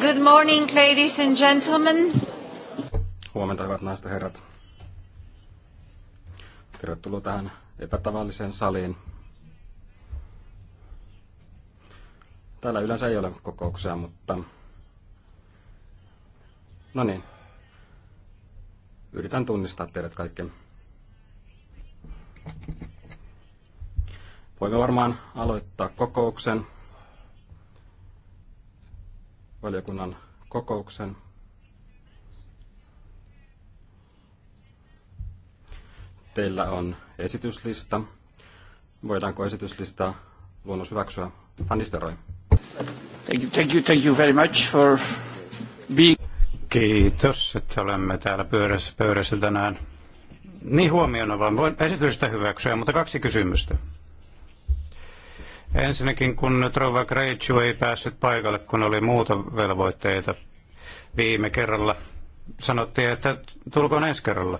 Good morning, ladies and gentlemen. Huomenta, hyvät naiset ja herrat. Tervetuloa tähän epätavalliseen saliin. Täällä yleensä ei ole kokouksia, mutta... No niin. Yritän tunnistaa teidät kaikki. Voimme varmaan aloittaa kokouksen, valiokunnan kokouksen. Teillä on esityslista. Voidaanko esityslista luonnos hyväksyä? Fannisteroi. Thank you, thank you, thank you very much for being... Kiitos, että olemme täällä pöydässä, pöydässä tänään. Niin huomiona vaan voin esitystä hyväksyä, mutta kaksi kysymystä. Ensinnäkin kun Trova Greitsu ei päässyt paikalle, kun oli muuta velvoitteita viime kerralla, sanottiin, että tulkoon ensi kerralla.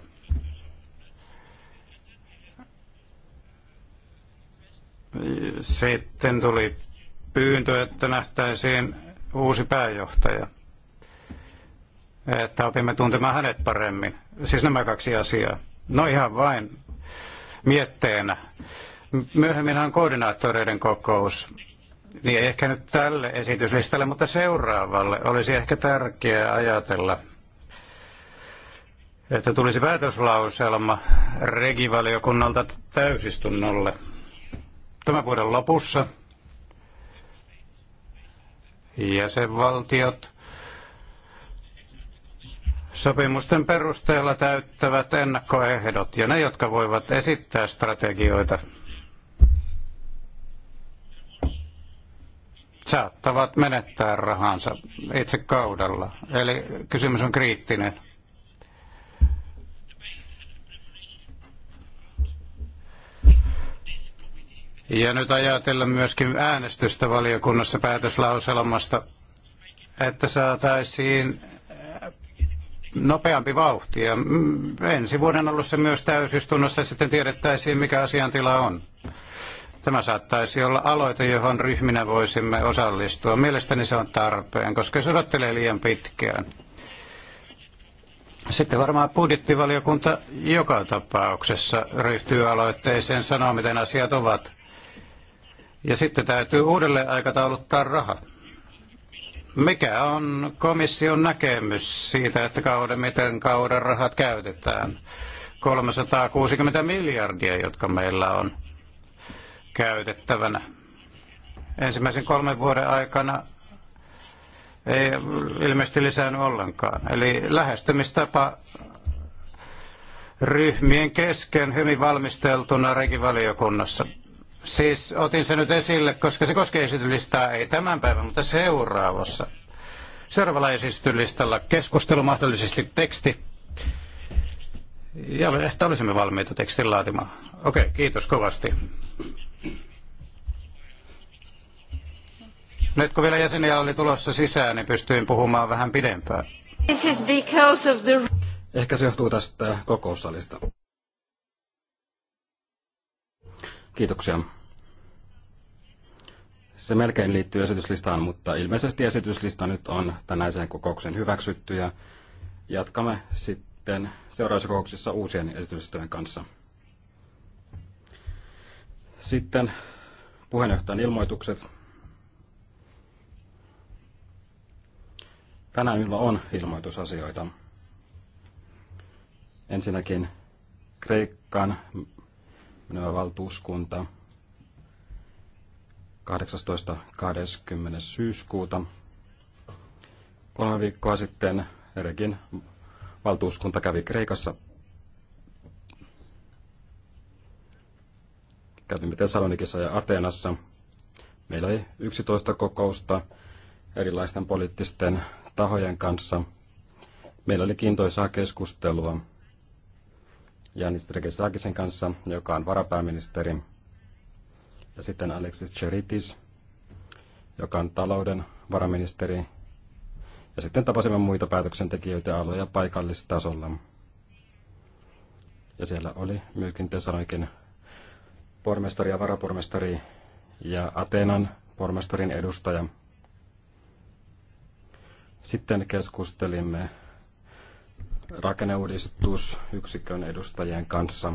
Sitten tuli pyyntö, että nähtäisiin uusi pääjohtaja, että opimme tuntemaan hänet paremmin. Siis nämä kaksi asiaa. No ihan vain mietteenä myöhemmin on koordinaattoreiden kokous. Niin ei ehkä nyt tälle esityslistalle, mutta seuraavalle olisi ehkä tärkeää ajatella, että tulisi päätöslauselma regivaliokunnalta täysistunnolle tämän vuoden lopussa. Jäsenvaltiot sopimusten perusteella täyttävät ennakkoehdot ja ne, jotka voivat esittää strategioita saattavat menettää rahansa itse kaudella. Eli kysymys on kriittinen. Ja nyt ajatella myöskin äänestystä valiokunnassa päätöslauselmasta, että saataisiin nopeampi vauhti. Ja mm, ensi vuoden alussa myös täysistunnossa sitten tiedettäisiin, mikä asiantila on. Tämä saattaisi olla aloite, johon ryhminä voisimme osallistua. Mielestäni se on tarpeen, koska se odottelee liian pitkään. Sitten varmaan budjettivaliokunta joka tapauksessa ryhtyy aloitteeseen sanoa, miten asiat ovat. Ja sitten täytyy uudelleen aikatauluttaa raha. Mikä on komission näkemys siitä, että kauden, miten kauden rahat käytetään? 360 miljardia, jotka meillä on käytettävänä. Ensimmäisen kolmen vuoden aikana ei ilmeisesti lisäänyt ollenkaan. Eli lähestymistapa ryhmien kesken hyvin valmisteltuna regivaliokunnassa. Siis otin sen nyt esille, koska se koskee esitylistaa ei tämän päivän, mutta seuraavassa. Seuraavalla esitylistalla keskustelu, mahdollisesti teksti. Ja ehkä olisimme valmiita tekstin laatimaan. Okei, kiitos kovasti. Nyt kun vielä jäseniä oli tulossa sisään, niin pystyin puhumaan vähän pidempään. This is because of the... Ehkä se johtuu tästä kokoussalista. Kiitoksia. Se melkein liittyy esityslistaan, mutta ilmeisesti esityslista nyt on tänäiseen kokouksen hyväksytty ja jatkamme sitten seuraavissa kokouksissa uusien esityslistojen kanssa. Sitten puheenjohtajan ilmoitukset. Tänään minulla on ilmoitusasioita. Ensinnäkin Kreikkaan menevä valtuuskunta 18.20. syyskuuta. Kolme viikkoa sitten erikin valtuuskunta kävi Kreikassa. Kävimme Tesalonikissa ja Ateenassa. Meillä oli 11 kokousta erilaisten poliittisten tahojen kanssa. Meillä oli kiintoisaa keskustelua Janis Tregesakisen kanssa, joka on varapääministeri, ja sitten Alexis Cheritis, joka on talouden varaministeri, ja sitten tapasimme muita päätöksentekijöitä aloja paikallistasolla. Ja siellä oli myöskin Tesanoikin pormestari ja varapormestari ja Ateenan pormestarin edustaja – sitten keskustelimme rakenneuudistusyksikön edustajien kanssa.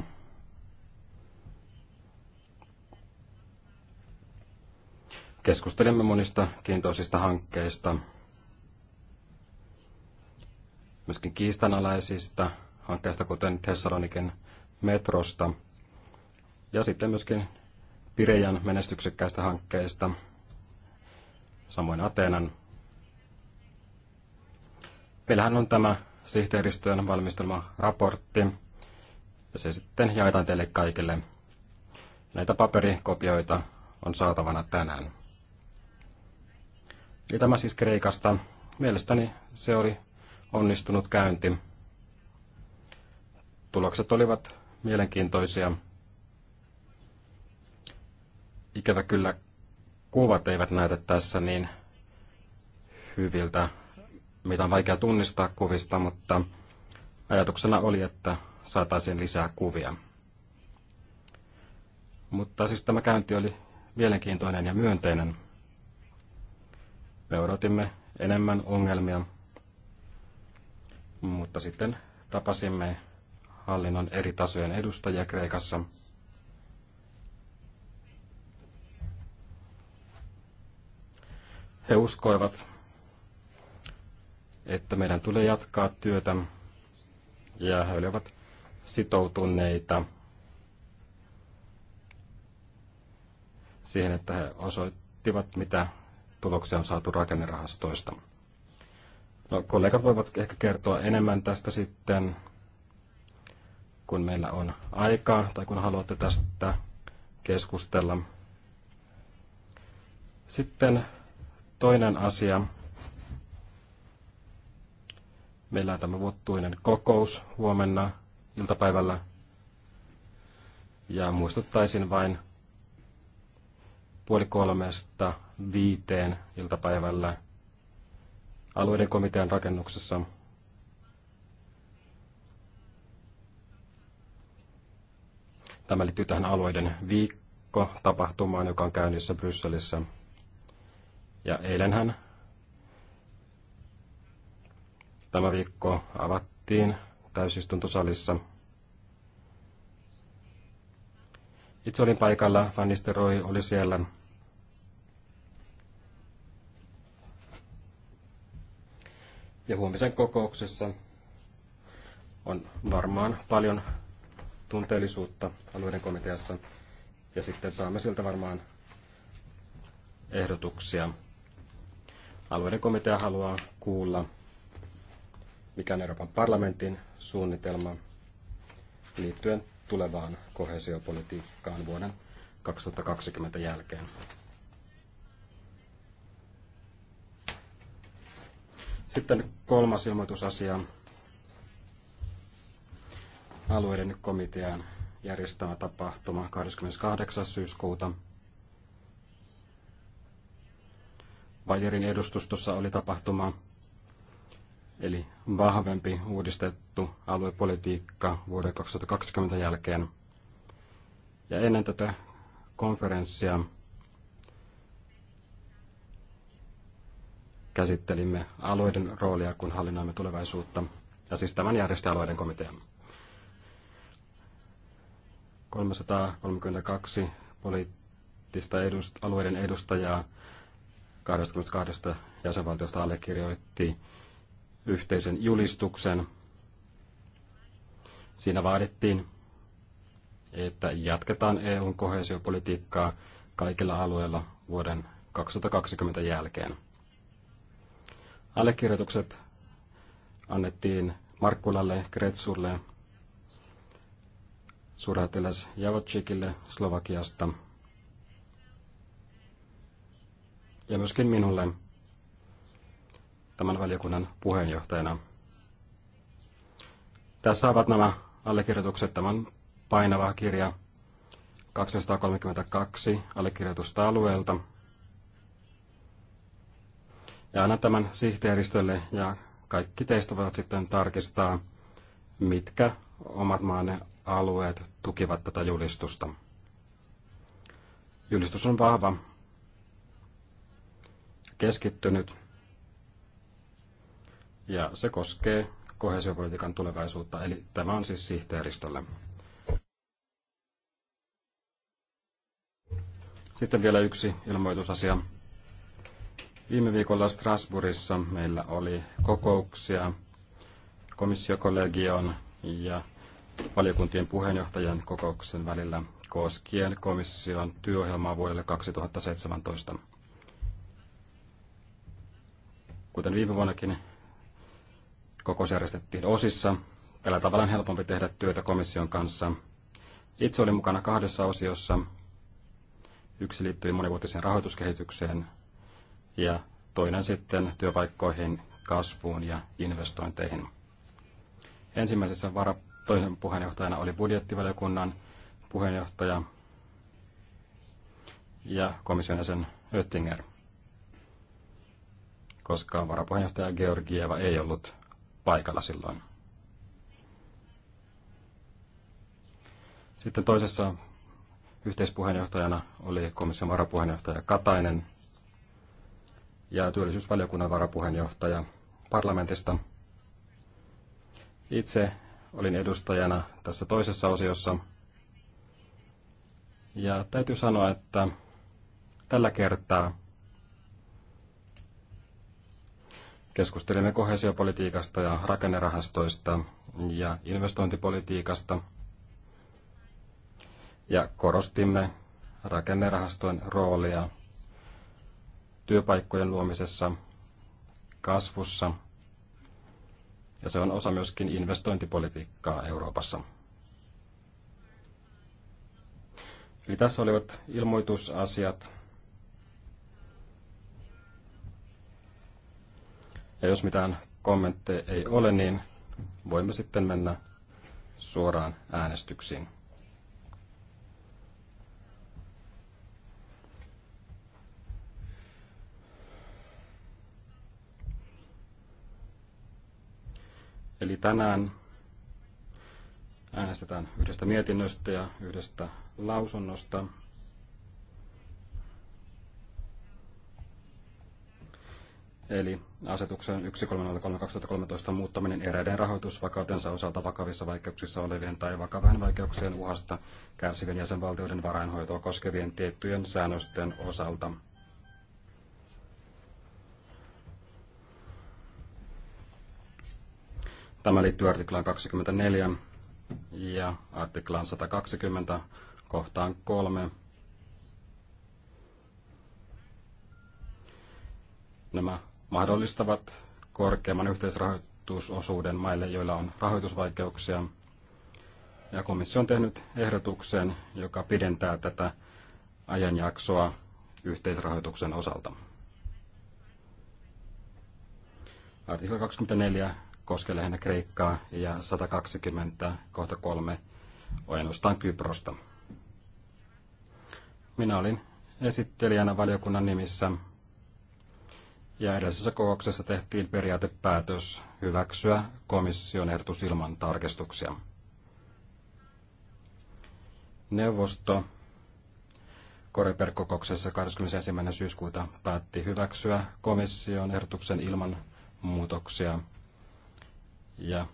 Keskustelimme monista kiintoisista hankkeista, myöskin kiistanalaisista hankkeista, kuten Thessalonikin metrosta, ja sitten myöskin Pirejan menestyksekkäistä hankkeista, samoin Ateenan Meillähän on tämä sihteeristön valmistelma raportti, ja se sitten jaetaan teille kaikille. Näitä paperikopioita on saatavana tänään. Eli tämä siis Kreikasta. Mielestäni se oli onnistunut käynti. Tulokset olivat mielenkiintoisia. Ikävä kyllä kuvat eivät näytä tässä niin hyviltä mitä on vaikea tunnistaa kuvista, mutta ajatuksena oli, että saataisiin lisää kuvia. Mutta siis tämä käynti oli mielenkiintoinen ja myönteinen. Me odotimme enemmän ongelmia, mutta sitten tapasimme hallinnon eri tasojen edustajia Kreikassa. He uskoivat, että meidän tulee jatkaa työtä ja he olivat sitoutuneita siihen, että he osoittivat, mitä tuloksia on saatu rakennerahastoista. No, kollegat voivat ehkä kertoa enemmän tästä sitten, kun meillä on aikaa tai kun haluatte tästä keskustella. Sitten toinen asia, Meillä on tämä vuotuinen kokous huomenna iltapäivällä. Ja muistuttaisin vain puoli kolmesta viiteen iltapäivällä alueiden komitean rakennuksessa. Tämä liittyy tähän alueiden viikko-tapahtumaan, joka on käynnissä Brysselissä. Ja eilenhän Tämä viikko avattiin täysistuntosalissa. Itse olin paikalla, Fannisteroi oli siellä. Ja huomisen kokouksessa on varmaan paljon tunteellisuutta alueiden komiteassa. Ja sitten saamme siltä varmaan ehdotuksia. Alueiden komitea haluaa kuulla mikä on Euroopan parlamentin suunnitelma liittyen tulevaan kohesiopolitiikkaan vuoden 2020 jälkeen. Sitten kolmas ilmoitusasia. Alueiden komitean järjestämä tapahtuma 28. syyskuuta. Bayerin edustustossa oli tapahtuma eli vahvempi uudistettu aluepolitiikka vuoden 2020 jälkeen. Ja ennen tätä konferenssia käsittelimme alueiden roolia, kun hallinnoimme tulevaisuutta, ja siis tämän järjestä alueiden komitea. 332 poliittista edust- alueiden edustajaa 22 jäsenvaltiosta allekirjoitti yhteisen julistuksen. Siinä vaadittiin, että jatketaan EUn kohesiopolitiikkaa kaikilla alueilla vuoden 2020 jälkeen. Allekirjoitukset annettiin Markkulalle, Kretsulle, suurhätiläs Javotsikille Slovakiasta ja myöskin minulle – tämän valiokunnan puheenjohtajana. Tässä ovat nämä allekirjoitukset, tämän painava kirja 232 allekirjoitusta alueelta. Ja annan tämän sihteeristölle ja kaikki teistä voivat sitten tarkistaa, mitkä omat maanne alueet tukivat tätä julistusta. Julistus on vahva, keskittynyt ja se koskee kohesiopolitiikan tulevaisuutta, eli tämä on siis sihteeristölle. Sitten vielä yksi ilmoitusasia. Viime viikolla Strasbourgissa meillä oli kokouksia komissiokollegion ja valiokuntien puheenjohtajien kokouksen välillä koskien komission työohjelmaa vuodelle 2017. Kuten viime vuonnakin Kokous järjestettiin osissa. Tällä tavalla on helpompi tehdä työtä komission kanssa. Itse olin mukana kahdessa osiossa. Yksi liittyi monivuotiseen rahoituskehitykseen ja toinen sitten työpaikkoihin, kasvuun ja investointeihin. Ensimmäisessä vara, toisen puheenjohtajana oli budjettivaliokunnan puheenjohtaja ja komission jäsen Oettinger, koska varapuheenjohtaja Georgieva ei ollut paikalla silloin. Sitten toisessa yhteispuheenjohtajana oli komission varapuheenjohtaja Katainen ja työllisyysvaliokunnan varapuheenjohtaja parlamentista. Itse olin edustajana tässä toisessa osiossa. Ja täytyy sanoa, että tällä kertaa Keskustelimme kohesiopolitiikasta ja rakennerahastoista ja investointipolitiikasta. Ja korostimme rakennerahastojen roolia työpaikkojen luomisessa, kasvussa ja se on osa myöskin investointipolitiikkaa Euroopassa. Eli tässä olivat ilmoitusasiat Ja jos mitään kommentteja ei ole, niin voimme sitten mennä suoraan äänestyksiin. Eli tänään äänestetään yhdestä mietinnöstä ja yhdestä lausunnosta. eli asetuksen 1303-2013 muuttaminen eräiden rahoitusvakautensa osalta vakavissa vaikeuksissa olevien tai vakavien vaikeuksien uhasta kärsivien jäsenvaltioiden varainhoitoa koskevien tiettyjen säännösten osalta. Tämä liittyy artiklaan 24 ja artiklaan 120 kohtaan 3 nämä mahdollistavat korkeamman yhteisrahoitusosuuden maille, joilla on rahoitusvaikeuksia. Ja komissio on tehnyt ehdotuksen, joka pidentää tätä ajanjaksoa yhteisrahoituksen osalta. Artikla 24 koskee lähinnä Kreikkaa ja 120 kohta 3 ojennustaan Kyprosta. Minä olin esittelijänä valiokunnan nimissä ja edellisessä kokouksessa tehtiin periaatepäätös hyväksyä komission ehdotus ilman tarkistuksia. Neuvosto Koreper-kokouksessa 21. syyskuuta päätti hyväksyä komission ehdotuksen ilman muutoksia. Ja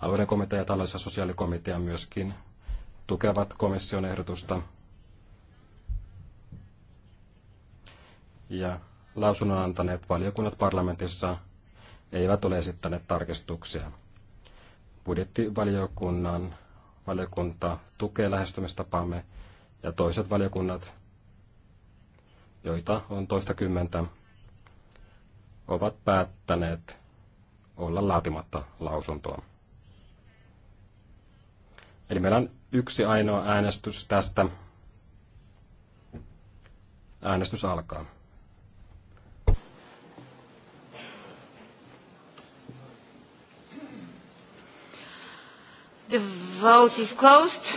alueiden komitea ja talous- ja sosiaalikomitea myöskin tukevat komission ehdotusta. Ja lausunnon antaneet valiokunnat parlamentissa eivät ole esittäneet tarkistuksia. Budjettivaliokunnan valiokunta tukee lähestymistapaamme ja toiset valiokunnat, joita on toista kymmentä, ovat päättäneet olla laatimatta lausuntoa. Eli meillä on yksi ainoa äänestys tästä. Äänestys alkaa. The vote is closed.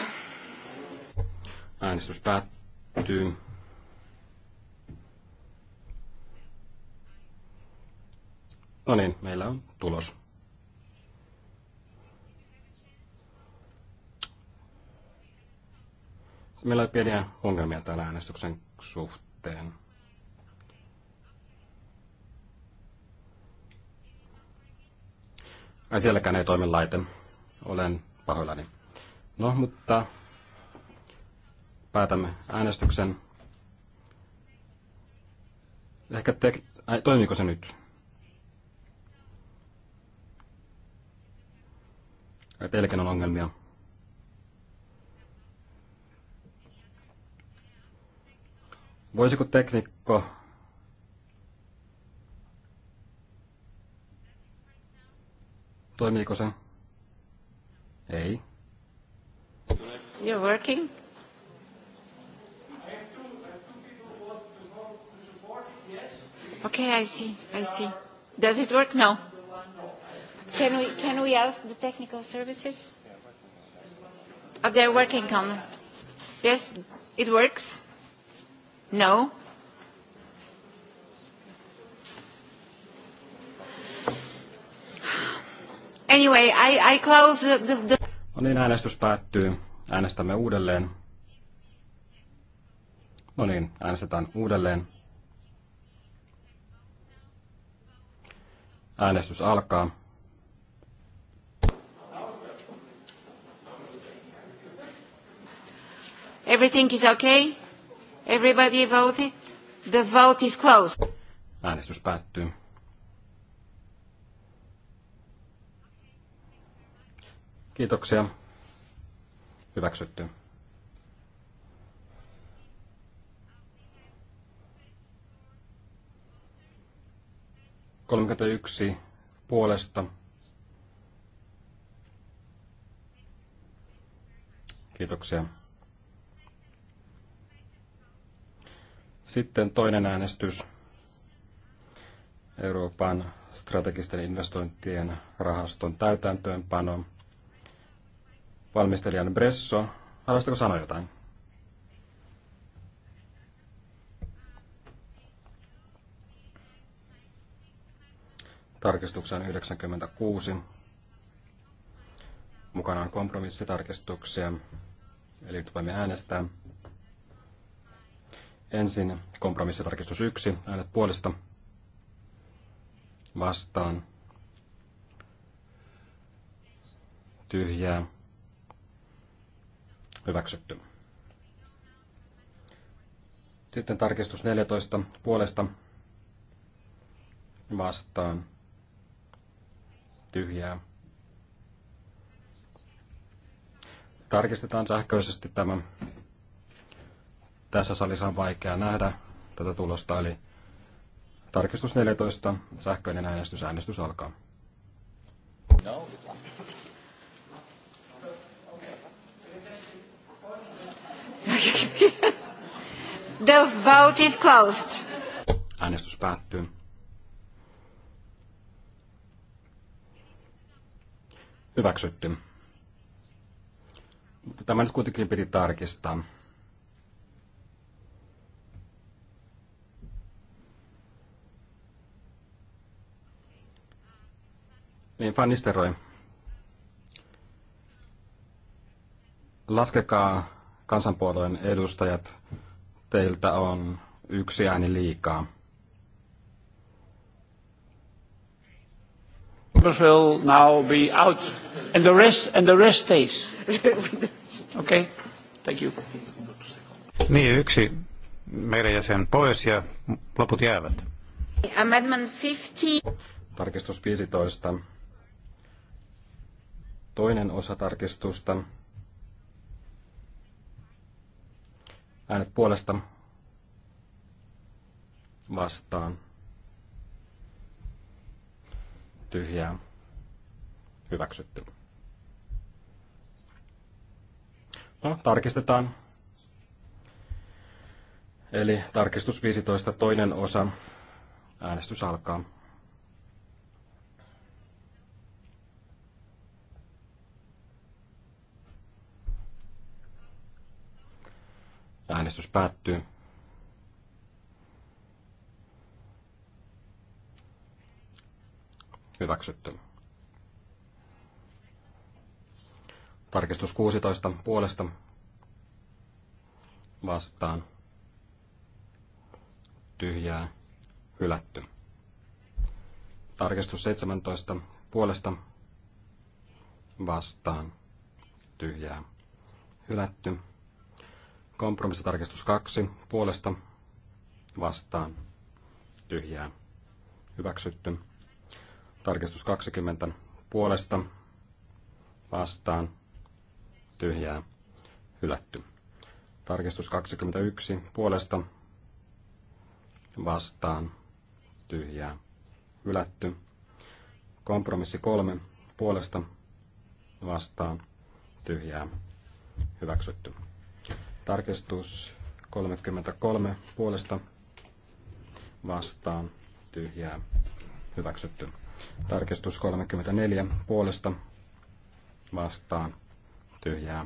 Äänestys päättyy. No niin, meillä on tulos. Meillä on pieniä ongelmia täällä äänestyksen suhteen. Ai sielläkään ei toimi laite. Olen pahoillani. No, mutta päätämme äänestyksen. Ehkä te... Ai, toimiiko se nyt? Ai, teilläkin on ongelmia. Voisiko teknikko Toimiiko se? Ei. You're working? Okay, I see, I see. Does it work now? Can we, can we ask the technical services? Are oh, they working on? Yes, it works? No? Anyway, I, I close the, the... No niin, äänestys päättyy. Äänestämme uudelleen. No niin, äänestetään uudelleen. Äänestys alkaa. Everything is okay? Everybody voted? The vote is closed. Äänestys päättyy. Kiitoksia. Hyväksytty. yksi puolesta. Kiitoksia. Sitten toinen äänestys. Euroopan strategisten investointien rahaston täytäntöönpano valmistelijan Bresso. Haluaisitko sanoa jotain? Tarkistuksen 96. Mukana on kompromissitarkistuksia, eli nyt voimme äänestää. Ensin kompromissitarkistus 1, äänet puolesta, vastaan, tyhjää, Hyväksytty. Sitten tarkistus 14 puolesta vastaan tyhjää. Tarkistetaan sähköisesti tämä. Tässä salissa on vaikea nähdä tätä tulosta, eli tarkistus 14, sähköinen äänestys, äänestys alkaa. No, it's The vote is closed. Äänestys päättyy. Hyväksytty. Mutta tämä nyt kuitenkin piti tarkistaa. Niin, Fannisteroi. Laskekaa kansanpuolueen edustajat, teiltä on yksi ääni liikaa. will now be out, and the rest and the rest stays. Okay, thank you. Niin yksi meidän jäsen pois ja loput jäävät. Amendment 15. Tarkistus 15. Toinen osa tarkistusta Äänet puolesta vastaan. Tyhjää. Hyväksytty. No, tarkistetaan. Eli tarkistus 15, toinen osa. Äänestys alkaa. Äänestys päättyy. Hyväksytty. Tarkistus 16 puolesta vastaan tyhjää hylätty. Tarkistus 17 puolesta vastaan tyhjää hylätty. Kompromissitarkistus 2 puolesta vastaan tyhjää hyväksytty. Tarkistus 20 puolesta vastaan tyhjää hylätty. Tarkistus 21 puolesta vastaan tyhjää hylätty. Kompromissi 3 puolesta vastaan tyhjää hyväksytty. Tarkistus 33 puolesta vastaan tyhjää hyväksytty. Tarkistus 34 puolesta vastaan tyhjää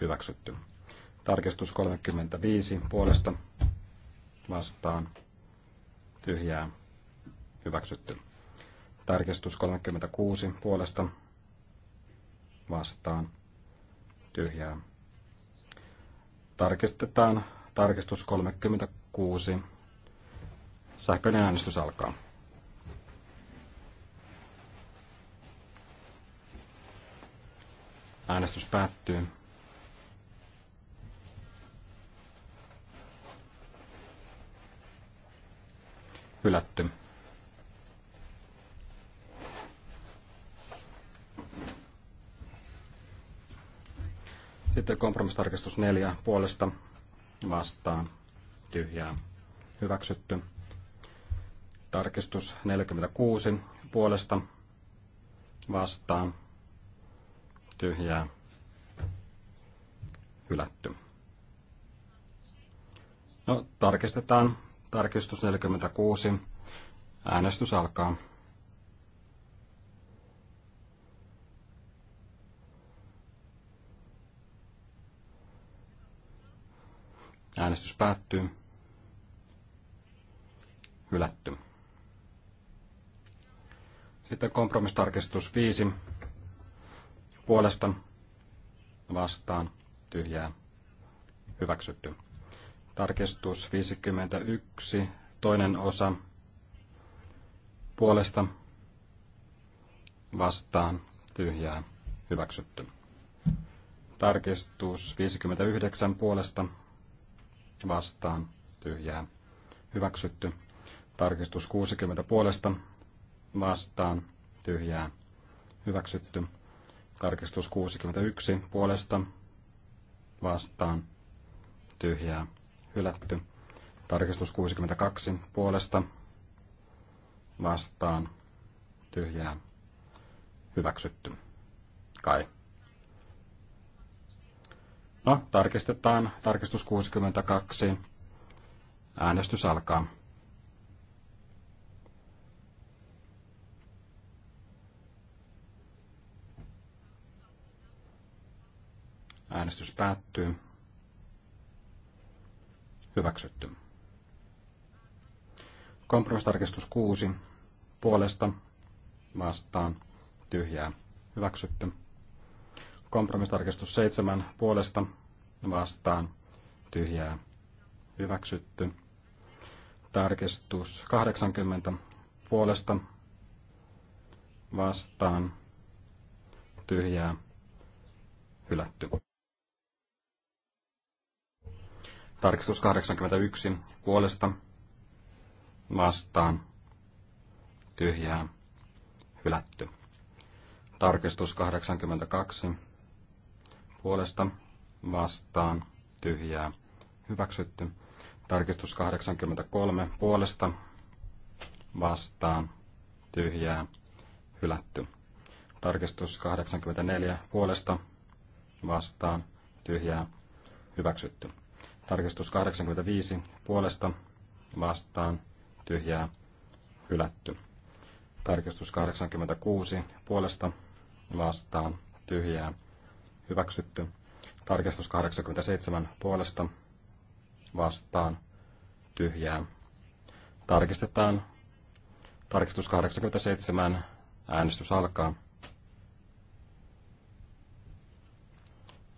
hyväksytty. Tarkistus 35 puolesta vastaan tyhjää hyväksytty. Tarkistus 36 puolesta vastaan tyhjää Tarkistetaan tarkistus 36. Sähköinen äänestys alkaa. Äänestys päättyy. Hylätty. Sitten kompromistarkistus 4 puolesta vastaan tyhjää hyväksytty. Tarkistus 46 puolesta vastaan tyhjää hylätty. No, tarkistetaan. Tarkistus 46. Äänestys alkaa. Äänestys päättyy. Hylätty. Sitten kompromistarkistus 5. Puolesta vastaan tyhjää hyväksytty. Tarkistus 51, toinen osa puolesta vastaan tyhjää hyväksytty. Tarkistus 59 puolesta vastaan tyhjää hyväksytty. Tarkistus 60 puolesta vastaan tyhjää hyväksytty. Tarkistus 61 puolesta vastaan tyhjää hylätty. Tarkistus 62 puolesta vastaan tyhjää hyväksytty. Kai. No, tarkistetaan. Tarkistus 62. Äänestys alkaa. Äänestys päättyy. Hyväksytty. Kompromistarkistus 6. Puolesta vastaan tyhjää. Hyväksytty. Kompromistarkistus 7 puolesta vastaan tyhjää hyväksytty. Tarkistus 80 puolesta vastaan tyhjää hylätty. Tarkistus 81 puolesta vastaan tyhjää hylätty. Tarkistus 82 puolesta vastaan tyhjää hyväksytty. Tarkistus 83 puolesta vastaan tyhjää hylätty. Tarkistus 84 puolesta vastaan tyhjää hyväksytty. Tarkistus 85 puolesta vastaan tyhjää hylätty. Tarkistus 86 puolesta vastaan tyhjää hyväksytty. Tarkistus 87 puolesta vastaan tyhjää. Tarkistetaan. Tarkistus 87. Äänestys alkaa.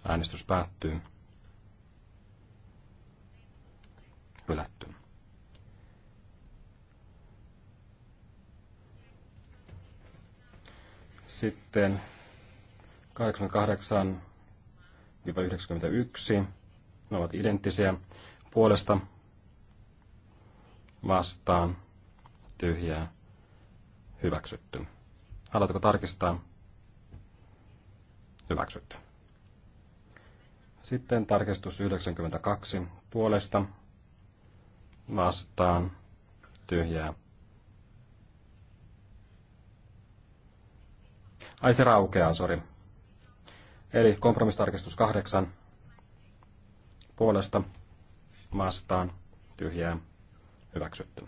Äänestys päättyy. Hylätty. Sitten 88-91. Ne ovat identtisiä puolesta vastaan tyhjää hyväksytty. Haluatko tarkistaa? Hyväksytty. Sitten tarkistus 92 puolesta vastaan tyhjää. Ai se raukeaa, sori. Eli kompromistarkistus kahdeksan puolesta vastaan tyhjää hyväksytty.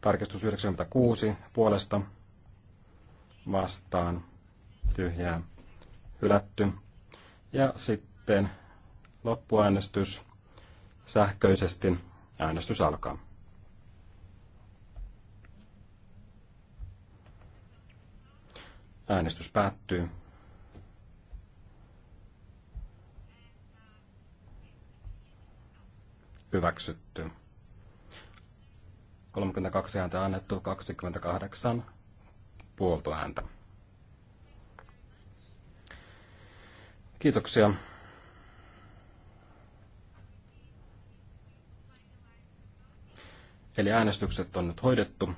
Tarkistus 96 puolesta vastaan tyhjää hylätty. Ja sitten loppuäänestys sähköisesti. Äänestys alkaa. Äänestys päättyy. hyväksytty. 32 ääntä annettu, 28 puoltoääntä. Kiitoksia. Eli äänestykset on nyt hoidettu.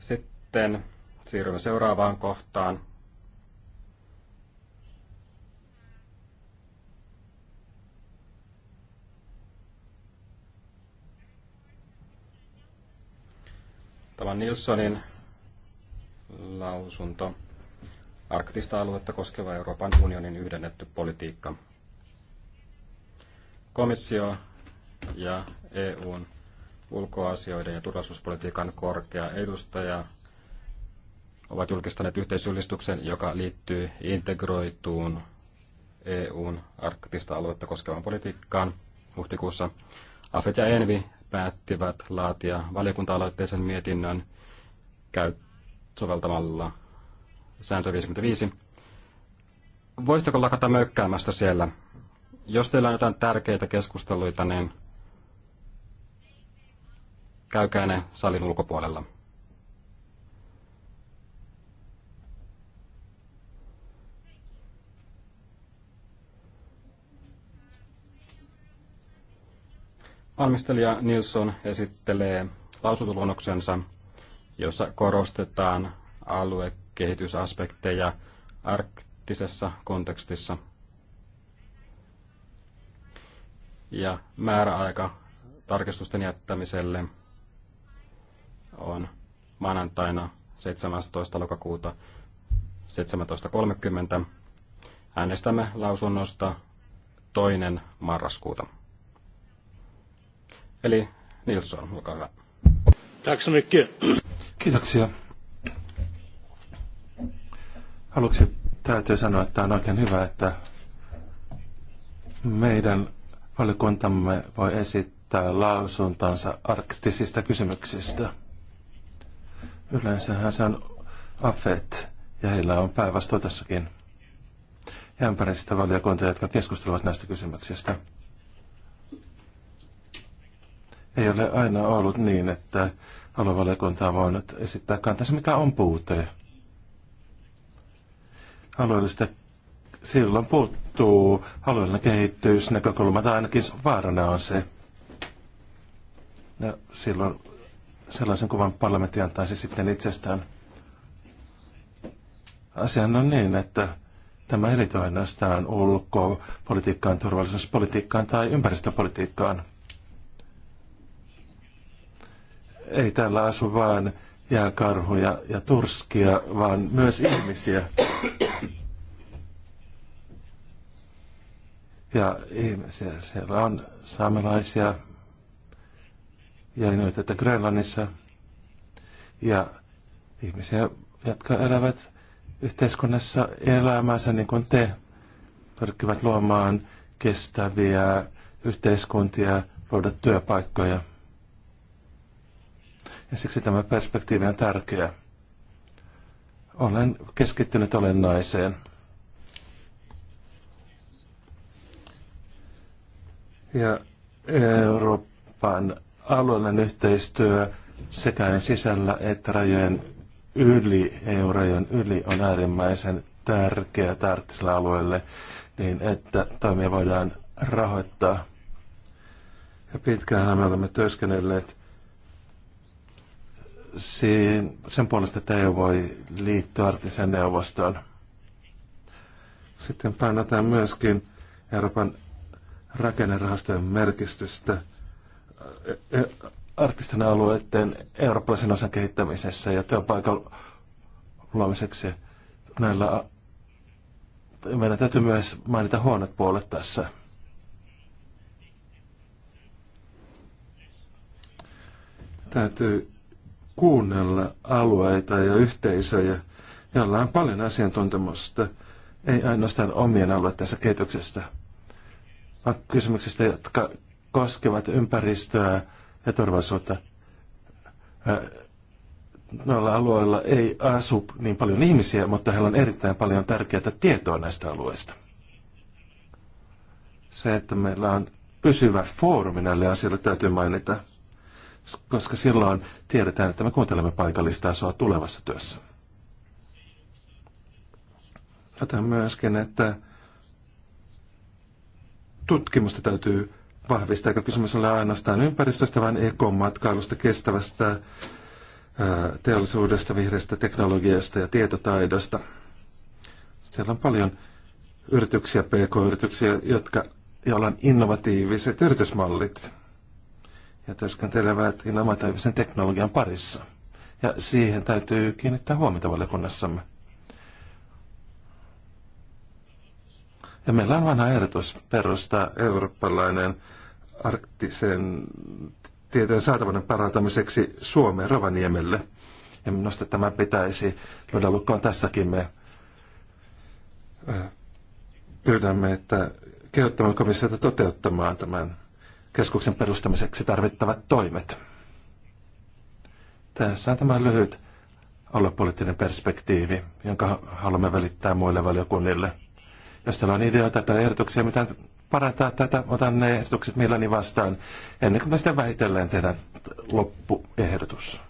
Sitten Siirrymme seuraavaan kohtaan. Tämä on Nilssonin lausunto. Arktista aluetta koskeva Euroopan unionin yhdennetty politiikka. Komissio ja EUn ulkoasioiden ja turvallisuuspolitiikan korkea edustaja ovat julkistaneet yhteisjulistuksen, joka liittyy integroituun EUn arktista aluetta koskevaan politiikkaan huhtikuussa. AFET ja ENVI päättivät laatia valiokunta-aloitteisen mietinnön soveltamalla sääntö 55. Voisitteko lakata möykkäämästä siellä? Jos teillä on jotain tärkeitä keskusteluita, niin käykää ne salin ulkopuolella. Valmistelija Nilsson esittelee lausuntoluonnoksensa, jossa korostetaan aluekehitysaspekteja arktisessa kontekstissa. Ja määräaika tarkistusten jättämiselle on maanantaina 17. lokakuuta 17.30. Äänestämme lausunnosta toinen marraskuuta. Eli Nilsson, olkaa hyvä. Tack så mycket. Kiitoksia. Aluksi täytyy sanoa, että on oikein hyvä, että meidän valikuntamme voi esittää lausuntonsa arktisista kysymyksistä. Yleensähän se on AFET, ja heillä on päävastuu tässäkin. Ja ympäristövaliokunta, jotka keskustelevat näistä kysymyksistä. Ei ole aina ollut niin, että aluevaliokunta on voinut esittää kantansa, mikä on puute. Alueellista silloin puuttuu alueellinen kehittyysnäkökulma, tai ainakin vaarana on se. Ja silloin sellaisen kuvan parlamentti antaisi sitten itsestään. Asian on niin, että tämä ei liity ainoastaan ulkopolitiikkaan, turvallisuuspolitiikkaan tai ympäristöpolitiikkaan – ei täällä asu vaan jääkarhuja ja turskia, vaan myös ihmisiä. Ja ihmisiä siellä on saamelaisia ja että Grönlannissa ja ihmisiä, jotka elävät yhteiskunnassa elämänsä niin kuin te, pyrkivät luomaan kestäviä yhteiskuntia, luoda työpaikkoja ja siksi tämä perspektiivi on tärkeä. Olen keskittynyt olennaiseen. Ja Euroopan alueellinen yhteistyö sekä sisällä että rajojen yli, EU-rajojen yli on äärimmäisen tärkeä arktiselle alueelle, niin että toimia voidaan rahoittaa. Ja pitkään me olemme työskennelleet Siin, sen puolesta, että EU voi liittyä arktisen neuvostoon. Sitten painotetaan myöskin Euroopan rakennerahastojen merkitystä arktisten alueiden eurooppalaisen osan kehittämisessä ja työpaikan luomiseksi. Näillä meidän täytyy myös mainita huonot puolet tässä. Täytyy kuunnella alueita ja yhteisöjä, joilla on paljon asiantuntemusta, ei ainoastaan omien alueittensa kehityksestä, vaan kysymyksistä, jotka koskevat ympäristöä ja turvallisuutta. Noilla alueilla ei asu niin paljon ihmisiä, mutta heillä on erittäin paljon tärkeää tietoa näistä alueista. Se, että meillä on pysyvä foorumi näille asioille, täytyy mainita – koska silloin tiedetään, että me kuuntelemme paikallistasoa tulevassa työssä. Otan myöskin, että tutkimusta täytyy vahvistaa, eikä kysymys ole ainoastaan ympäristöstä, vaan ekomatkailusta, kestävästä teollisuudesta, vihreästä teknologiasta ja tietotaidosta. Siellä on paljon yrityksiä, pk-yrityksiä, jotka, joilla on innovatiiviset yritysmallit ja työskentelevät ammatillisen teknologian parissa. Ja siihen täytyy kiinnittää huomiota valiokunnassamme. Ja meillä on vanha ehdotus perustaa eurooppalainen arktisen tietojen saatavuuden parantamiseksi Suomeen Rovaniemelle. Ja minusta tämä pitäisi luoda lukkoon tässäkin. Me pyydämme, että kehottamme komissiota toteuttamaan tämän keskuksen perustamiseksi tarvittavat toimet. Tässä on tämä lyhyt aluepoliittinen perspektiivi, jonka haluamme välittää muille valiokunnille. Jos teillä on ideoita tai ehdotuksia, mitä parantaa tätä, otan ne ehdotukset mielelläni vastaan, ennen kuin me sitten vähitellen tehdään loppuehdotus.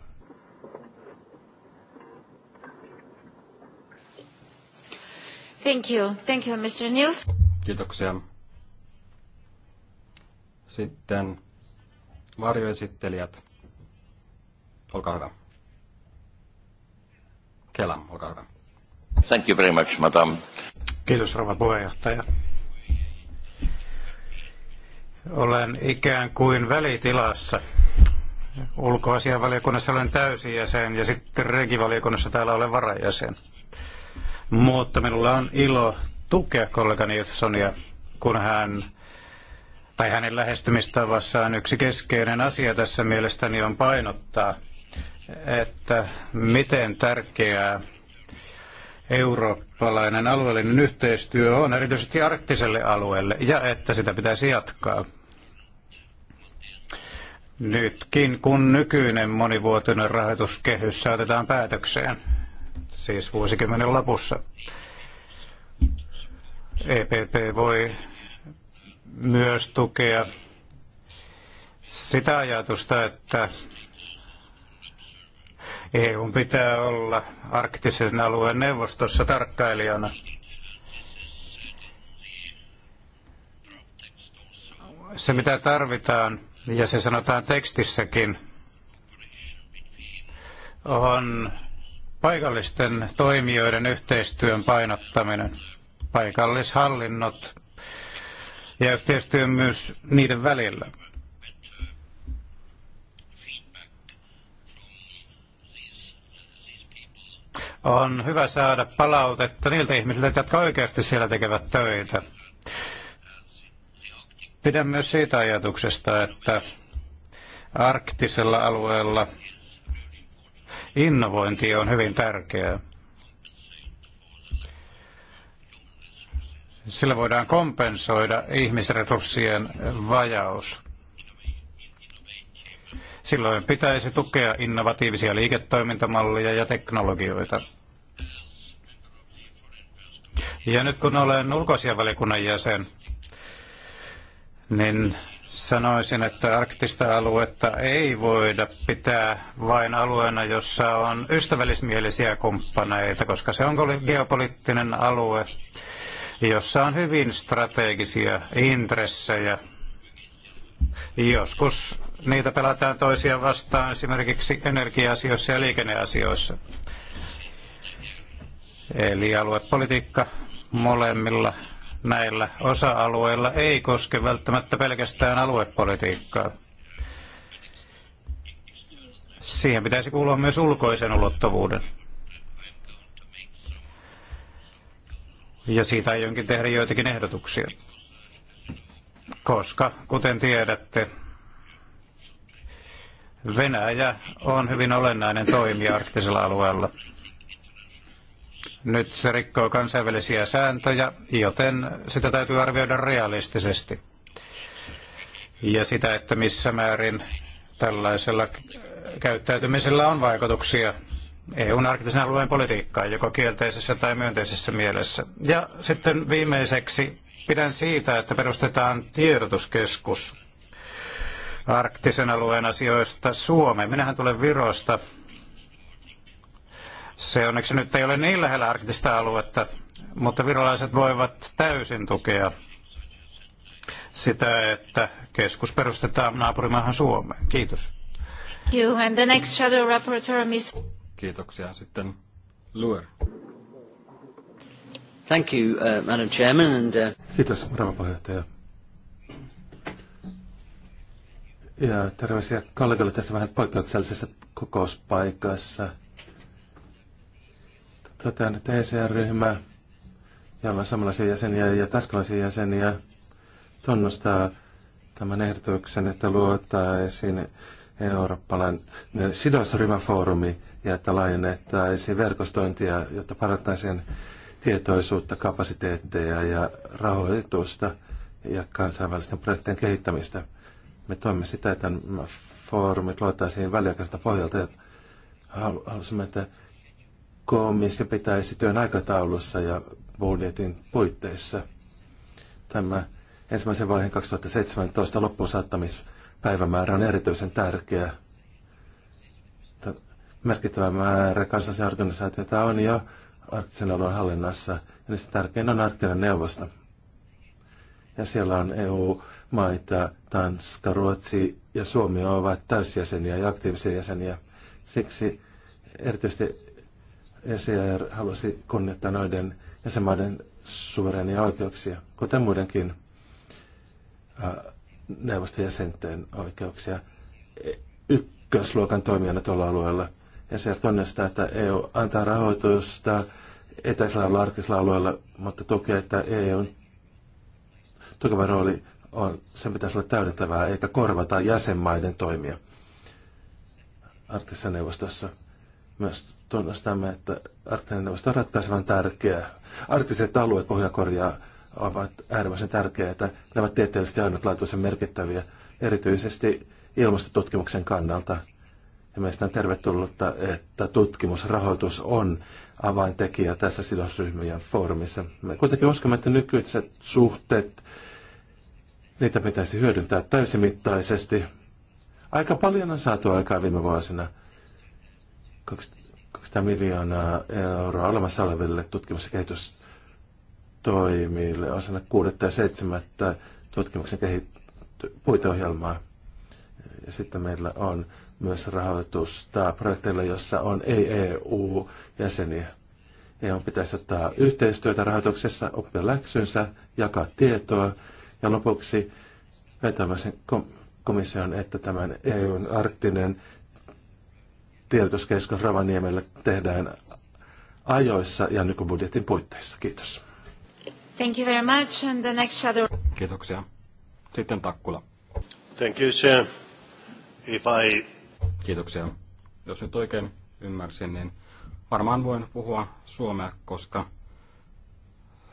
Thank you. Thank you, Mr. Nils. Kiitoksia. Sitten varjoesittelijät. Olkaa hyvä. Kela, olkaa hyvä. Thank you very much, madam. Kiitos, rouva puheenjohtaja. Olen ikään kuin välitilassa. Ulkoasianvaliokunnassa olen täysjäsen ja sitten regivaliokunnassa täällä olen varajäsen. Mutta minulla on ilo tukea kollegani Sonia, kun hän tai hänen lähestymistavassaan yksi keskeinen asia tässä mielestäni on painottaa, että miten tärkeää eurooppalainen alueellinen yhteistyö on erityisesti arktiselle alueelle ja että sitä pitäisi jatkaa. Nytkin kun nykyinen monivuotinen rahoituskehys saatetaan päätökseen, siis vuosikymmenen lopussa, EPP voi myös tukea sitä ajatusta, että EU pitää olla arktisen alueen neuvostossa tarkkailijana. Se mitä tarvitaan, ja se sanotaan tekstissäkin, on paikallisten toimijoiden yhteistyön painottaminen. Paikallishallinnot ja yhteistyö myös niiden välillä. On hyvä saada palautetta niiltä ihmisiltä, jotka oikeasti siellä tekevät töitä. Pidän myös siitä ajatuksesta, että arktisella alueella innovointi on hyvin tärkeää. Sillä voidaan kompensoida ihmisresurssien vajaus. Silloin pitäisi tukea innovatiivisia liiketoimintamalleja ja teknologioita. Ja nyt kun olen ulkoasianvaliokunnan jäsen, niin sanoisin, että arktista aluetta ei voida pitää vain alueena, jossa on ystävällismielisiä kumppaneita, koska se on geopoliittinen alue, jossa on hyvin strategisia intressejä. Joskus niitä pelataan toisia vastaan esimerkiksi energia-asioissa ja liikenneasioissa. Eli aluepolitiikka molemmilla näillä osa-alueilla ei koske välttämättä pelkästään aluepolitiikkaa. Siihen pitäisi kuulua myös ulkoisen ulottuvuuden. ja siitä aionkin tehdä joitakin ehdotuksia. Koska, kuten tiedätte, Venäjä on hyvin olennainen toimija arktisella alueella. Nyt se rikkoo kansainvälisiä sääntöjä, joten sitä täytyy arvioida realistisesti. Ja sitä, että missä määrin tällaisella käyttäytymisellä on vaikutuksia EUn arktisen alueen politiikkaa, joko kielteisessä tai myönteisessä mielessä. Ja sitten viimeiseksi pidän siitä, että perustetaan tiedotuskeskus arktisen alueen asioista Suomeen. Minähän tulen Virosta. Se onneksi nyt ei ole niin lähellä arktista aluetta, mutta virolaiset voivat täysin tukea sitä, että keskus perustetaan naapurimaahan Suomeen. Kiitos. You and the next shadow rapporteur, Mr. Kiitoksia sitten Luer. Thank you, uh, Madam Chairman. And, uh... Kiitos, Rauha puheenjohtaja. Ja terveisiä kollegoille tässä vähän poikkeuksellisessa kokouspaikassa. Totean, että ECR-ryhmä, jolla on samanlaisia jäseniä ja taskalaisia jäseniä, tunnustaa tämän ehdotuksen, että luotaisiin eurooppalainen sidosryhmäfoorumi ja että laajennettaisiin verkostointia, jotta parantaisiin tietoisuutta, kapasiteetteja ja rahoitusta ja kansainvälisten projektien kehittämistä. Me toimme sitä, että nämä foorumit luotaisiin väliaikaiselta pohjalta ja halusimme, että komissio pitäisi työn aikataulussa ja budjetin puitteissa. Tämä ensimmäisen vaiheen 2017 loppuun saattamis päivämäärä on erityisen tärkeä. Merkittävä määrä kansallisia organisaatioita on jo arktisen alueen hallinnassa, ja niistä tärkein on arktinen neuvosto. Ja siellä on EU-maita, Tanska, Ruotsi ja Suomi ovat täysjäseniä ja aktiivisia jäseniä. Siksi erityisesti ECR halusi kunnioittaa noiden jäsenmaiden suverenia oikeuksia, kuten muidenkin neuvoston jäsenten oikeuksia e, ykkösluokan toimijana tuolla alueella. Ja se tunnistaa, että EU antaa rahoitusta etäisellä ja arkisella alueella, mutta tukee, että EUn tukeva rooli on, sen pitäisi olla täydentävää, eikä korvata jäsenmaiden toimia arktisessa neuvostossa. Myös tunnustamme, että arktinen neuvosto on ratkaisevan tärkeä. Arktiset alueet pohjakorjaa korjaa ovat äärimmäisen tärkeitä. Ne ovat tieteellisesti ainutlaatuisen merkittäviä, erityisesti ilmastotutkimuksen kannalta. Ja meistä on tervetullutta, että tutkimusrahoitus on avaintekijä tässä sidosryhmien foorumissa. Me kuitenkin uskomme, että nykyiset suhteet, niitä pitäisi hyödyntää täysimittaisesti. Aika paljon on saatu aikaa viime vuosina. 200 miljoonaa euroa olemassa oleville tutkimus- ja kehitys toimille osana kuudetta ja seitsemättä tutkimuksen kehitty- puiteohjelmaa. Ja sitten meillä on myös rahoitusta projekteilla, jossa on ei-EU-jäseniä. EU e pitäisi ottaa yhteistyötä rahoituksessa, oppia läksynsä, jakaa tietoa ja lopuksi vetämäisen komission, että tämän EUn e arktinen tiedotuskeskus Ravaniemelle tehdään ajoissa ja nykybudjetin puitteissa. Kiitos. Thank you very much. And the next shadow... Kiitoksia. Sitten Takkula. Thank you, sir. If I... Kiitoksia. Jos nyt oikein ymmärsin, niin varmaan voin puhua suomea, koska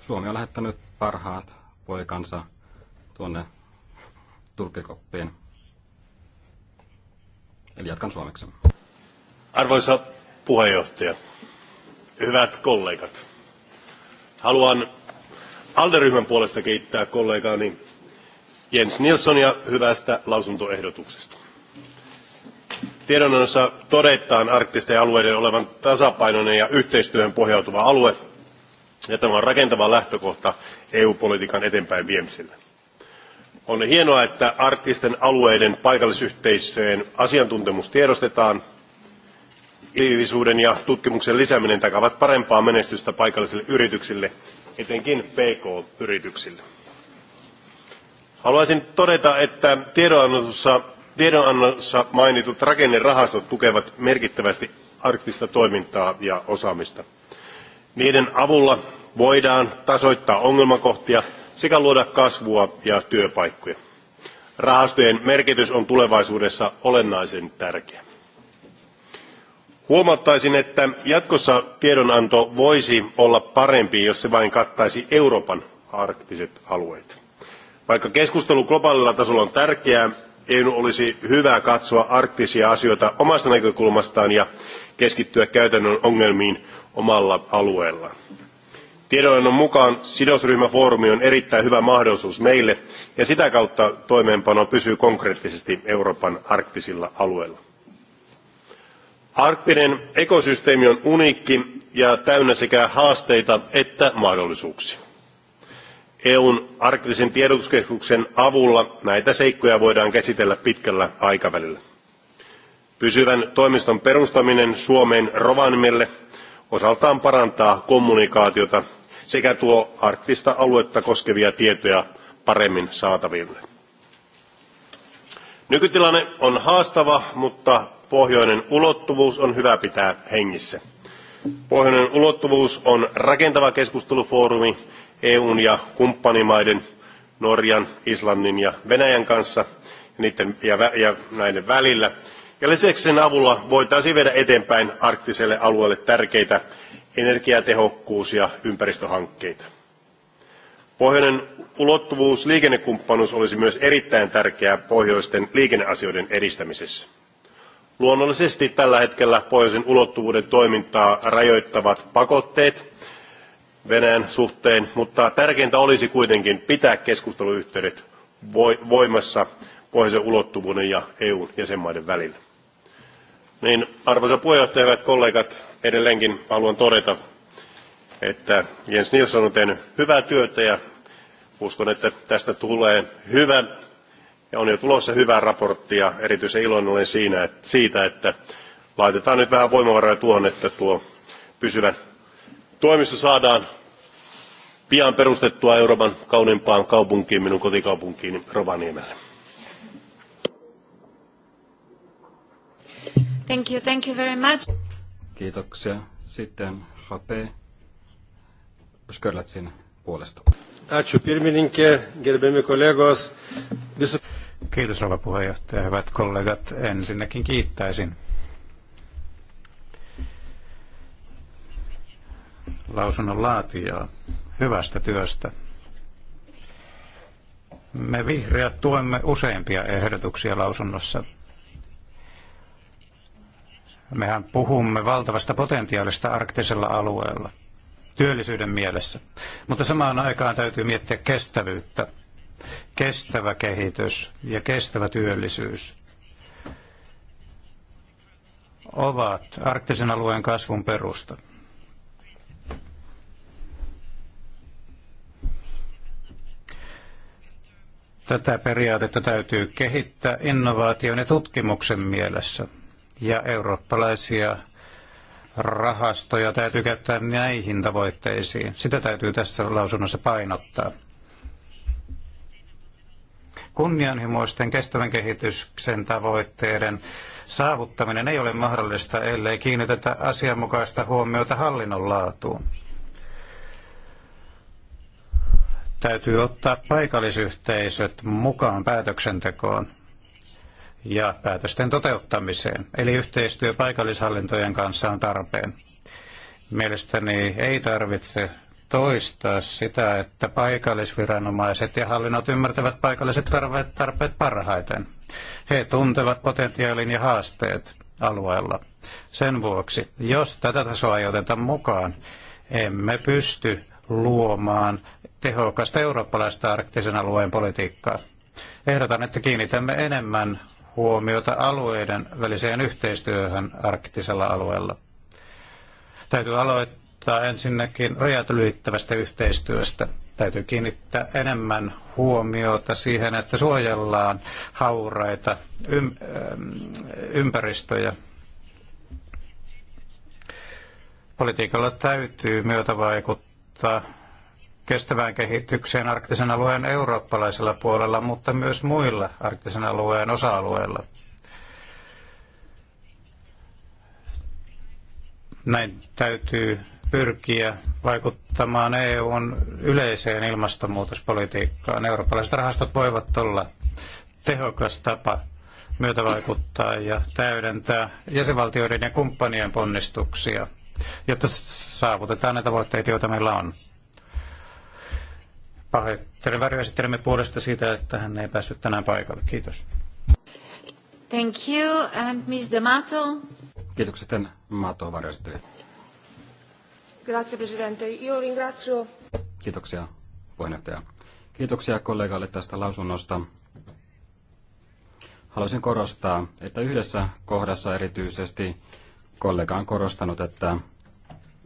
Suomi on lähettänyt parhaat poikansa tuonne turkikoppiin. Eli jatkan suomeksi. Arvoisa puheenjohtaja, hyvät kollegat, haluan Alderyhmän puolesta kiittää kollegaani Jens Nilssonia hyvästä lausuntoehdotuksesta. Tiedonannossa todetaan arktisten alueiden olevan tasapainoinen ja yhteistyöhön pohjautuva alue, ja tämä on rakentava lähtökohta EU-politiikan eteenpäin viemiselle. On hienoa, että arktisten alueiden paikallisyhteisöjen asiantuntemus tiedostetaan. Aktiivisuuden ja tutkimuksen lisääminen takavat parempaa menestystä paikallisille yrityksille etenkin PK-yrityksille. Haluaisin todeta, että tiedonannossa, tiedonannossa mainitut rakennerahastot tukevat merkittävästi arktista toimintaa ja osaamista. Niiden avulla voidaan tasoittaa ongelmakohtia sekä luoda kasvua ja työpaikkoja. Rahastojen merkitys on tulevaisuudessa olennaisen tärkeä huomauttaisin että jatkossa tiedonanto voisi olla parempi jos se vain kattaisi euroopan arktiset alueet. vaikka keskustelu globaalilla tasolla on tärkeää eun olisi hyvä katsoa arktisia asioita omasta näkökulmastaan ja keskittyä käytännön ongelmiin omalla alueella. tiedonannon mukaan sidosryhmäfoorumi on erittäin hyvä mahdollisuus meille ja sitä kautta toimeenpano pysyy konkreettisesti euroopan arktisilla alueilla arktinen ekosysteemi on uniikki ja täynnä sekä haasteita että mahdollisuuksia. eun arktisen tiedotuskeskuksen avulla näitä seikkoja voidaan käsitellä pitkällä aikavälillä. pysyvän toimiston perustaminen suomen rovaniemelle osaltaan parantaa kommunikaatiota sekä tuo arktista aluetta koskevia tietoja paremmin saataville. nykytilanne on haastava mutta pohjoinen ulottuvuus on hyvä pitää hengissä. Pohjoinen ulottuvuus on rakentava keskustelufoorumi EUn ja kumppanimaiden Norjan, Islannin ja Venäjän kanssa ja, niiden, ja, ja näiden välillä. Ja lisäksi sen avulla voitaisiin viedä eteenpäin arktiselle alueelle tärkeitä energiatehokkuus- ja ympäristöhankkeita. Pohjoinen ulottuvuus liikennekumppanuus olisi myös erittäin tärkeää pohjoisten liikenneasioiden edistämisessä. Luonnollisesti tällä hetkellä pohjoisen ulottuvuuden toimintaa rajoittavat pakotteet Venäjän suhteen, mutta tärkeintä olisi kuitenkin pitää keskusteluyhteydet voimassa pohjoisen ulottuvuuden ja EUn jäsenmaiden välillä. Niin, arvoisa puheenjohtaja, hyvät kollegat, edelleenkin haluan todeta, että Jens Nilsson on tehnyt hyvää työtä ja uskon, että tästä tulee hyvä ja on jo tulossa hyvää raporttia. Erityisen iloinen olen siinä, että, siitä, että laitetaan nyt vähän voimavaroja tuohon, että tuo pysyvä toimisto saadaan pian perustettua Euroopan kauniimpaan kaupunkiin, minun kotikaupunkiini Rovaniemelle. Thank you, thank you very much. Kiitoksia. Sitten Hape Skörlätsin puolesta. Ačiū pirmininkė, gerbiami kolegos. Visų... Kiitos rouva puheenjohtaja. Hyvät kollegat, ensinnäkin kiittäisin lausunnon laatijaa hyvästä työstä. Me vihreät tuemme useimpia ehdotuksia lausunnossa. Mehän puhumme valtavasta potentiaalista arktisella alueella työllisyyden mielessä, mutta samaan aikaan täytyy miettiä kestävyyttä kestävä kehitys ja kestävä työllisyys ovat arktisen alueen kasvun perusta. Tätä periaatetta täytyy kehittää innovaation ja tutkimuksen mielessä. Ja eurooppalaisia rahastoja täytyy käyttää näihin tavoitteisiin. Sitä täytyy tässä lausunnossa painottaa kunnianhimoisten kestävän kehityksen tavoitteiden saavuttaminen ei ole mahdollista, ellei kiinnitetä asianmukaista huomiota hallinnon laatuun. Täytyy ottaa paikallisyhteisöt mukaan päätöksentekoon ja päätösten toteuttamiseen, eli yhteistyö paikallishallintojen kanssa on tarpeen. Mielestäni ei tarvitse toistaa sitä, että paikallisviranomaiset ja hallinnot ymmärtävät paikalliset tarpeet, tarpeet parhaiten. He tuntevat potentiaalin ja haasteet alueella. Sen vuoksi, jos tätä tasoa ei oteta mukaan, emme pysty luomaan tehokasta eurooppalaista arktisen alueen politiikkaa. Ehdotan, että kiinnitämme enemmän huomiota alueiden väliseen yhteistyöhön arktisella alueella. Täytyy aloittaa aloittaa ensinnäkin rajat ylittävästä yhteistyöstä. Täytyy kiinnittää enemmän huomiota siihen, että suojellaan hauraita ähm, ympäristöjä. Politiikalla täytyy myötävaikuttaa kestävään kehitykseen arktisen alueen eurooppalaisella puolella, mutta myös muilla arktisen alueen osa-alueilla. Näin täytyy pyrkiä vaikuttamaan EUn yleiseen ilmastonmuutospolitiikkaan. Eurooppalaiset rahastot voivat olla tehokas tapa myötävaikuttaa ja täydentää jäsenvaltioiden ja kumppanien ponnistuksia, jotta saavutetaan ne tavoitteet, joita meillä on. Pahoittelen väryesittelemme puolesta siitä, että hän ei päässyt tänään paikalle. Kiitos. Thank you. And Ms. D'Amato. Kiitoksia Mato Grazie, Presidente. Io ringrazio... Kiitoksia, puheenjohtaja. Kiitoksia kollegalle tästä lausunnosta. Haluaisin korostaa, että yhdessä kohdassa erityisesti kollega on korostanut, että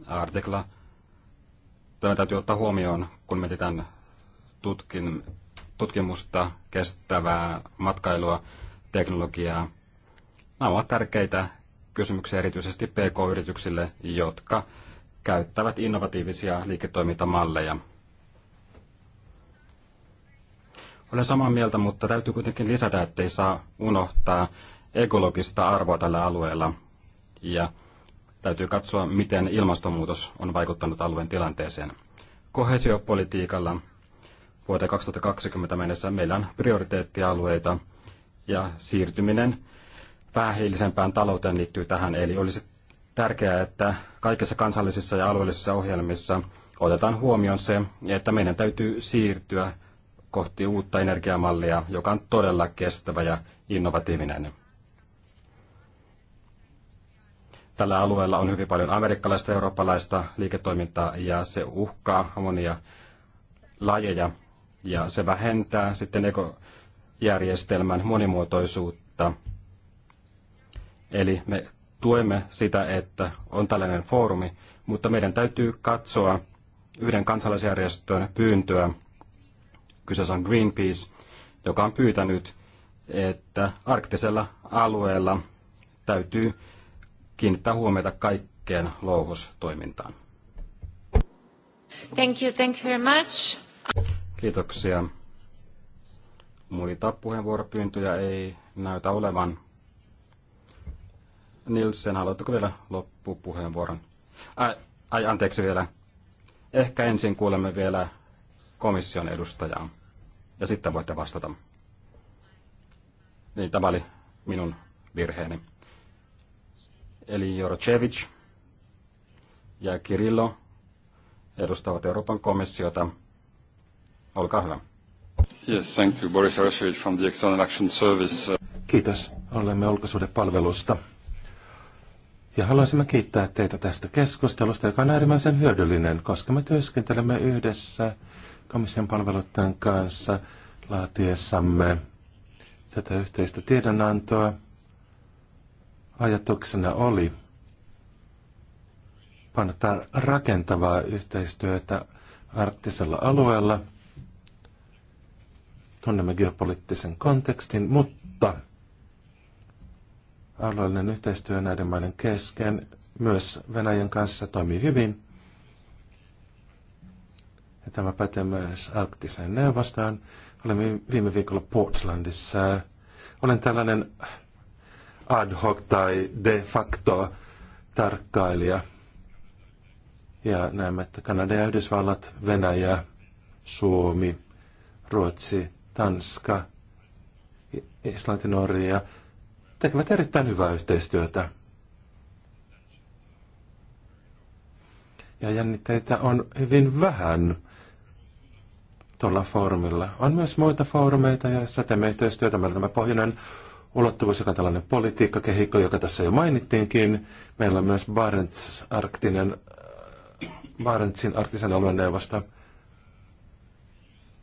artikla tämä täytyy ottaa huomioon, kun mietitään tutkin, tutkimusta, kestävää matkailua, teknologiaa. Nämä ovat tärkeitä kysymyksiä erityisesti PK-yrityksille, jotka käyttävät innovatiivisia liiketoimintamalleja. Olen samaa mieltä, mutta täytyy kuitenkin lisätä, ettei saa unohtaa ekologista arvoa tällä alueella. Ja täytyy katsoa, miten ilmastonmuutos on vaikuttanut alueen tilanteeseen. Kohesiopolitiikalla vuoteen 2020 mennessä meillä on prioriteettialueita ja siirtyminen vähähiilisempään talouteen liittyy tähän, eli olisi tärkeää, että kaikissa kansallisissa ja alueellisissa ohjelmissa otetaan huomioon se, että meidän täytyy siirtyä kohti uutta energiamallia, joka on todella kestävä ja innovatiivinen. Tällä alueella on hyvin paljon amerikkalaista ja eurooppalaista liiketoimintaa ja se uhkaa monia lajeja ja se vähentää sitten ekojärjestelmän monimuotoisuutta. Eli me tuemme sitä, että on tällainen foorumi, mutta meidän täytyy katsoa yhden kansalaisjärjestön pyyntöä. Kyseessä on Greenpeace, joka on pyytänyt, että arktisella alueella täytyy kiinnittää huomiota kaikkeen louhostoimintaan. Thank you, thank you very much. Kiitoksia. Muita puheenvuoropyyntöjä ei näytä olevan. Nielsen, haluatteko vielä loppupuheenvuoron? Ai, ai anteeksi vielä. Ehkä ensin kuulemme vielä komission edustajaa ja sitten voitte vastata. Niin, tämä oli minun virheeni. Eli Jorocevic ja Kirillo edustavat Euroopan komissiota. Olkaa hyvä. Yes, thank you. Boris from the External Action Service. Kiitos. Olemme ulkosuhdepalvelusta. palvelusta. Ja haluaisimme kiittää teitä tästä keskustelusta, joka on äärimmäisen hyödyllinen, koska me työskentelemme yhdessä komission palveluiden kanssa laatiessamme tätä yhteistä tiedonantoa. Ajatuksena oli panna rakentavaa yhteistyötä arktisella alueella. Tunnemme geopoliittisen kontekstin, mutta Alueellinen yhteistyö näiden maiden kesken, myös Venäjän kanssa, toimii hyvin. Ja tämä pätee myös arktiseen neuvostoon. Olemme viime viikolla Portlandissa. Olen tällainen ad hoc tai de facto tarkkailija. Ja näemme, että Kanada ja Yhdysvallat, Venäjä, Suomi, Ruotsi, Tanska, Islanti, Norja, tekevät erittäin hyvää yhteistyötä. Ja jännitteitä on hyvin vähän tuolla foorumilla. On myös muita foorumeita, joissa teemme yhteistyötä. Meillä on tämä pohjoinen ulottuvuus, joka on tällainen politiikkakehikko, joka tässä jo mainittiinkin. Meillä on myös Barents arktinen, Barentsin arktisen alueen neuvosto,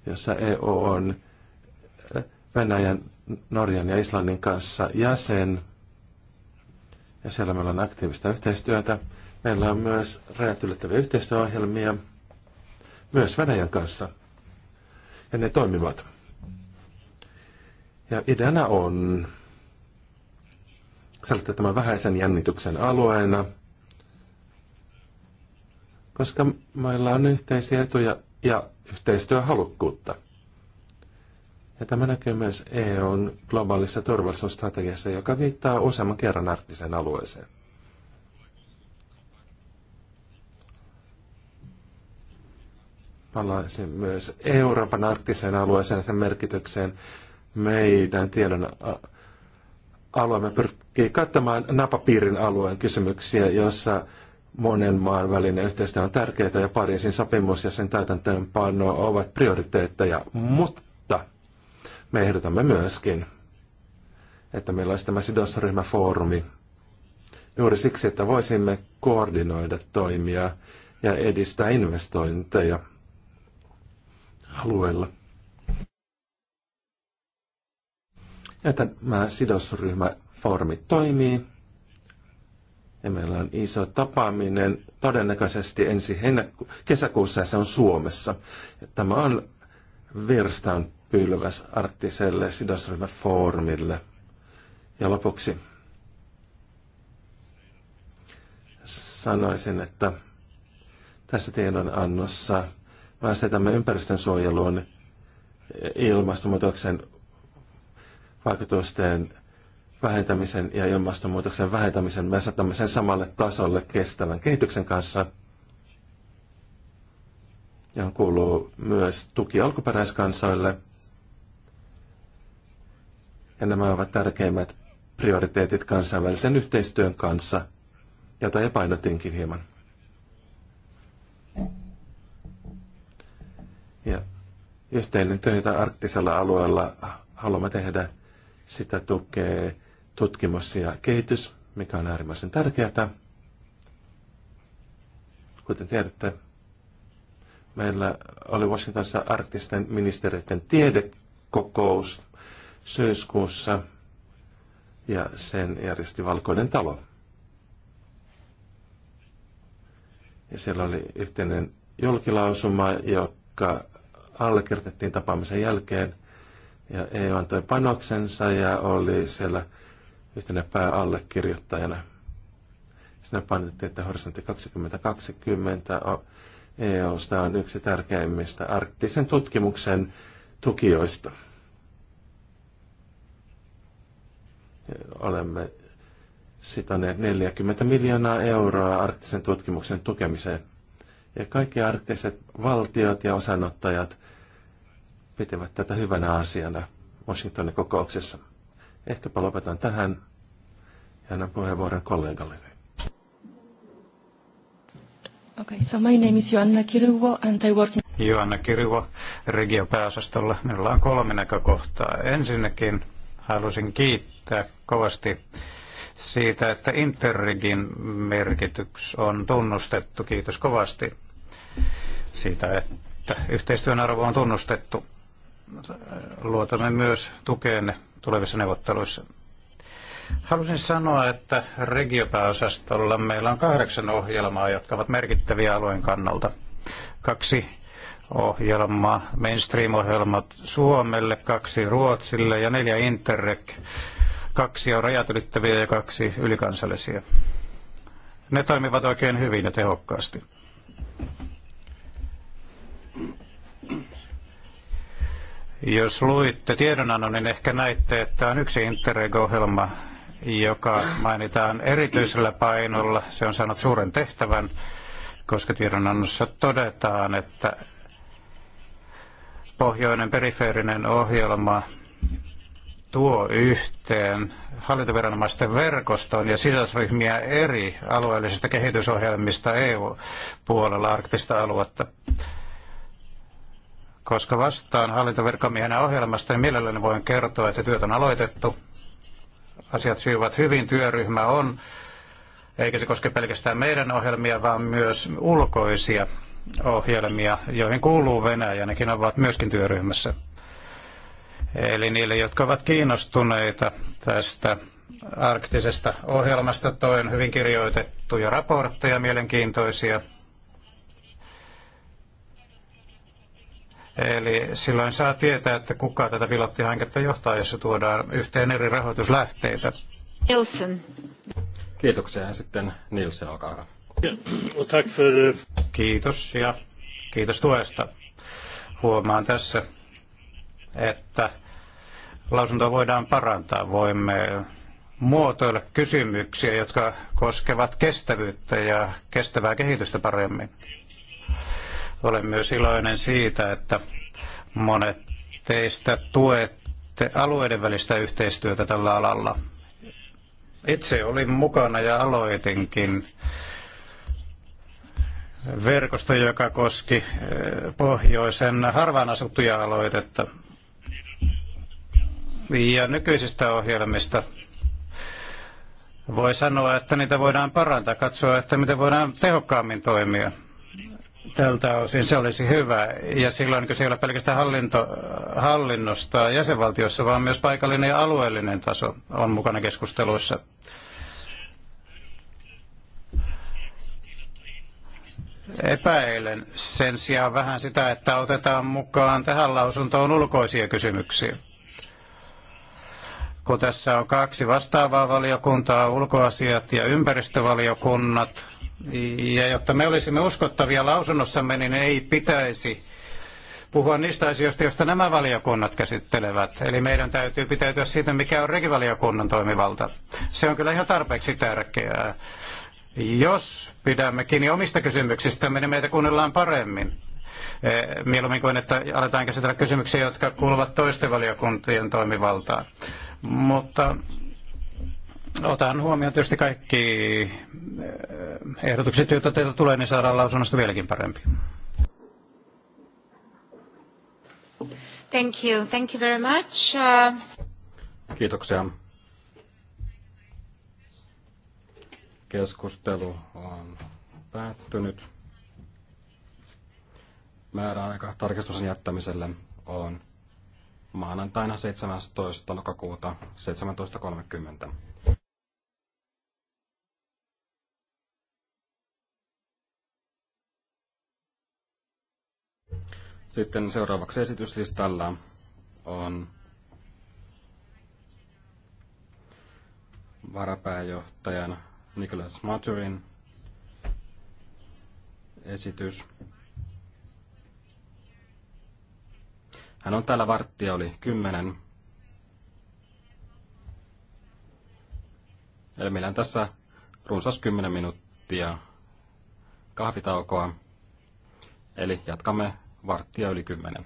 jossa EU on Venäjän Norjan ja Islannin kanssa jäsen. Ja siellä meillä on aktiivista yhteistyötä. Meillä on myös rajat ylittäviä yhteistyöohjelmia myös Venäjän kanssa. Ja ne toimivat. Ja ideana on selittää tämän vähäisen jännityksen alueena, koska meillä on yhteisiä etuja ja yhteistyöhalukkuutta – ja tämä näkyy myös EUn globaalissa turvallisuusstrategiassa, joka viittaa useamman kerran arktiseen alueeseen. palaisin myös Euroopan arktiseen alueeseen sen merkitykseen. Meidän tiedon alueemme pyrkii kattamaan napapiirin alueen kysymyksiä, jossa monen maan välinen yhteistyö on tärkeää ja Pariisin sopimus ja sen täytäntöönpano ovat prioriteetteja, mutta me ehdotamme myöskin, että meillä olisi tämä sidosryhmäfoorumi juuri siksi, että voisimme koordinoida toimia ja edistää investointeja alueella. Ja tämä sidosryhmäfoorumi toimii. Ja meillä on iso tapaaminen todennäköisesti ensi kesäkuussa ja se on Suomessa. Ja tämä on virstan pylväs arktiselle sidosryhmäfoorumille. Ja lopuksi sanoisin, että tässä tiedonannossa me ympäristön suojeluun ilmastonmuutoksen vaikutusten vähentämisen ja ilmastonmuutoksen vähentämisen. Me asetamme sen samalle tasolle kestävän kehityksen kanssa, johon kuuluu myös tuki alkuperäiskansoille ja nämä ovat tärkeimmät prioriteetit kansainvälisen yhteistyön kanssa, jota jo painotinkin hieman. Ja yhteinen työ, arktisella alueella haluamme tehdä, sitä tukee tutkimus ja kehitys, mikä on äärimmäisen tärkeää. Kuten tiedätte, meillä oli Washingtonissa arktisten ministeriöiden tiedekokous syyskuussa ja sen järjesti Valkoinen talo. Ja siellä oli yhteinen julkilausuma, joka allekirjoitettiin tapaamisen jälkeen. Ja EU antoi panoksensa ja oli siellä yhtenä pääallekirjoittajana. Siinä painotettiin, että horisontti 2020 EUsta on yksi tärkeimmistä arktisen tutkimuksen tukijoista. olemme sitoneet 40 miljoonaa euroa arktisen tutkimuksen tukemiseen. Ja kaikki arktiset valtiot ja osanottajat pitivät tätä hyvänä asiana Washingtonin kokouksessa. Ehkäpä lopetan tähän ja annan puheenvuoron kollegalle. Okay, so my name is Joanna Kiruvo and I work in... Joanna Kiruvo regiopääosastolla. meillä on kolme näkökohtaa. Ensinnäkin halusin kiittää kiittää kovasti siitä, että Interregin merkitys on tunnustettu. Kiitos kovasti siitä, että yhteistyön arvo on tunnustettu. Luotamme myös tukeenne tulevissa neuvotteluissa. Halusin sanoa, että regiopääosastolla meillä on kahdeksan ohjelmaa, jotka ovat merkittäviä alueen kannalta. Kaksi ohjelmaa, mainstream-ohjelmat Suomelle, kaksi Ruotsille ja neljä Interreg Kaksi on rajat ylittäviä ja kaksi ylikansallisia. Ne toimivat oikein hyvin ja tehokkaasti. Jos luitte tiedonannon, niin ehkä näitte, että on yksi Interreg-ohjelma, joka mainitaan erityisellä painolla. Se on saanut suuren tehtävän, koska tiedonannossa todetaan, että pohjoinen perifeerinen ohjelma tuo yhteen hallintoviranomaisten verkoston ja sidosryhmiä eri alueellisista kehitysohjelmista EU-puolella arktista aluetta. Koska vastaan hallintovirkamiehenä ohjelmasta, niin mielelläni voin kertoa, että työt on aloitettu. Asiat sujuvat hyvin, työryhmä on, eikä se koske pelkästään meidän ohjelmia, vaan myös ulkoisia ohjelmia, joihin kuuluu Venäjä, nekin ovat myöskin työryhmässä Eli niille, jotka ovat kiinnostuneita tästä arktisesta ohjelmasta, toin hyvin kirjoitettuja raportteja, mielenkiintoisia. Eli silloin saa tietää, että kuka tätä pilottihanketta johtaa, jossa tuodaan yhteen eri rahoituslähteitä. Nilsson. Kiitoksia ja sitten Nilsson, olkaa hyvä. Kiitos ja kiitos tuesta. Huomaan tässä että lausuntoa voidaan parantaa. Voimme muotoilla kysymyksiä, jotka koskevat kestävyyttä ja kestävää kehitystä paremmin. Olen myös iloinen siitä, että monet teistä tuette alueiden välistä yhteistyötä tällä alalla. Itse olin mukana ja aloitinkin verkosto, joka koski eh, pohjoisen harvaan asuttuja aloitetta ja nykyisistä ohjelmista. Voi sanoa, että niitä voidaan parantaa, katsoa, että miten voidaan tehokkaammin toimia. Tältä osin se olisi hyvä. Ja silloin kyse ei ole pelkästään hallinto, hallinnosta jäsenvaltiossa, vaan myös paikallinen ja alueellinen taso on mukana keskusteluissa. Epäilen sen sijaan vähän sitä, että otetaan mukaan tähän lausuntoon ulkoisia kysymyksiä kun tässä on kaksi vastaavaa valiokuntaa, ulkoasiat ja ympäristövaliokunnat, ja jotta me olisimme uskottavia lausunnossamme, niin ei pitäisi puhua niistä asioista, joista nämä valiokunnat käsittelevät. Eli meidän täytyy pitäytyä siitä, mikä on regivaliokunnan toimivalta. Se on kyllä ihan tarpeeksi tärkeää. Jos pidämme kiinni omista kysymyksistämme, niin meitä kuunnellaan paremmin. Eh, mieluummin kuin, että aletaan käsitellä kysymyksiä, jotka kuuluvat toisten valiokuntien toimivaltaan. Mutta otan huomioon tietysti kaikki eh, ehdotukset, joita teiltä tulee, niin saadaan lausunnosta vieläkin parempi. Thank you. Thank you very much. Uh... Kiitoksia. Keskustelu on päättynyt. Määräaika tarkistuksen jättämiselle on maanantaina 17. lokakuuta 17.30. Sitten seuraavaksi esityslistalla on varapääjohtajan Nicholas Maturin esitys Hän on täällä varttia oli kymmenen. Eli meillä on tässä runsas 10 minuuttia kahvitaukoa. Eli jatkamme varttia yli 10.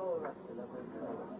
todas las personas.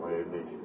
Weil nicht.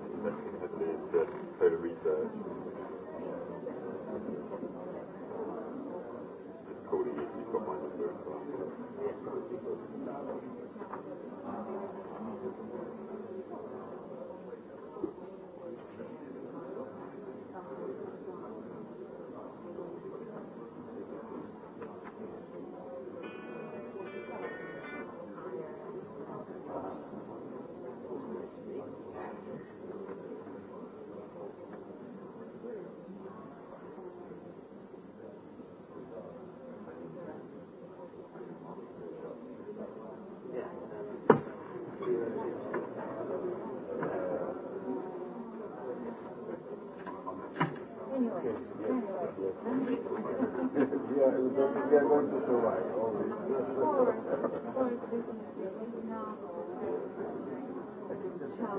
Ciao.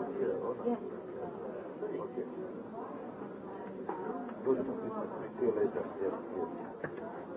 Yes. Okay. Good. Thank you later. Yes, yes.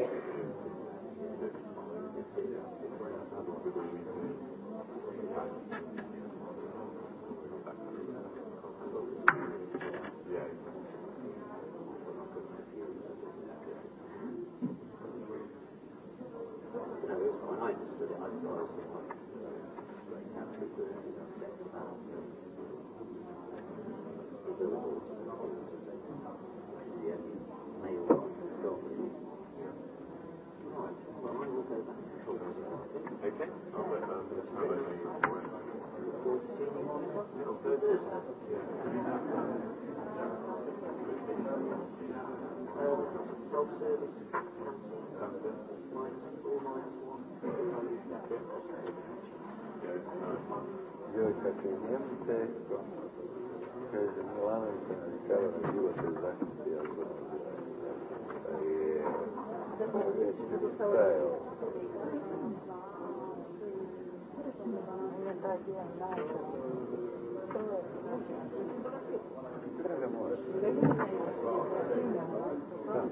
Thank you. Joj, kad je Njemce, kaže, Milanović je navikala na život i zaštiti alkohol. I, šta je ovo? Draga moja. Αυτό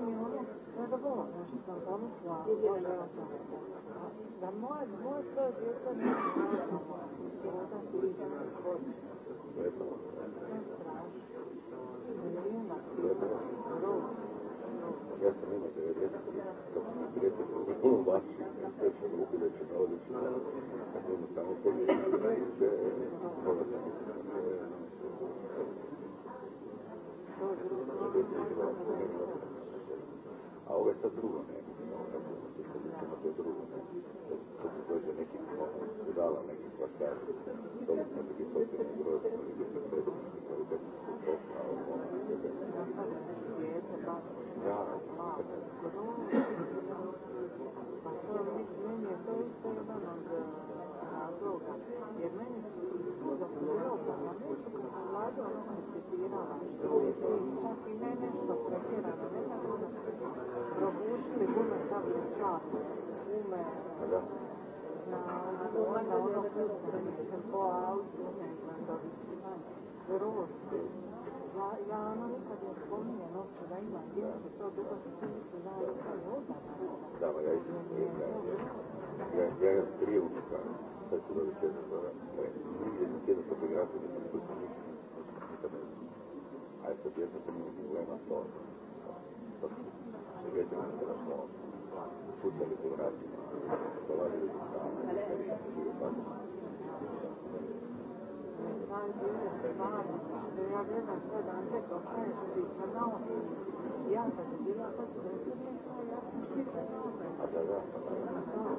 μειώνει δεν το πω. Να μου αρμόζω διότι δεν Gracias a ovo je sad drugo neko, ono to je drugo neko. To se dođe nekim budala, nekim kvartaru, to je sad neki socijalni broj, to je neki predstavnik, to je neki socijalni broj, to je neki socijalni broj, Da. Ja, ja ono nikad ne spominjem uopće da ima djecu, to bilo što su nisu znali. Da, ma ja isto я, я стрелка, так что даже честно говоря, не кеда са фотографии, не са никъде. А е съдебната ми отива една втора. Съветът на страшно. Футбол и фотографии. Това е да Ja vjerujem sve da vam rekao šta je što bi kanal. Ja sam bila sad, da je sve nešto, ja sam šita. A da, da, da.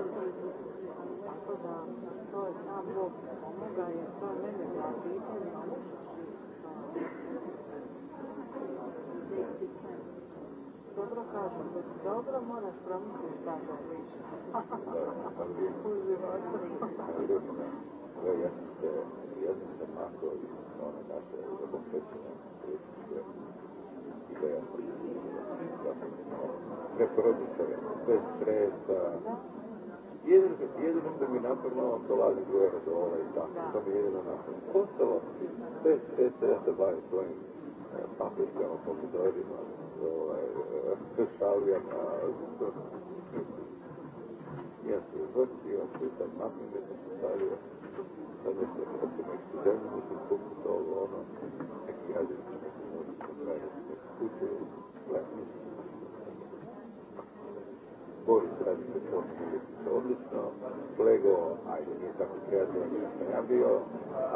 Tako da, to je sam Bog pomoga, jer to je mene bila pitanja, Dobro kažem, da si dobro moraš promisliti šta to priča. U životu. Evo, ja sam se, ja sam se mako i ono naše, da bom pećenja, reći i da ja prije. Bez roditelja, bez stresa, jedino mi napravljamo to lazi u Erodole i tako, to mi jedino napravljamo. Ostalo, te sve se ja se bavim svojim paprikama, pomidorima, ovaj, šalijama, ja se vrtio, čitam, maknem nešto se stavio, sad ne se opet nešto zemlju, mislim, kupim to ovo, ono, neki jadin, neki noći, neki kuće, gledam, mislim, Boris radi se to, odlično, plego, ajde, nije tako kreativno, ja bio,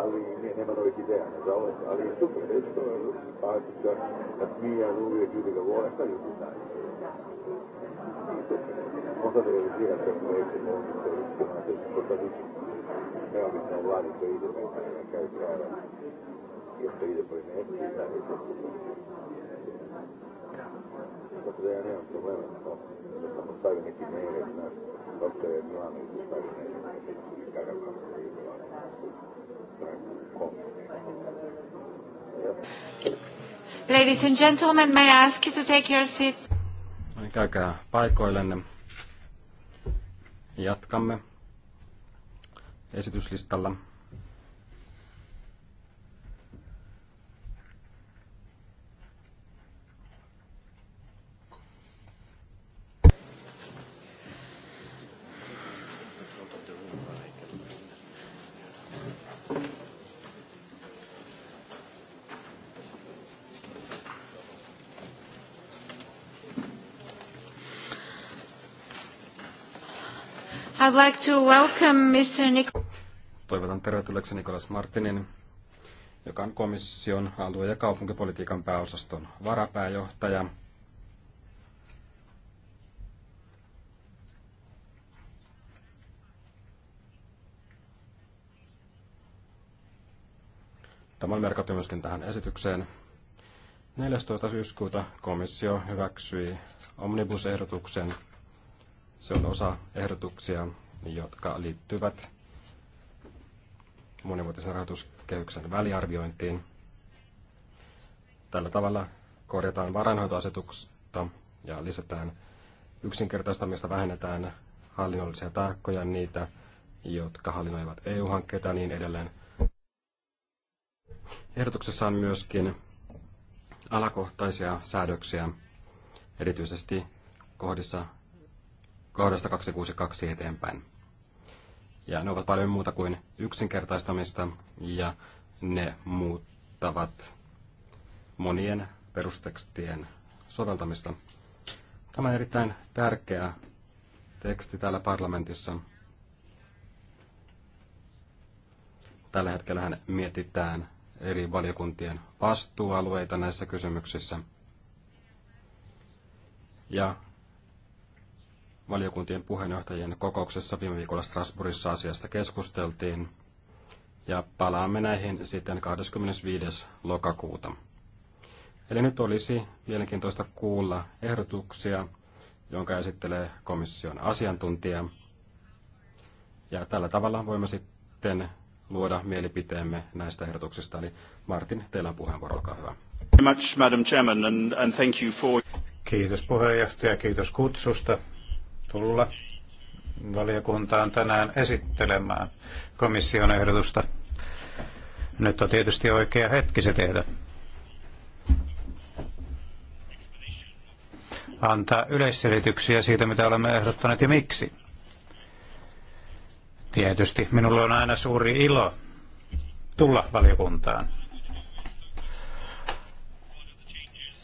ali ne, nema novih ideja, nažalost, ali je super, dečko, kad smija, uvijek ljudi ga vole, šta ljudi znaju? on sad realizira sve projekte, on se uspio na tešku što sad ići, neovisno vladi koji ide, ne znam, na kraju krajeva, jer se ide po inerciji, znači, to super. Tako da ja nemam problema s tome quando Ladies and gentlemen, may I ask you to take your seats? Niin, käykää paikoillenne. Jatkamme esityslistalla. I'd like to welcome Mr. Nik- Toivotan tervetulleeksi Nikolas Martinin, joka on komission alue- ja kaupunkipolitiikan pääosaston varapääjohtaja. Tämä on merkattu myöskin tähän esitykseen. 14. syyskuuta komissio hyväksyi omnibusehdotuksen se on osa ehdotuksia, jotka liittyvät monivuotisen rahoituskehyksen väliarviointiin. Tällä tavalla korjataan varainhoitoasetuksesta ja lisätään yksinkertaistamista, vähennetään hallinnollisia taakkoja niitä, jotka hallinnoivat EU-hankkeita niin edelleen. Ehdotuksessa on myöskin alakohtaisia säädöksiä, erityisesti kohdissa kohdasta 262 eteenpäin. Ja ne ovat paljon muuta kuin yksinkertaistamista ja ne muuttavat monien perustekstien soveltamista. Tämä on erittäin tärkeä teksti täällä parlamentissa. Tällä hetkellä mietitään eri valiokuntien vastuualueita näissä kysymyksissä. Ja valiokuntien puheenjohtajien kokouksessa viime viikolla Strasbourgissa asiasta keskusteltiin ja palaamme näihin sitten 25. lokakuuta. Eli nyt olisi mielenkiintoista kuulla ehdotuksia, jonka esittelee komission asiantuntija. Ja tällä tavalla voimme sitten luoda mielipiteemme näistä ehdotuksista. Eli Martin, teillä on puheenvuoro, olkaa hyvä. Kiitos puheenjohtaja, kiitos kutsusta tulla valiokuntaan tänään esittelemään komission ehdotusta. Nyt on tietysti oikea hetki se tehdä. Antaa yleisselityksiä siitä, mitä olemme ehdottaneet ja miksi. Tietysti minulle on aina suuri ilo tulla valiokuntaan.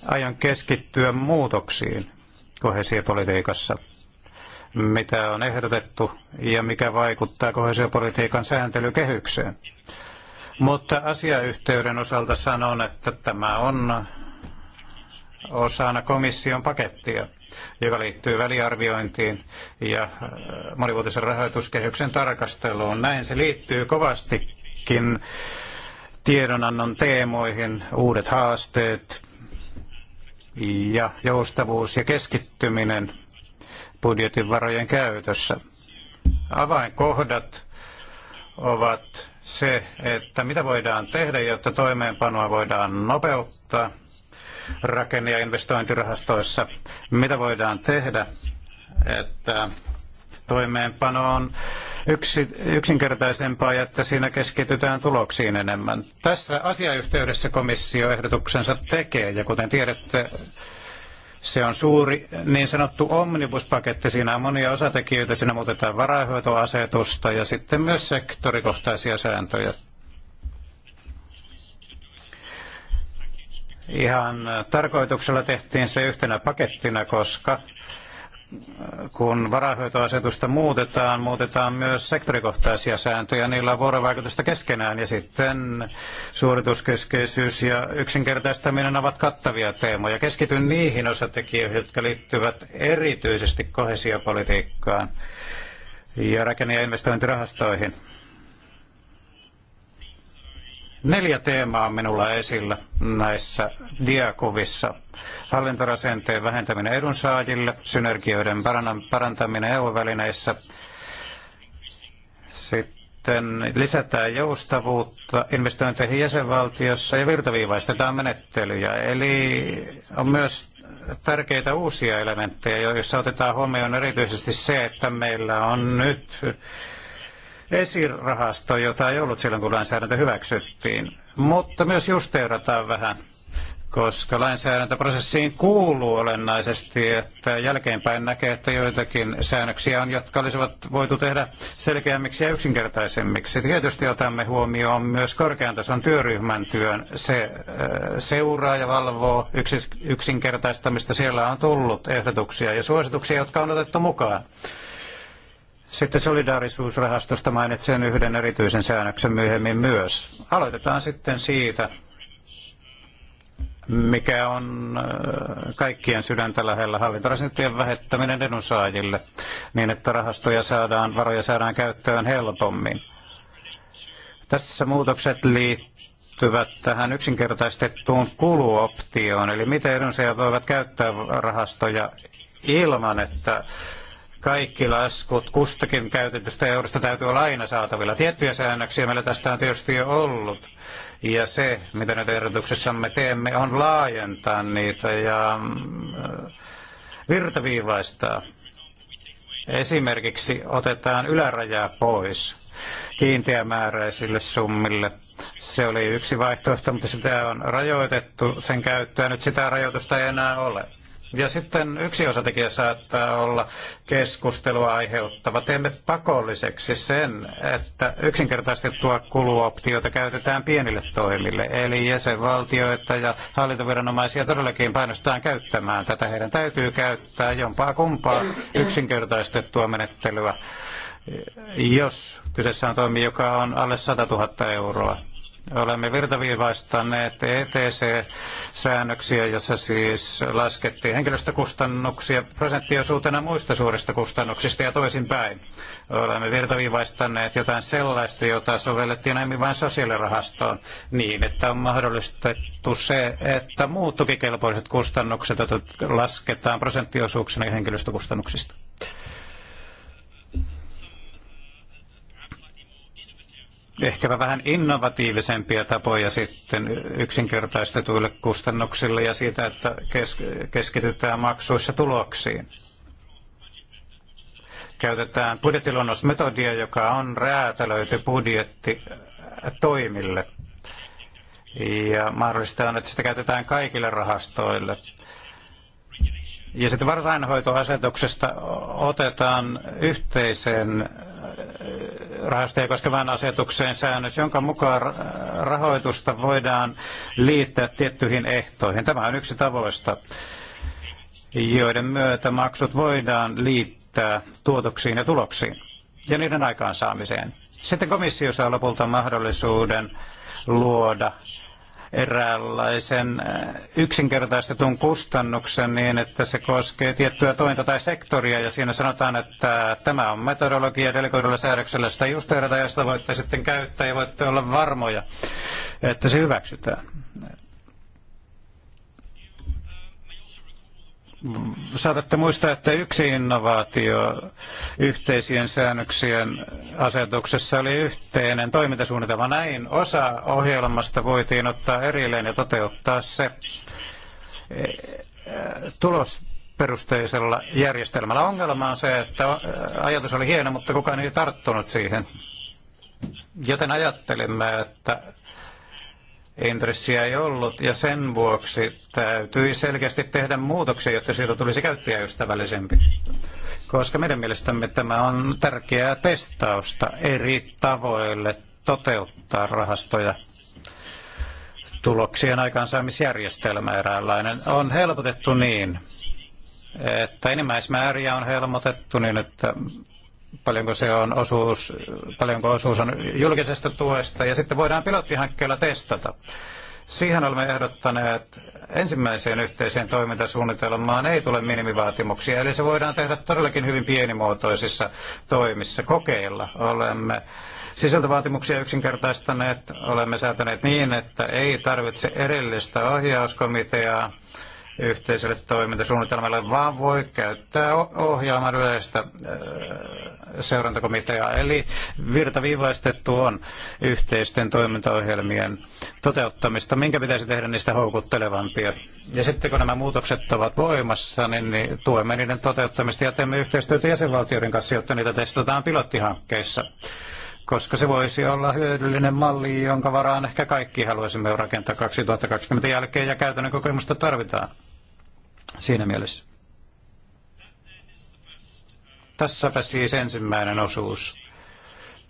Aion keskittyä muutoksiin kohesiopolitiikassa – mitä on ehdotettu ja mikä vaikuttaa kohesiopolitiikan sääntelykehykseen. Mutta asiayhteyden osalta sanon, että tämä on osana komission pakettia, joka liittyy väliarviointiin ja äh, monivuotisen rahoituskehyksen tarkasteluun. Näin se liittyy kovastikin tiedonannon teemoihin, uudet haasteet ja joustavuus ja keskittyminen budjetin varojen käytössä. Avainkohdat ovat se, että mitä voidaan tehdä, jotta toimeenpanoa voidaan nopeuttaa rakenne- ja investointirahastoissa. Mitä voidaan tehdä, että toimeenpano on yksi, yksinkertaisempaa ja että siinä keskitytään tuloksiin enemmän. Tässä asiayhteydessä komissio ehdotuksensa tekee ja kuten tiedätte, se on suuri niin sanottu omnibuspaketti. Siinä on monia osatekijöitä. Siinä muutetaan varainhoitoasetusta ja sitten myös sektorikohtaisia sääntöjä. Ihan tarkoituksella tehtiin se yhtenä pakettina, koska kun varainhoitoasetusta muutetaan, muutetaan myös sektorikohtaisia sääntöjä, niillä on vuorovaikutusta keskenään ja sitten suorituskeskeisyys ja yksinkertaistaminen ovat kattavia teemoja. Keskityn niihin osatekijöihin, jotka liittyvät erityisesti kohesiopolitiikkaan ja rakenne- ja investointirahastoihin. Neljä teemaa on minulla esillä näissä diakuvissa. Hallintorasenteen vähentäminen edunsaajille, synergioiden parantaminen EU-välineissä, sitten lisätään joustavuutta investointeihin jäsenvaltiossa ja virtaviivaistetaan menettelyjä. Eli on myös tärkeitä uusia elementtejä, joissa otetaan huomioon erityisesti se, että meillä on nyt esirahasto, jota ei ollut silloin, kun lainsäädäntö hyväksyttiin. Mutta myös justeerataan vähän, koska lainsäädäntöprosessiin kuuluu olennaisesti, että jälkeenpäin näkee, että joitakin säännöksiä on, jotka olisivat voitu tehdä selkeämmiksi ja yksinkertaisemmiksi. Tietysti otamme huomioon myös korkean tason työryhmän työn. Se äh, seuraa ja valvoo yksinkertaistamista. Siellä on tullut ehdotuksia ja suosituksia, jotka on otettu mukaan. Sitten solidaarisuusrahastosta mainitsen yhden erityisen säännöksen myöhemmin myös. Aloitetaan sitten siitä, mikä on äh, kaikkien sydäntä lähellä hallintorasitteen vähettäminen edunsaajille, niin että rahastoja saadaan, varoja saadaan käyttöön helpommin. Tässä muutokset liittyvät tähän yksinkertaistettuun kuluoptioon, eli miten edunsaajat voivat käyttää rahastoja ilman, että kaikki laskut kustakin käytetystä eurosta täytyy olla aina saatavilla. Tiettyjä säännöksiä meillä tästä on tietysti jo ollut. Ja se, mitä nyt ehdotuksessamme teemme, on laajentaa niitä ja äh, virtaviivaistaa. Esimerkiksi otetaan ylärajaa pois kiinteämääräisille summille. Se oli yksi vaihtoehto, mutta sitä on rajoitettu, sen käyttöä nyt sitä rajoitusta ei enää ole. Ja sitten yksi osatekijä saattaa olla keskustelua aiheuttava. Teemme pakolliseksi sen, että yksinkertaistettua kuluoptiota käytetään pienille toimille. Eli jäsenvaltioita ja hallintoviranomaisia todellakin painostetaan käyttämään tätä. Heidän täytyy käyttää jompaa kumpaa yksinkertaistettua menettelyä, jos kyseessä on toimi, joka on alle 100 000 euroa Olemme virtaviivaistaneet ETC-säännöksiä, jossa siis laskettiin henkilöstökustannuksia prosenttiosuutena muista suurista kustannuksista ja toisinpäin. Olemme virtaviivaistaneet jotain sellaista, jota sovellettiin aiemmin vain sosiaalirahastoon niin, että on mahdollistettu se, että muut tukikelpoiset kustannukset lasketaan prosenttiosuuksina henkilöstökustannuksista. ehkäpä vähän innovatiivisempia tapoja sitten yksinkertaistetuille kustannuksille ja siitä, että keskitytään maksuissa tuloksiin. Käytetään budjettiluonnosmetodia, joka on räätälöity budjetti toimille. Ja mahdollista on, että sitä käytetään kaikille rahastoille. Ja sitten varainhoitoasetuksesta otetaan yhteiseen äh, rahastoja koskevaan asetukseen säännös, jonka mukaan rahoitusta voidaan liittää tiettyihin ehtoihin. Tämä on yksi tavoista, joiden myötä maksut voidaan liittää tuotoksiin ja tuloksiin ja niiden aikaansaamiseen. Sitten komissio saa lopulta mahdollisuuden luoda eräänlaisen äh, yksinkertaistetun kustannuksen niin, että se koskee tiettyä tointa tai sektoria, ja siinä sanotaan, että tämä on metodologia delegoidulla säädöksellä, sitä justeerata, ja sitä voitte sitten käyttää, ja voitte olla varmoja, että se hyväksytään. saatatte muistaa, että yksi innovaatio yhteisien säännöksien asetuksessa oli yhteinen toimintasuunnitelma. Näin osa ohjelmasta voitiin ottaa erilleen ja toteuttaa se e, tulosperusteisella järjestelmällä. Ongelma on se, että ajatus oli hieno, mutta kukaan ei tarttunut siihen. Joten ajattelimme, että intressiä ei ollut ja sen vuoksi täytyi selkeästi tehdä muutoksia, jotta siitä tulisi käyttäjäystävällisempi. Koska meidän mielestämme tämä on tärkeää testausta eri tavoille toteuttaa rahastoja tuloksien aikaansaamisjärjestelmä eräänlainen on helpotettu niin, että enimmäismääriä on helpotettu niin, että paljonko se on osuus, paljonko osuus on julkisesta tuesta, ja sitten voidaan pilottihankkeella testata. Siihen olemme ehdottaneet ensimmäiseen yhteiseen toimintasuunnitelmaan ei tule minimivaatimuksia, eli se voidaan tehdä todellakin hyvin pienimuotoisissa toimissa, kokeilla. Olemme sisältövaatimuksia yksinkertaistaneet, olemme säätäneet niin, että ei tarvitse erillistä ohjauskomiteaa, yhteiselle toimintasuunnitelmalle, vaan voi käyttää ohjelman yleistä seurantakomiteaa. Eli virtaviivaistettu on yhteisten toimintaohjelmien toteuttamista, minkä pitäisi tehdä niistä houkuttelevampia. Ja sitten kun nämä muutokset ovat voimassa, niin, niin tuemme niiden toteuttamista ja teemme yhteistyötä jäsenvaltioiden kanssa, jotta niitä testataan pilottihankkeissa koska se voisi olla hyödyllinen malli, jonka varaan ehkä kaikki haluaisimme rakentaa 2020 jälkeen ja käytännön kokemusta tarvitaan siinä mielessä. Tässäpä siis ensimmäinen osuus,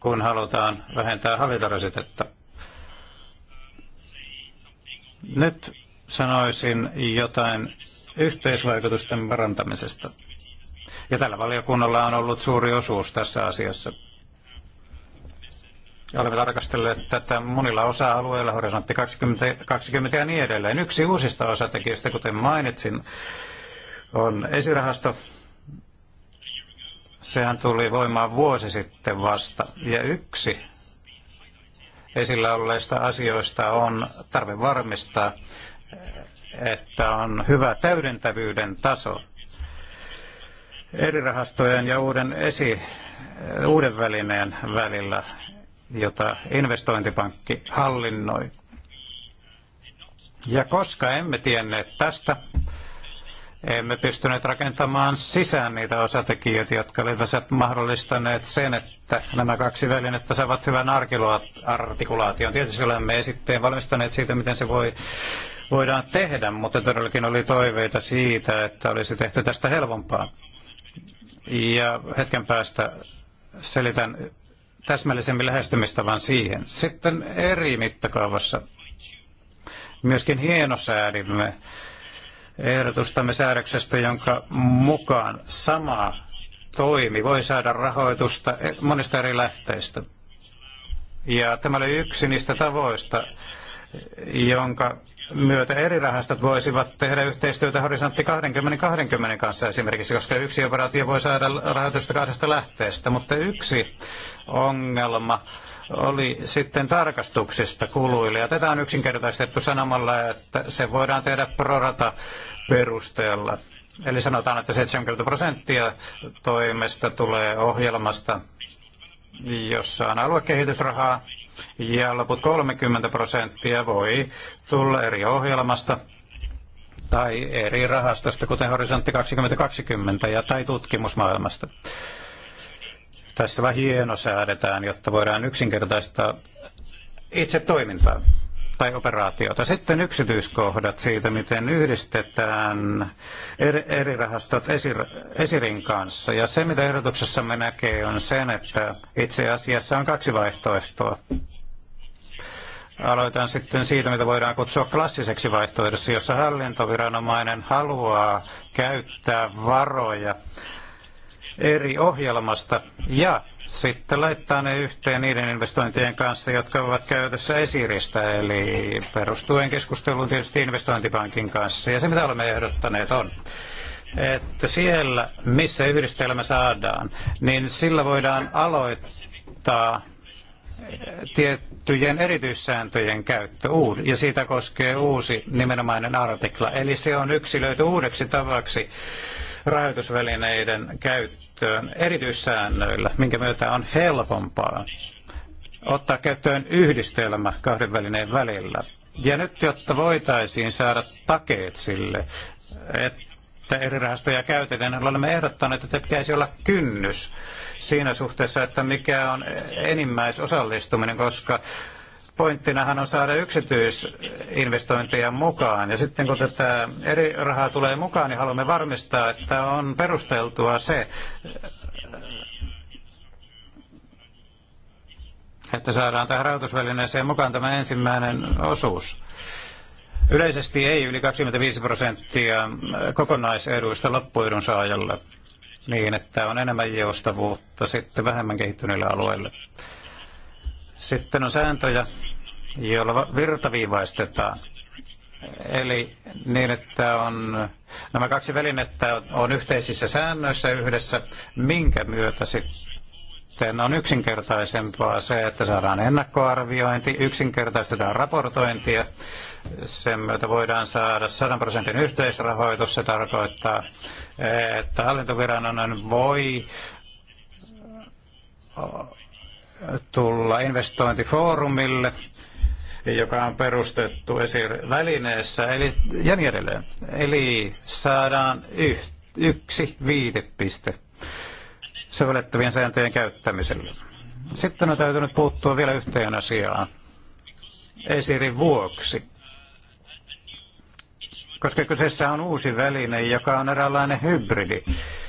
kun halutaan vähentää hallintarasitetta. Nyt sanoisin jotain yhteisvaikutusten parantamisesta. Ja tällä valiokunnalla on ollut suuri osuus tässä asiassa. Olemme tarkastelleet tätä monilla osa-alueilla, horisontti 20, 20 ja niin edelleen. Yksi uusista osatekijöistä, kuten mainitsin, on esirahasto. Sehän tuli voimaan vuosi sitten vasta. Ja yksi esillä olleista asioista on tarve varmistaa, että on hyvä täydentävyyden taso eri rahastojen ja uuden esi, uuden välineen välillä jota investointipankki hallinnoi. Ja koska emme tienneet tästä, emme pystyneet rakentamaan sisään niitä osatekijöitä, jotka olivat mahdollistaneet sen, että nämä kaksi välinettä saavat hyvän artikulaation. Tietysti olemme esitteen valmistaneet siitä, miten se voi, voidaan tehdä, mutta todellakin oli toiveita siitä, että olisi tehty tästä helpompaa. Ja hetken päästä selitän täsmällisemmin lähestymistavan siihen. Sitten eri mittakaavassa myöskin hienosäädimme ehdotustamme säädöksestä, jonka mukaan sama toimi voi saada rahoitusta monista eri lähteistä. Ja tämä oli yksi niistä tavoista, jonka myötä eri rahastot voisivat tehdä yhteistyötä horisontti 20 kanssa esimerkiksi, koska yksi operaatio voi saada rahoitusta kahdesta lähteestä, mutta yksi ongelma oli sitten tarkastuksista kuluille. Ja tätä on yksinkertaistettu sanomalla, että se voidaan tehdä prorata perusteella. Eli sanotaan, että 70 prosenttia toimesta tulee ohjelmasta, jossa on aluekehitysrahaa, ja loput 30 prosenttia voi tulla eri ohjelmasta tai eri rahastosta, kuten Horisontti 2020 ja tai tutkimusmaailmasta. Tässä vähän hieno säädetään, jotta voidaan yksinkertaistaa itse toimintaa tai operaatiota. Sitten yksityiskohdat siitä, miten yhdistetään eri, eri rahastot esir, esirin kanssa. Ja se, mitä ehdotuksessamme näkee, on sen, että itse asiassa on kaksi vaihtoehtoa. Aloitan sitten siitä, mitä voidaan kutsua klassiseksi vaihtoehdossa, jossa hallintoviranomainen haluaa käyttää varoja eri ohjelmasta ja sitten laittaa ne yhteen niiden investointien kanssa, jotka ovat käytössä esiristä, eli perustuen keskusteluun tietysti investointipankin kanssa. Ja se, mitä olemme ehdottaneet, on, että siellä, missä yhdistelmä saadaan, niin sillä voidaan aloittaa tiettyjen erityissääntöjen käyttö, ja siitä koskee uusi nimenomainen artikla. Eli se on yksilöity uudeksi tavaksi rahoitusvälineiden käyttöön erityissäännöillä, minkä myötä on helpompaa ottaa käyttöön yhdistelmä kahden välineen välillä. Ja nyt, jotta voitaisiin saada takeet sille, että että eri rahastoja käytetään. Olemme ehdottaneet, että pitäisi olla kynnys siinä suhteessa, että mikä on enimmäisosallistuminen, koska pointtinahan on saada yksityisinvestointeja mukaan. Ja sitten kun tätä eri rahaa tulee mukaan, niin haluamme varmistaa, että on perusteltua se, että saadaan tähän rahoitusvälineeseen mukaan tämä ensimmäinen osuus. Yleisesti ei yli 25 prosenttia äh, kokonaiseduista loppuedun saajalle niin, että on enemmän joustavuutta sitten vähemmän kehittyneille alueilla. Sitten on sääntöjä, joilla virtaviivaistetaan. Eli niin, että on, nämä kaksi välinettä on yhteisissä säännöissä yhdessä, minkä myötä sitten sitten on yksinkertaisempaa se, että saadaan ennakkoarviointi, yksinkertaistetaan raportointia. Sen myötä voidaan saada 100 prosentin yhteisrahoitus. Se tarkoittaa, että hallintoviranomainen voi tulla investointifoorumille, joka on perustettu esivälineessä, eli ja niin edelleen. Eli saadaan yhtä yksi viitepiste sovellettavien sääntöjen käyttämisellä. Sitten on täytynyt puuttua vielä yhteen asiaan. Esirin vuoksi. Koska kyseessä on uusi väline, joka on eräänlainen hybridi.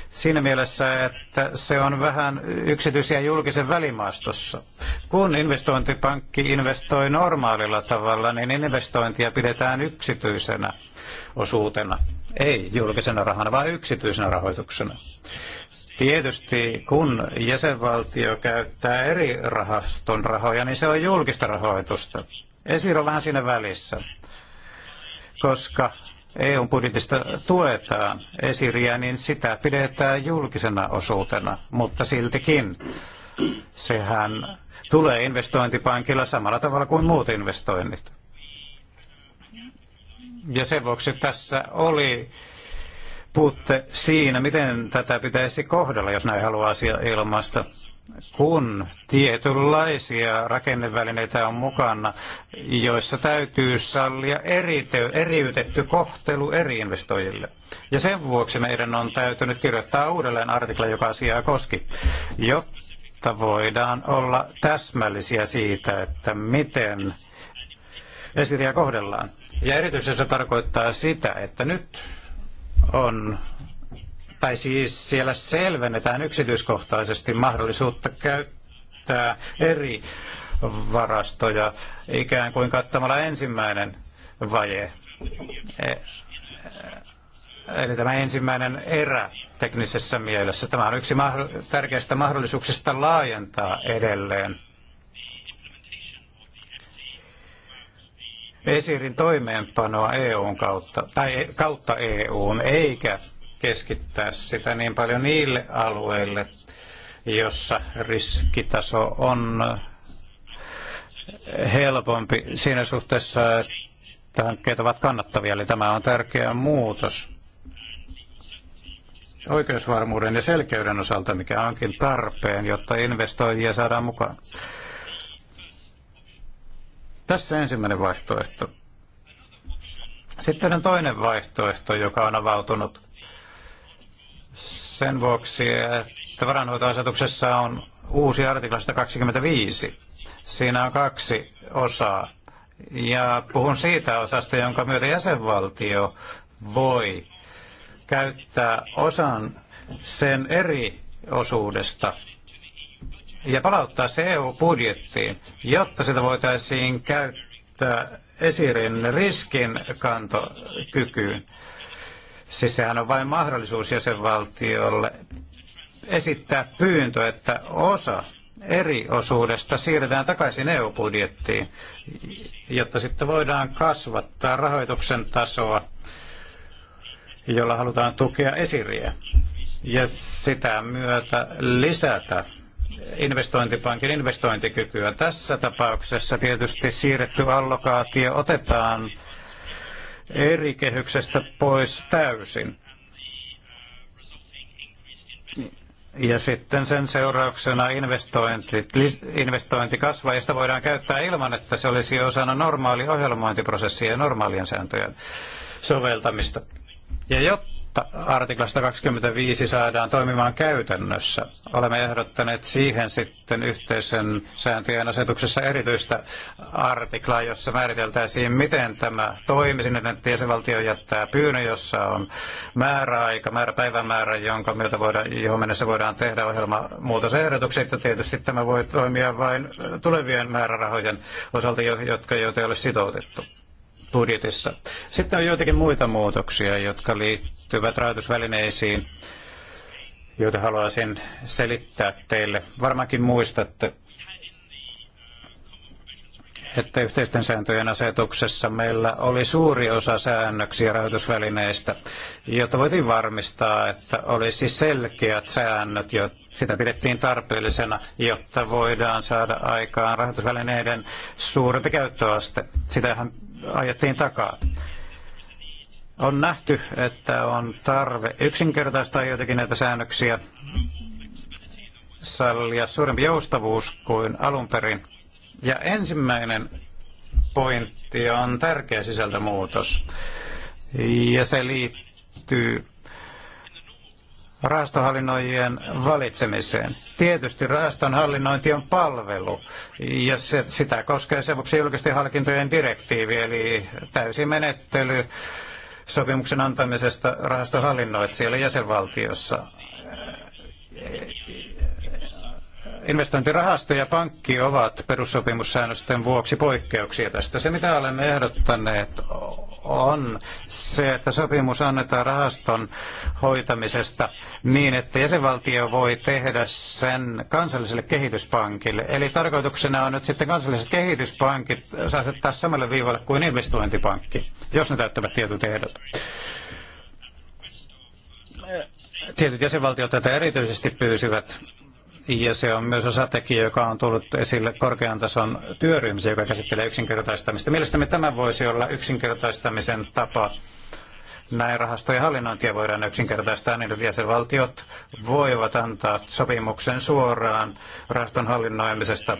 Siinä mielessä, että se on vähän yksityisiä julkisen välimaastossa. Kun investointipankki investoi normaalilla tavalla, niin investointia pidetään yksityisenä osuutena. Ei julkisena rahana, vaan yksityisenä rahoituksena. Tietysti kun jäsenvaltio käyttää eri rahaston rahoja, niin se on julkista rahoitusta. Esir on vähän siinä välissä, koska eu budjetista tuetaan esiriä, niin sitä pidetään julkisena osuutena, mutta siltikin sehän tulee investointipankilla samalla tavalla kuin muut investoinnit. Ja sen vuoksi tässä oli puutte siinä, miten tätä pitäisi kohdella, jos näin haluaa asia ilmaista kun tietynlaisia rakennevälineitä on mukana, joissa täytyy sallia erite, eriytetty kohtelu eri investoijille. Ja sen vuoksi meidän on täytynyt kirjoittaa uudelleen artikla, joka asiaa koski, jotta voidaan olla täsmällisiä siitä, että miten esiriä kohdellaan. Ja erityisesti se tarkoittaa sitä, että nyt on, tai siis siellä selvennetään yksityiskohtaisesti mahdollisuutta käyttää eri varastoja ikään kuin kattamalla ensimmäinen vaje. E, eli tämä ensimmäinen erä teknisessä mielessä. Tämä on yksi tärkeistä mahdollisuuksista laajentaa edelleen Esirin toimeenpanoa EUn kautta, tai e, kautta EUn, eikä keskittää sitä niin paljon niille alueille, jossa riskitaso on helpompi siinä suhteessa, että hankkeet ovat kannattavia. Eli tämä on tärkeä muutos oikeusvarmuuden ja selkeyden osalta, mikä onkin tarpeen, jotta investoijia saadaan mukaan. Tässä ensimmäinen vaihtoehto. Sitten on toinen vaihtoehto, joka on avautunut sen vuoksi, että varanhoitoasetuksessa on uusi artikla 125. Siinä on kaksi osaa. Ja puhun siitä osasta, jonka myötä jäsenvaltio voi käyttää osan sen eri osuudesta ja palauttaa se EU-budjettiin, jotta sitä voitaisiin käyttää esirin riskinkantokykyyn. Siis sehän on vain mahdollisuus jäsenvaltiolle esittää pyyntö, että osa eri osuudesta siirretään takaisin EU-budjettiin, jotta sitten voidaan kasvattaa rahoituksen tasoa, jolla halutaan tukea esiriä ja sitä myötä lisätä investointipankin investointikykyä. Tässä tapauksessa tietysti siirretty allokaatio otetaan eri kehyksestä pois täysin. Ja sitten sen seurauksena investointi, investointi kasvaa, ja sitä voidaan käyttää ilman, että se olisi osana normaali ohjelmointiprosessia ja normaalien sääntöjen soveltamista. Ja jotta artikla 125 saadaan toimimaan käytännössä. Olemme ehdottaneet siihen sitten yhteisen sääntöjen asetuksessa erityistä artiklaa, jossa määriteltäisiin, miten tämä toimisi, niin että jäsenvaltio jättää pyynnön, jossa on määräaika, määrä, päivämäärä, jonka myötä voidaan, johon mennessä voidaan tehdä ohjelmamuutosehdotukset. Ja tietysti tämä voi toimia vain tulevien määrärahojen osalta, jotka joita ei ole sitoutettu budjetissa. Sitten on joitakin muita muutoksia, jotka liittyvät rahoitusvälineisiin, joita haluaisin selittää teille. Varmaankin muistatte, että yhteisten sääntöjen asetuksessa meillä oli suuri osa säännöksiä rahoitusvälineistä, jotta voitiin varmistaa, että olisi selkeät säännöt, jo sitä pidettiin tarpeellisena, jotta voidaan saada aikaan rahoitusvälineiden suurempi käyttöaste. Sitähän ajettiin takaa. On nähty, että on tarve yksinkertaistaa jotenkin näitä säännöksiä, sallia suurempi joustavuus kuin alun perin. Ja ensimmäinen pointti on tärkeä sisältömuutos, ja se liittyy rahastonhallinnoijien valitsemiseen. Tietysti rahastonhallinnointi on palvelu, ja se, sitä koskee sen vuoksi julkisten hankintojen direktiivi, eli täysi menettely sopimuksen antamisesta rahastonhallinnoitsijalle jäsenvaltiossa investointirahasto ja pankki ovat perussopimussäännösten vuoksi poikkeuksia tästä. Se, mitä olemme ehdottaneet, on se, että sopimus annetaan rahaston hoitamisesta niin, että jäsenvaltio voi tehdä sen kansalliselle kehityspankille. Eli tarkoituksena on nyt sitten kansalliset kehityspankit asettaa samalle viivalle kuin investointipankki, jos ne täyttävät tietyt ehdot tietyt jäsenvaltiot tätä erityisesti pyysivät ja se on myös osatekijä, joka on tullut esille korkean tason työryhmässä, joka käsittelee yksinkertaistamista. Mielestäni tämä voisi olla yksinkertaistamisen tapa. Näin rahastojen hallinnointia voidaan yksinkertaistaa, niin jäsenvaltiot voivat antaa sopimuksen suoraan rahaston hallinnoimisesta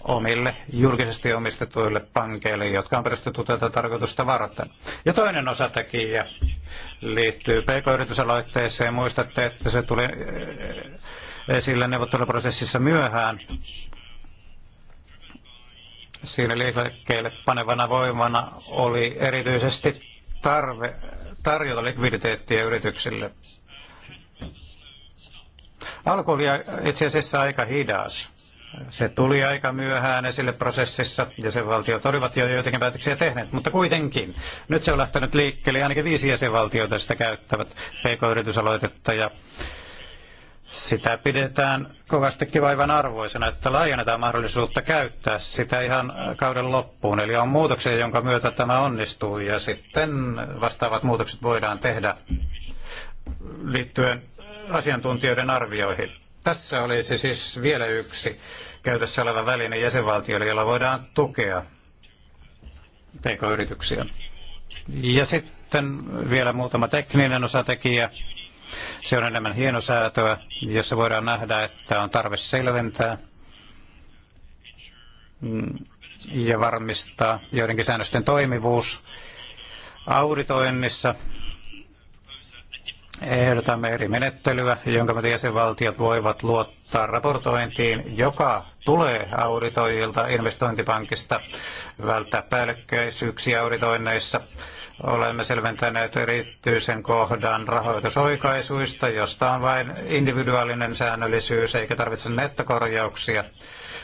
omille julkisesti omistetuille pankeille, jotka on perustettu tätä tarkoitusta varten. Ja toinen osatekijä liittyy pk-yritysaloitteeseen. Muistatte, että se tuli esille neuvotteluprosessissa myöhään. Siinä liikkeelle panevana voimana oli erityisesti tarve tarjota likviditeettiä yrityksille. Alku oli itse asiassa aika hidas. Se tuli aika myöhään esille prosessissa ja sen valtiot olivat jo joitakin päätöksiä tehneet, mutta kuitenkin. Nyt se on lähtenyt liikkeelle ainakin viisi jäsenvaltiota sitä käyttävät pk-yritysaloitetta ja sitä pidetään kovastikin vaivan arvoisena, että laajennetaan mahdollisuutta käyttää sitä ihan äh, kauden loppuun. Eli on muutoksia, jonka myötä tämä onnistuu ja sitten vastaavat muutokset voidaan tehdä liittyen asiantuntijoiden arvioihin. Tässä olisi siis vielä yksi käytössä oleva väline jäsenvaltioille, jolla voidaan tukea pk-yrityksiä. Ja sitten vielä muutama tekninen osatekijä se on enemmän hienosäätöä, jossa voidaan nähdä, että on tarve selventää mm, ja varmistaa joidenkin säännösten toimivuus auditoinnissa. Ehdotamme eri menettelyä, jonka jäsenvaltiot voivat luottaa raportointiin, joka tulee auditoijilta investointipankista välttää päällekkäisyyksiä auditoinneissa Olemme selventäneet erityisen kohdan rahoitusoikaisuista, josta on vain individuaalinen säännöllisyys eikä tarvitse nettokorjauksia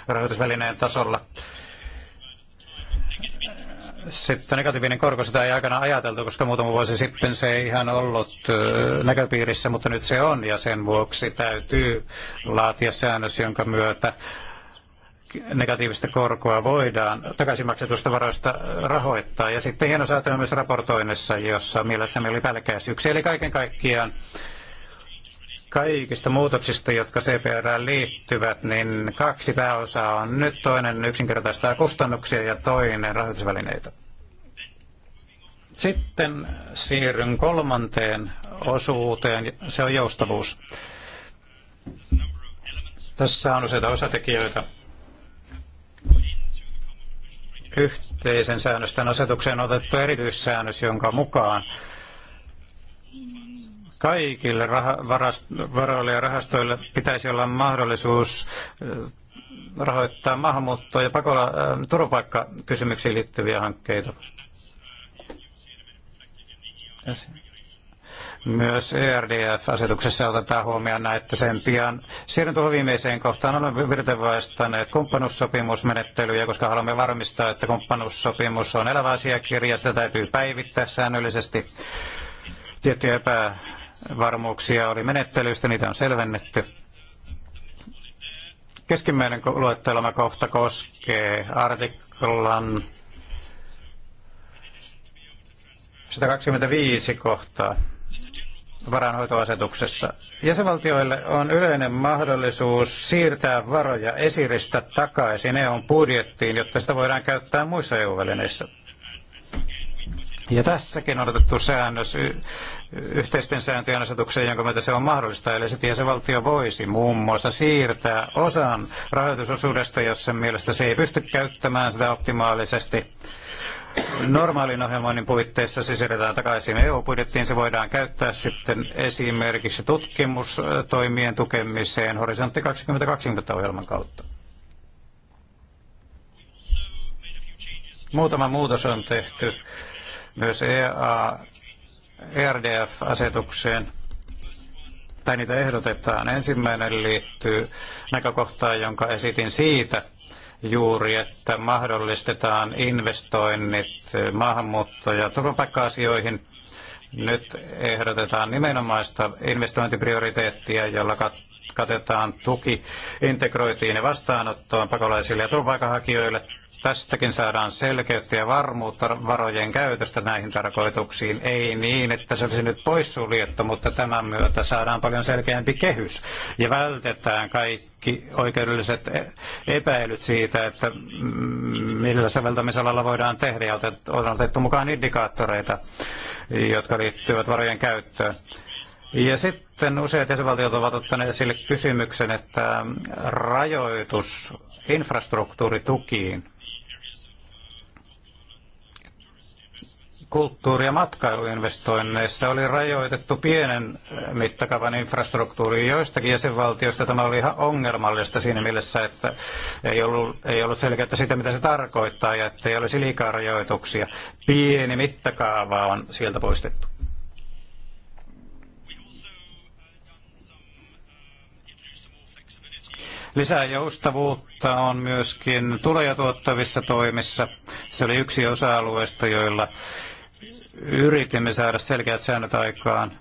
rahoitusvälineen tasolla. Sitten negatiivinen korko, sitä ei aikana ajateltu, koska muutama vuosi sitten se ei ihan ollut näköpiirissä, mutta nyt se on ja sen vuoksi täytyy laatia säännös, jonka myötä negatiivista korkoa voidaan takaisinmaksetusta varoista rahoittaa. Ja sitten hieno säätö myös raportoinnissa, jossa mielestäni oli pälkäisyksiä. Eli kaiken kaikkiaan kaikista muutoksista, jotka CPR liittyvät, niin kaksi pääosaa on nyt toinen yksinkertaistaa kustannuksia ja toinen rahoitusvälineitä. Sitten siirryn kolmanteen osuuteen, se on joustavuus. Tässä on useita osatekijöitä yhteisen säännösten asetukseen otettu erityissäännös, jonka mukaan kaikille raha- varast- varoille ja rahastoille pitäisi olla mahdollisuus eh, rahoittaa maahanmuuttoa ja pakola- eh, turvapaikkakysymyksiin liittyviä hankkeita. Myös ERDF-asetuksessa otetaan huomioon että sen pian. Siirryn tuohon viimeiseen kohtaan. Olemme virtevaistaneet kumppanuussopimusmenettelyjä, koska haluamme varmistaa, että kumppanuussopimus on elävä asiakirja. Sitä täytyy päivittää säännöllisesti. Tiettyjä epävarmuuksia oli menettelyistä, niitä on selvennetty. Keskimmäinen luettelema kohta koskee artiklan 125 kohtaa varainhoitoasetuksessa. Jäsenvaltioille on yleinen mahdollisuus siirtää varoja esiristä takaisin EUn budjettiin, jotta sitä voidaan käyttää muissa EU-välineissä. Ja tässäkin on otettu säännös yhteisten sääntöjen asetukseen, jonka myötä se on mahdollista. Eli sitten jäsenvaltio voisi muun muassa siirtää osan rahoitusosuudesta, jos sen mielestä se ei pysty käyttämään sitä optimaalisesti normaalin ohjelmoinnin puitteissa se siirretään takaisin EU-budjettiin. Se voidaan käyttää sitten esimerkiksi tutkimustoimien tukemiseen Horisontti 2020-ohjelman kautta. Muutama muutos on tehty myös EA, ERDF-asetukseen, tai niitä ehdotetaan. Ensimmäinen liittyy näkökohtaan, jonka esitin siitä, juuri, että mahdollistetaan investoinnit maahanmuutto- ja turvapaikka-asioihin. Nyt ehdotetaan nimenomaista investointiprioriteettia, jolla katetaan tuki integroitiin ja vastaanottoon pakolaisille ja turvapaikanhakijoille Tästäkin saadaan selkeyttä ja varmuutta varojen käytöstä näihin tarkoituksiin. Ei niin, että se olisi nyt poissuljettu, mutta tämän myötä saadaan paljon selkeämpi kehys ja vältetään kaikki oikeudelliset e- epäilyt siitä, että millä säveltämisalalla voidaan tehdä ja on otettu mukaan indikaattoreita, jotka liittyvät varojen käyttöön. Ja sitten useat jäsenvaltiot ovat ottaneet esille kysymyksen, että rajoitus infrastruktuuritukiin kulttuuri- ja matkailuinvestoinneissa oli rajoitettu pienen eh, mittakaavan infrastruktuuriin joistakin jäsenvaltioista. Tämä oli ihan ongelmallista siinä mielessä, että ei ollut, ei ollut selkeää sitä, mitä se tarkoittaa ja ettei olisi liikaa rajoituksia. Pieni mittakaava on sieltä poistettu. Lisää joustavuutta on myöskin tuloja tuottavissa toimissa. Se oli yksi osa-alueesta, joilla Yritimme saada selkeät säännöt aikaan.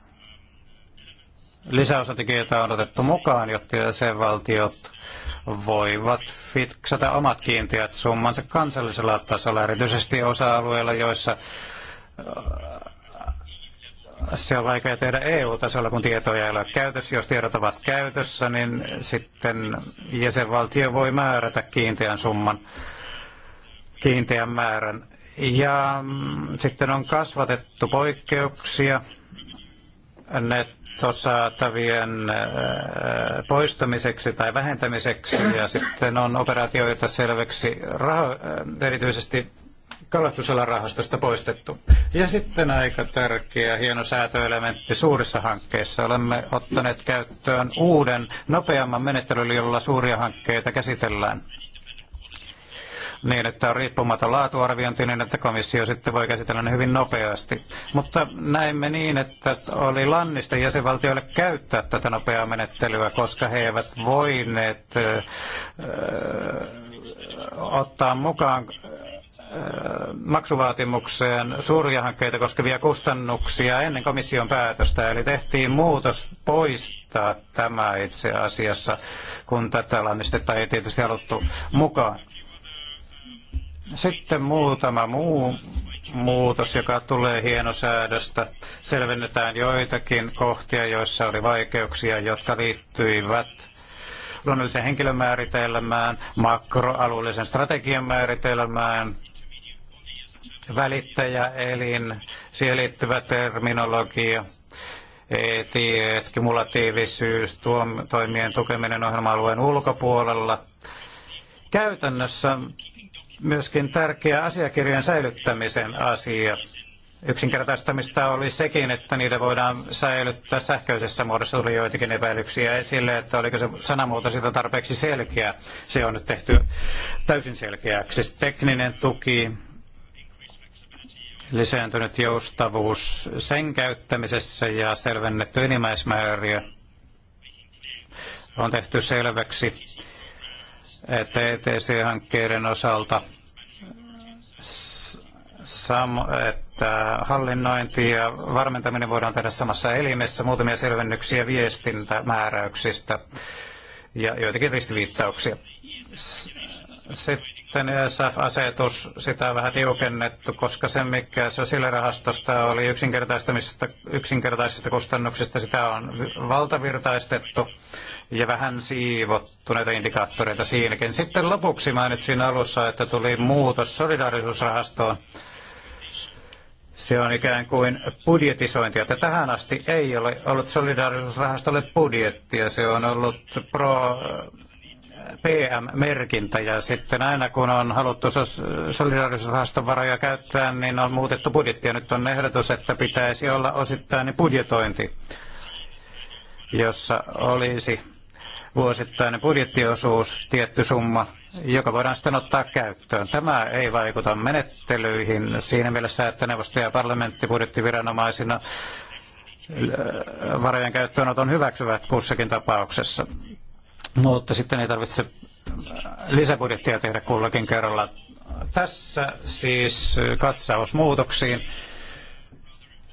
Lisäosatekijöitä on otettu mukaan, jotta jäsenvaltiot voivat fiksata omat kiintiöt summansa kansallisella tasolla, erityisesti osa-alueilla, joissa äh, se on vaikea tehdä EU-tasolla, kun tietoja ei ole käytössä. Jos tiedot ovat käytössä, niin sitten jäsenvaltio voi määrätä kiinteän summan, kiinteän määrän ja mm, sitten on kasvatettu poikkeuksia nettosaatavien äh, poistamiseksi tai vähentämiseksi. Ja sitten on operaatioita selväksi raho- äh, erityisesti kalastusalan rahastosta poistettu. Ja sitten aika tärkeä hieno säätöelementti suurissa hankkeissa. Olemme ottaneet käyttöön uuden, nopeamman menettelyn, jolla suuria hankkeita käsitellään niin, että on riippumaton laatuarviointi niin, että komissio sitten voi käsitellä ne hyvin nopeasti. Mutta näimme niin, että oli lannista jäsenvaltioille käyttää tätä nopeaa menettelyä, koska he eivät voineet öö, ottaa mukaan maksuvaatimukseen suuria hankkeita koskevia kustannuksia ennen komission päätöstä, eli tehtiin muutos poistaa tämä itse asiassa, kun tätä lannistetta ei tietysti haluttu mukaan. Sitten muutama muu muutos, joka tulee hienosäädöstä. Selvennetään joitakin kohtia, joissa oli vaikeuksia, jotka liittyivät luonnollisen henkilömääritelmään, makroalueellisen strategian määritelmään, välittäjäelin, siihen liittyvä terminologia, etiet, kumulatiivisuus, tuom, toimien tukeminen ohjelma-alueen ulkopuolella. Käytännössä myöskin tärkeä asiakirjojen säilyttämisen asia. Yksinkertaistamista oli sekin, että niitä voidaan säilyttää sähköisessä muodossa. Tuli joitakin epäilyksiä esille, että oliko se sanamuoto siitä tarpeeksi selkeä. Se on nyt tehty täysin selkeäksi. Siis tekninen tuki, lisääntynyt joustavuus sen käyttämisessä ja selvennetty enimmäismääriä on tehty selväksi että ETC-hankkeiden osalta, että hallinnointi ja varmentaminen voidaan tehdä samassa elimessä, muutamia selvennyksiä viestintämääräyksistä ja joitakin ristiviittauksia. Sitten ESF-asetus, sitä on vähän tiukennettu, koska se, mikä sosiaalirahastosta oli yksinkertaistamisesta, yksinkertaisista kustannuksista, sitä on valtavirtaistettu ja vähän siivottuneita indikaattoreita siinäkin. Sitten lopuksi mainitsin alussa, että tuli muutos solidaarisuusrahastoon. Se on ikään kuin budjetisointi, että tähän asti ei ole ollut solidaarisuusrahastolle budjettia. Se on ollut pro PM-merkintä ja sitten aina kun on haluttu solidaarisuusrahaston varoja käyttää, niin on muutettu budjettia. Nyt on ehdotus, että pitäisi olla osittain budjetointi, jossa olisi vuosittainen budjettiosuus, tietty summa, joka voidaan sitten ottaa käyttöön. Tämä ei vaikuta menettelyihin siinä mielessä, että neuvosto ja parlamentti budjettiviranomaisina äh, varojen käyttöönoton hyväksyvät kussakin tapauksessa. Mutta sitten ei tarvitse lisäbudjettia tehdä kullakin kerralla. Tässä siis katsaus muutoksiin.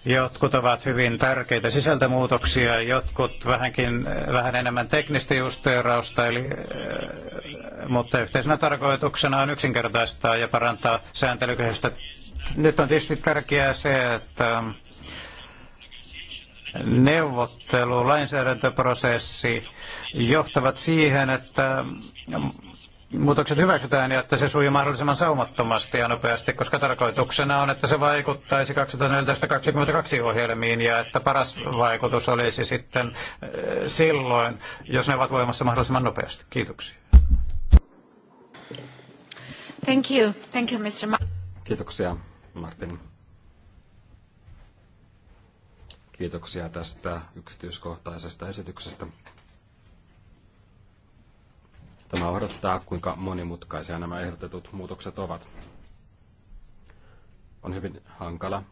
Jotkut ovat hyvin tärkeitä sisältömuutoksia, jotkut vähänkin, vähän enemmän teknistä justeerausta, eli, äh, mutta yhteisenä tarkoituksena on yksinkertaistaa ja parantaa sääntelykehystä. Nyt on tietysti tärkeää se, että neuvottelu, lainsäädäntöprosessi johtavat siihen, että muutokset hyväksytään ja että se sujuu mahdollisimman saumattomasti ja nopeasti, koska tarkoituksena on, että se vaikuttaisi 2014-2022 ohjelmiin ja että paras vaikutus olisi sitten eh, silloin, jos ne ovat voimassa mahdollisimman nopeasti. Kiitoksia. Thank you. Thank you, Mr. Ma- Kiitoksia, Martin. Kiitoksia tästä yksityiskohtaisesta esityksestä. Tämä odottaa, kuinka monimutkaisia nämä ehdotetut muutokset ovat. On hyvin hankala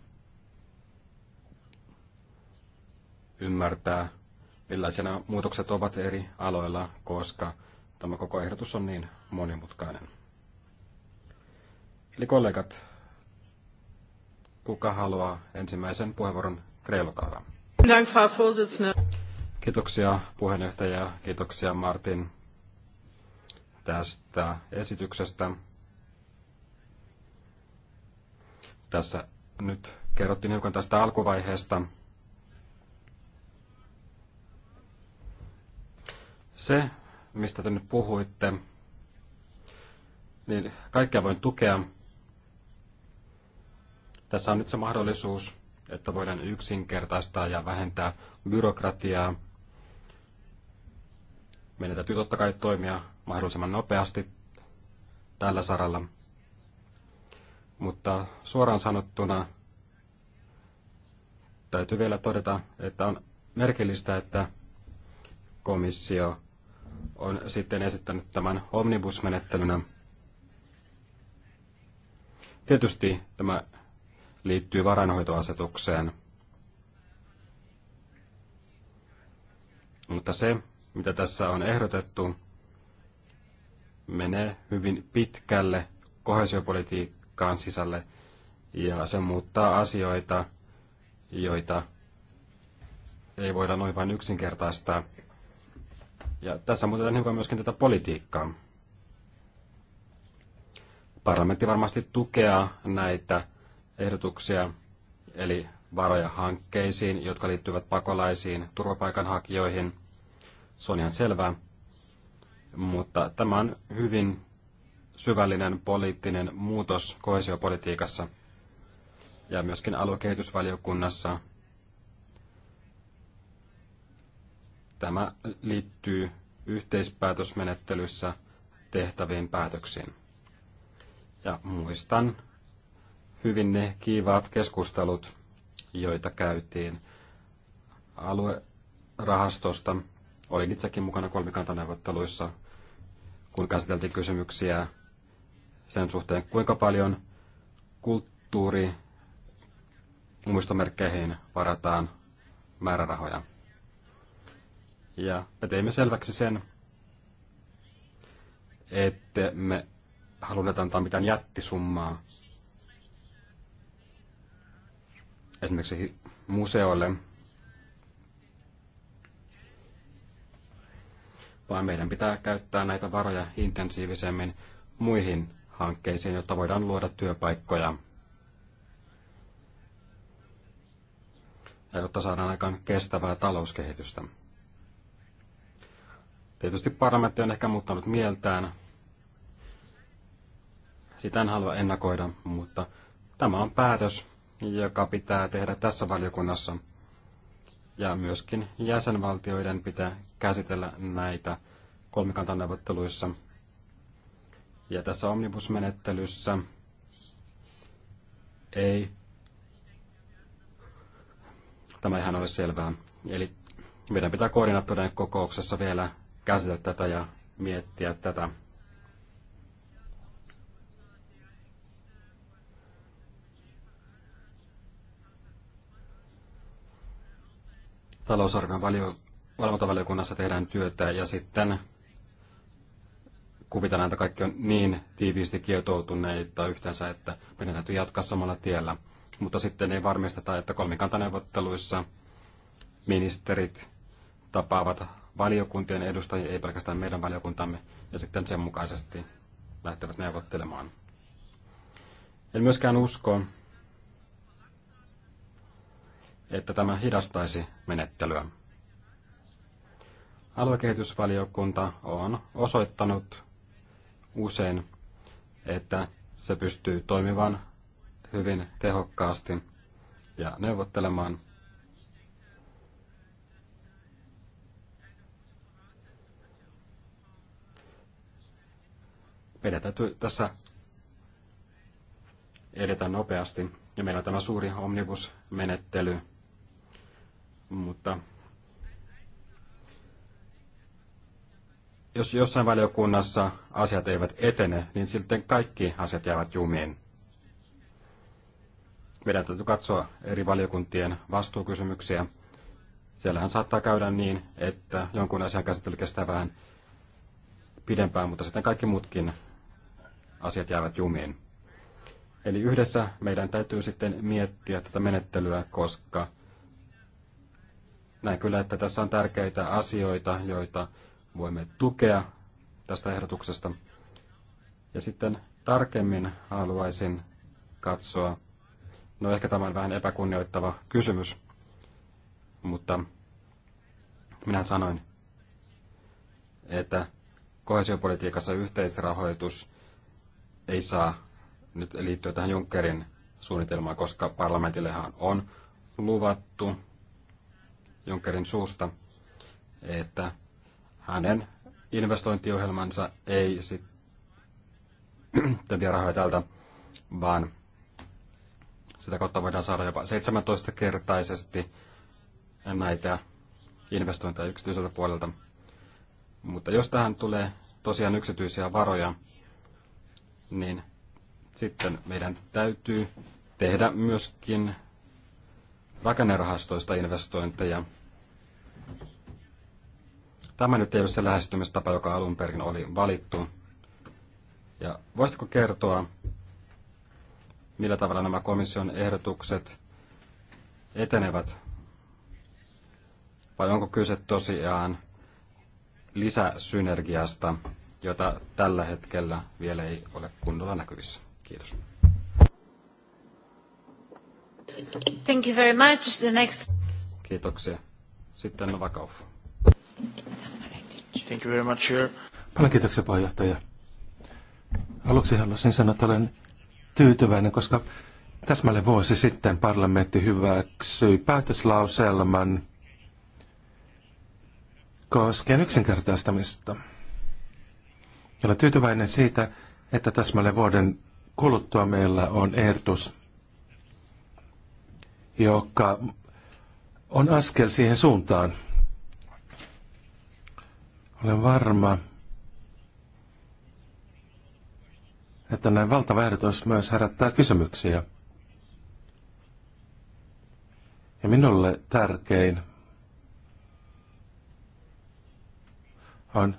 ymmärtää, millaisia nämä muutokset ovat eri aloilla, koska tämä koko ehdotus on niin monimutkainen. Eli kollegat, kuka haluaa ensimmäisen puheenvuoron Kreilokalta? Kiitoksia puheenjohtaja, kiitoksia Martin tästä esityksestä. Tässä nyt kerrottiin hiukan tästä alkuvaiheesta. Se, mistä te nyt puhuitte, niin kaikkea voin tukea. Tässä on nyt se mahdollisuus, että voidaan yksinkertaistaa ja vähentää byrokratiaa. Meidän täytyy totta kai toimia mahdollisimman nopeasti tällä saralla. Mutta suoraan sanottuna täytyy vielä todeta, että on merkillistä, että komissio on sitten esittänyt tämän omnibusmenettelynä. Tietysti tämä liittyy varainhoitoasetukseen. Mutta se, mitä tässä on ehdotettu, menee hyvin pitkälle kohesiopolitiikkaan sisälle ja se muuttaa asioita, joita ei voida noin vain yksinkertaistaa. Ja tässä muutetaan hiukan myöskin tätä politiikkaa. Parlamentti varmasti tukea näitä ehdotuksia, eli varoja hankkeisiin, jotka liittyvät pakolaisiin, turvapaikanhakijoihin. Se on ihan selvää mutta tämä on hyvin syvällinen poliittinen muutos koesiopolitiikassa ja myöskin aluekehitysvaliokunnassa. Tämä liittyy yhteispäätösmenettelyssä tehtäviin päätöksiin. Ja muistan hyvin ne kiivaat keskustelut, joita käytiin aluerahastosta. Olin itsekin mukana kolmikantaneuvotteluissa kun käsiteltiin kysymyksiä sen suhteen, kuinka paljon kulttuuri muistomerkkeihin varataan määrärahoja. Ja me teimme selväksi sen, että me halunneet antaa mitään jättisummaa esimerkiksi museoille, vaan meidän pitää käyttää näitä varoja intensiivisemmin muihin hankkeisiin, jotta voidaan luoda työpaikkoja. Ja jotta saadaan aikaan kestävää talouskehitystä. Tietysti parlamentti on ehkä muuttanut mieltään. Sitä en halua ennakoida, mutta tämä on päätös, joka pitää tehdä tässä valiokunnassa – ja myöskin jäsenvaltioiden pitää käsitellä näitä kolmikantaneuvotteluissa. Ja tässä omnibusmenettelyssä ei, tämä ihan ole selvää. Eli meidän pitää koordinaattorien kokouksessa vielä käsitellä tätä ja miettiä tätä. talousarvion valio, valvontavaliokunnassa tehdään työtä ja sitten kuvitellaan, että kaikki on niin tiiviisti kietoutuneita yhteensä, että meidän täytyy jatkaa samalla tiellä. Mutta sitten ei varmisteta, että kolmikantaneuvotteluissa ministerit tapaavat valiokuntien edustajia, ei pelkästään meidän valiokuntamme, ja sitten sen mukaisesti lähtevät neuvottelemaan. En myöskään usko, että tämä hidastaisi menettelyä. Aluekehitysvaliokunta on osoittanut usein, että se pystyy toimimaan hyvin tehokkaasti ja neuvottelemaan. Meidän täytyy tässä edetä nopeasti ja meillä on tämä suuri omnibusmenettely menettely mutta jos jossain valiokunnassa asiat eivät etene, niin sitten kaikki asiat jäävät jumiin. Meidän täytyy katsoa eri valiokuntien vastuukysymyksiä. Siellähän saattaa käydä niin, että jonkun asian käsittely kestää vähän pidempään, mutta sitten kaikki muutkin asiat jäävät jumiin. Eli yhdessä meidän täytyy sitten miettiä tätä menettelyä, koska – Näen kyllä, että tässä on tärkeitä asioita, joita voimme tukea tästä ehdotuksesta. Ja sitten tarkemmin haluaisin katsoa, no ehkä tämä on vähän epäkunnioittava kysymys, mutta minä sanoin, että kohesiopolitiikassa yhteisrahoitus ei saa nyt liittyä tähän Junckerin suunnitelmaan, koska parlamentillehan on luvattu Junckerin suusta, että hänen investointiohjelmansa ei sitten vie rahoja tältä, vaan sitä kautta voidaan saada jopa 17-kertaisesti näitä investointeja yksityiseltä puolelta. Mutta jos tähän tulee tosiaan yksityisiä varoja, niin sitten meidän täytyy tehdä myöskin rakennerahastoista investointeja. Tämä nyt ei ole se lähestymistapa, joka alun perin oli valittu. Ja voisitko kertoa, millä tavalla nämä komission ehdotukset etenevät? Vai onko kyse tosiaan lisäsynergiasta, jota tällä hetkellä vielä ei ole kunnolla näkyvissä? Kiitos. Thank you very much. The next... Kiitoksia. Sitten Novakauf. Thank you very much, sir. Paljon kiitoksia, puheenjohtaja. Aluksi haluaisin sanoa, että olen tyytyväinen, koska täsmälleen vuosi sitten parlamentti hyväksyi päätöslauselman koskien yksinkertaistamista. Olen tyytyväinen siitä, että täsmälleen vuoden kuluttua meillä on ehdotus joka on askel siihen suuntaan. Olen varma, että näin valtava ehdotus myös herättää kysymyksiä. Ja minulle tärkein on,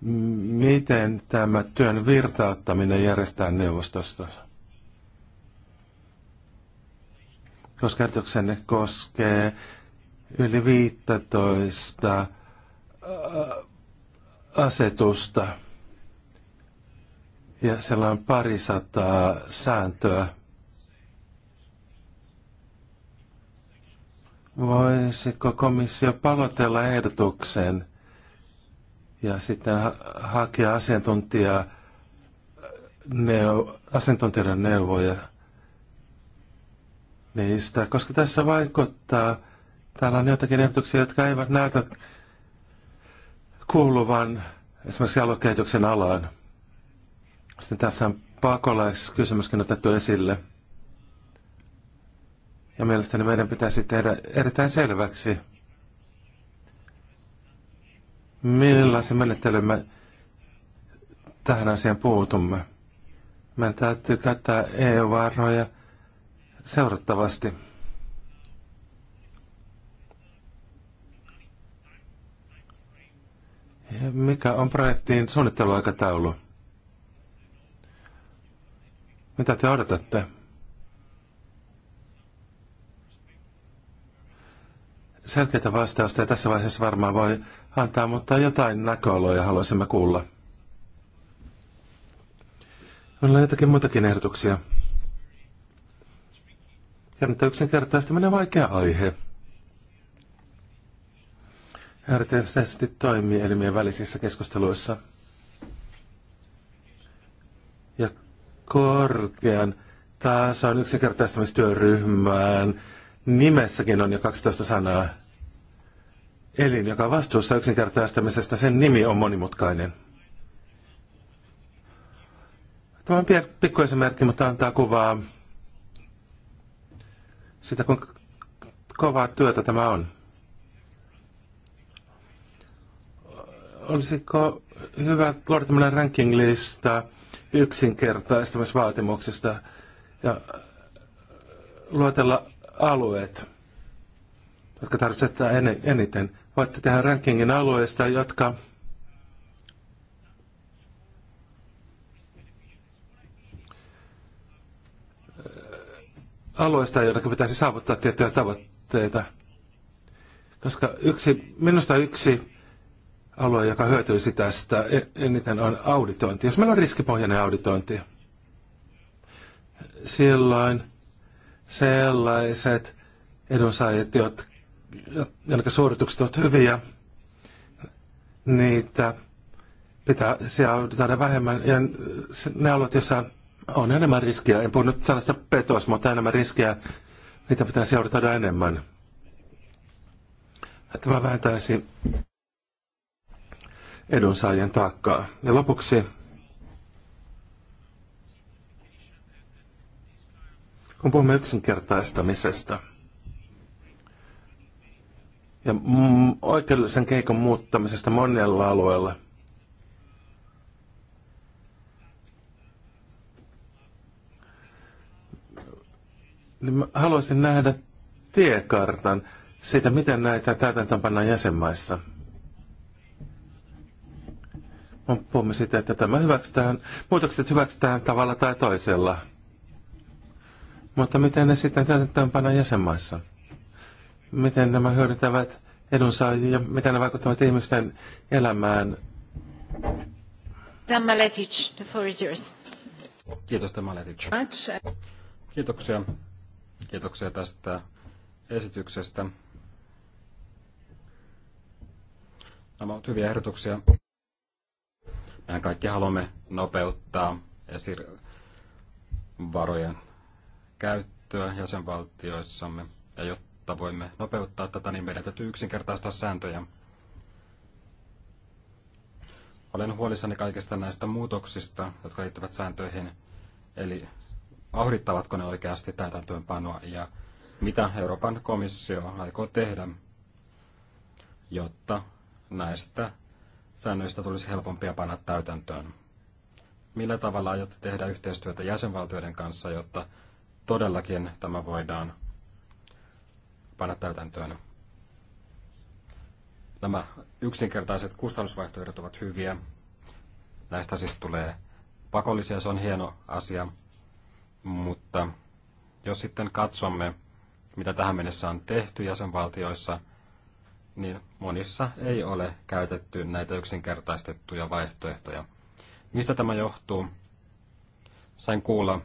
miten tämä työn virtauttaminen järjestää neuvostosta. koska ehdotuksenne koskee yli 15 äh, asetusta ja siellä on parisataa sääntöä. Voisiko komissio palotella ehdotuksen ja sitten ha- hakea asiantuntijaa, neu- asiantuntijoiden neuvoja? niistä, koska tässä vaikuttaa, täällä on joitakin ehdotuksia, jotka eivät näytä kuuluvan esimerkiksi aluekehityksen alaan. Sitten tässä on pakolaiskysymyskin otettu esille. Ja mielestäni meidän pitäisi tehdä erittäin selväksi, millaisen menettelyn me tähän asiaan puutumme. Meidän täytyy käyttää EU-varoja seurattavasti. Ja mikä on projektin suunnitteluaikataulu? Mitä te odotatte? Selkeitä vastausta ja tässä vaiheessa varmaan voi antaa, mutta jotain näköaloja haluaisimme kuulla. Meillä on jotakin muitakin ehdotuksia. Ja nyt yksinkertaisesti on vaikea aihe. Erityisesti toimii elimien välisissä keskusteluissa. Ja korkean tason yksinkertaistamistyöryhmään nimessäkin on jo 12 sanaa. Elin, joka on vastuussa yksinkertaistamisesta, sen nimi on monimutkainen. Tämä on pieni pikkuesimerkki, mutta antaa kuvaa sitä, kuinka kovaa työtä tämä on. Olisiko hyvä luoda tämmöinen rankinglista yksinkertaistamisvaatimuksista ja luotella alueet, jotka tarvitsevat eniten. Voitte tehdä rankingin alueista, jotka alueesta, joiden pitäisi saavuttaa tiettyjä tavoitteita. Koska yksi, minusta yksi alue, joka hyötyisi tästä e, eniten, on auditointi. Jos meillä on riskipohjainen auditointi, silloin sellaiset edunsaajat, jotka suoritukset ovat hyviä, niitä pitää siellä auditoida vähemmän. Ja ne alueet, joissa on enemmän riskiä. En puhu nyt sanasta petos, mutta enemmän riskiä. Niitä pitää seurata enemmän. mä vähentäisin edunsaajien taakkaa. Ja lopuksi kun puhumme yksinkertaistamisesta ja mm, oikeudellisen keikon muuttamisesta monella alueella, niin mä haluaisin nähdä tiekartan siitä, miten näitä pannaan jäsenmaissa. on puhumme siitä, että tämä hyväksytään, muutokset hyväksytään tavalla tai toisella. Mutta miten ne sitten täytäntöönpannaan jäsenmaissa? Miten nämä hyödyttävät edunsaajia ja miten ne vaikuttavat ihmisten elämään? Tämä the four Kiitos, tämä Letic. Kiitoksia. Kiitoksia tästä esityksestä. Nämä ovat hyviä ehdotuksia. Mehän kaikki haluamme nopeuttaa esivarojen käyttöä jäsenvaltioissamme. Ja jotta voimme nopeuttaa tätä, niin meidän täytyy yksinkertaistaa sääntöjä. Olen huolissani kaikista näistä muutoksista, jotka liittyvät sääntöihin, eli vauhdittavatko ne oikeasti täytäntöönpanoa ja mitä Euroopan komissio aikoo tehdä, jotta näistä säännöistä tulisi helpompia panna täytäntöön. Millä tavalla aiotte tehdä yhteistyötä jäsenvaltioiden kanssa, jotta todellakin tämä voidaan panna täytäntöön? Nämä yksinkertaiset kustannusvaihtoehdot ovat hyviä. Näistä siis tulee pakollisia, se on hieno asia. Mutta jos sitten katsomme, mitä tähän mennessä on tehty jäsenvaltioissa, niin monissa ei ole käytetty näitä yksinkertaistettuja vaihtoehtoja. Mistä tämä johtuu? Sain kuulla,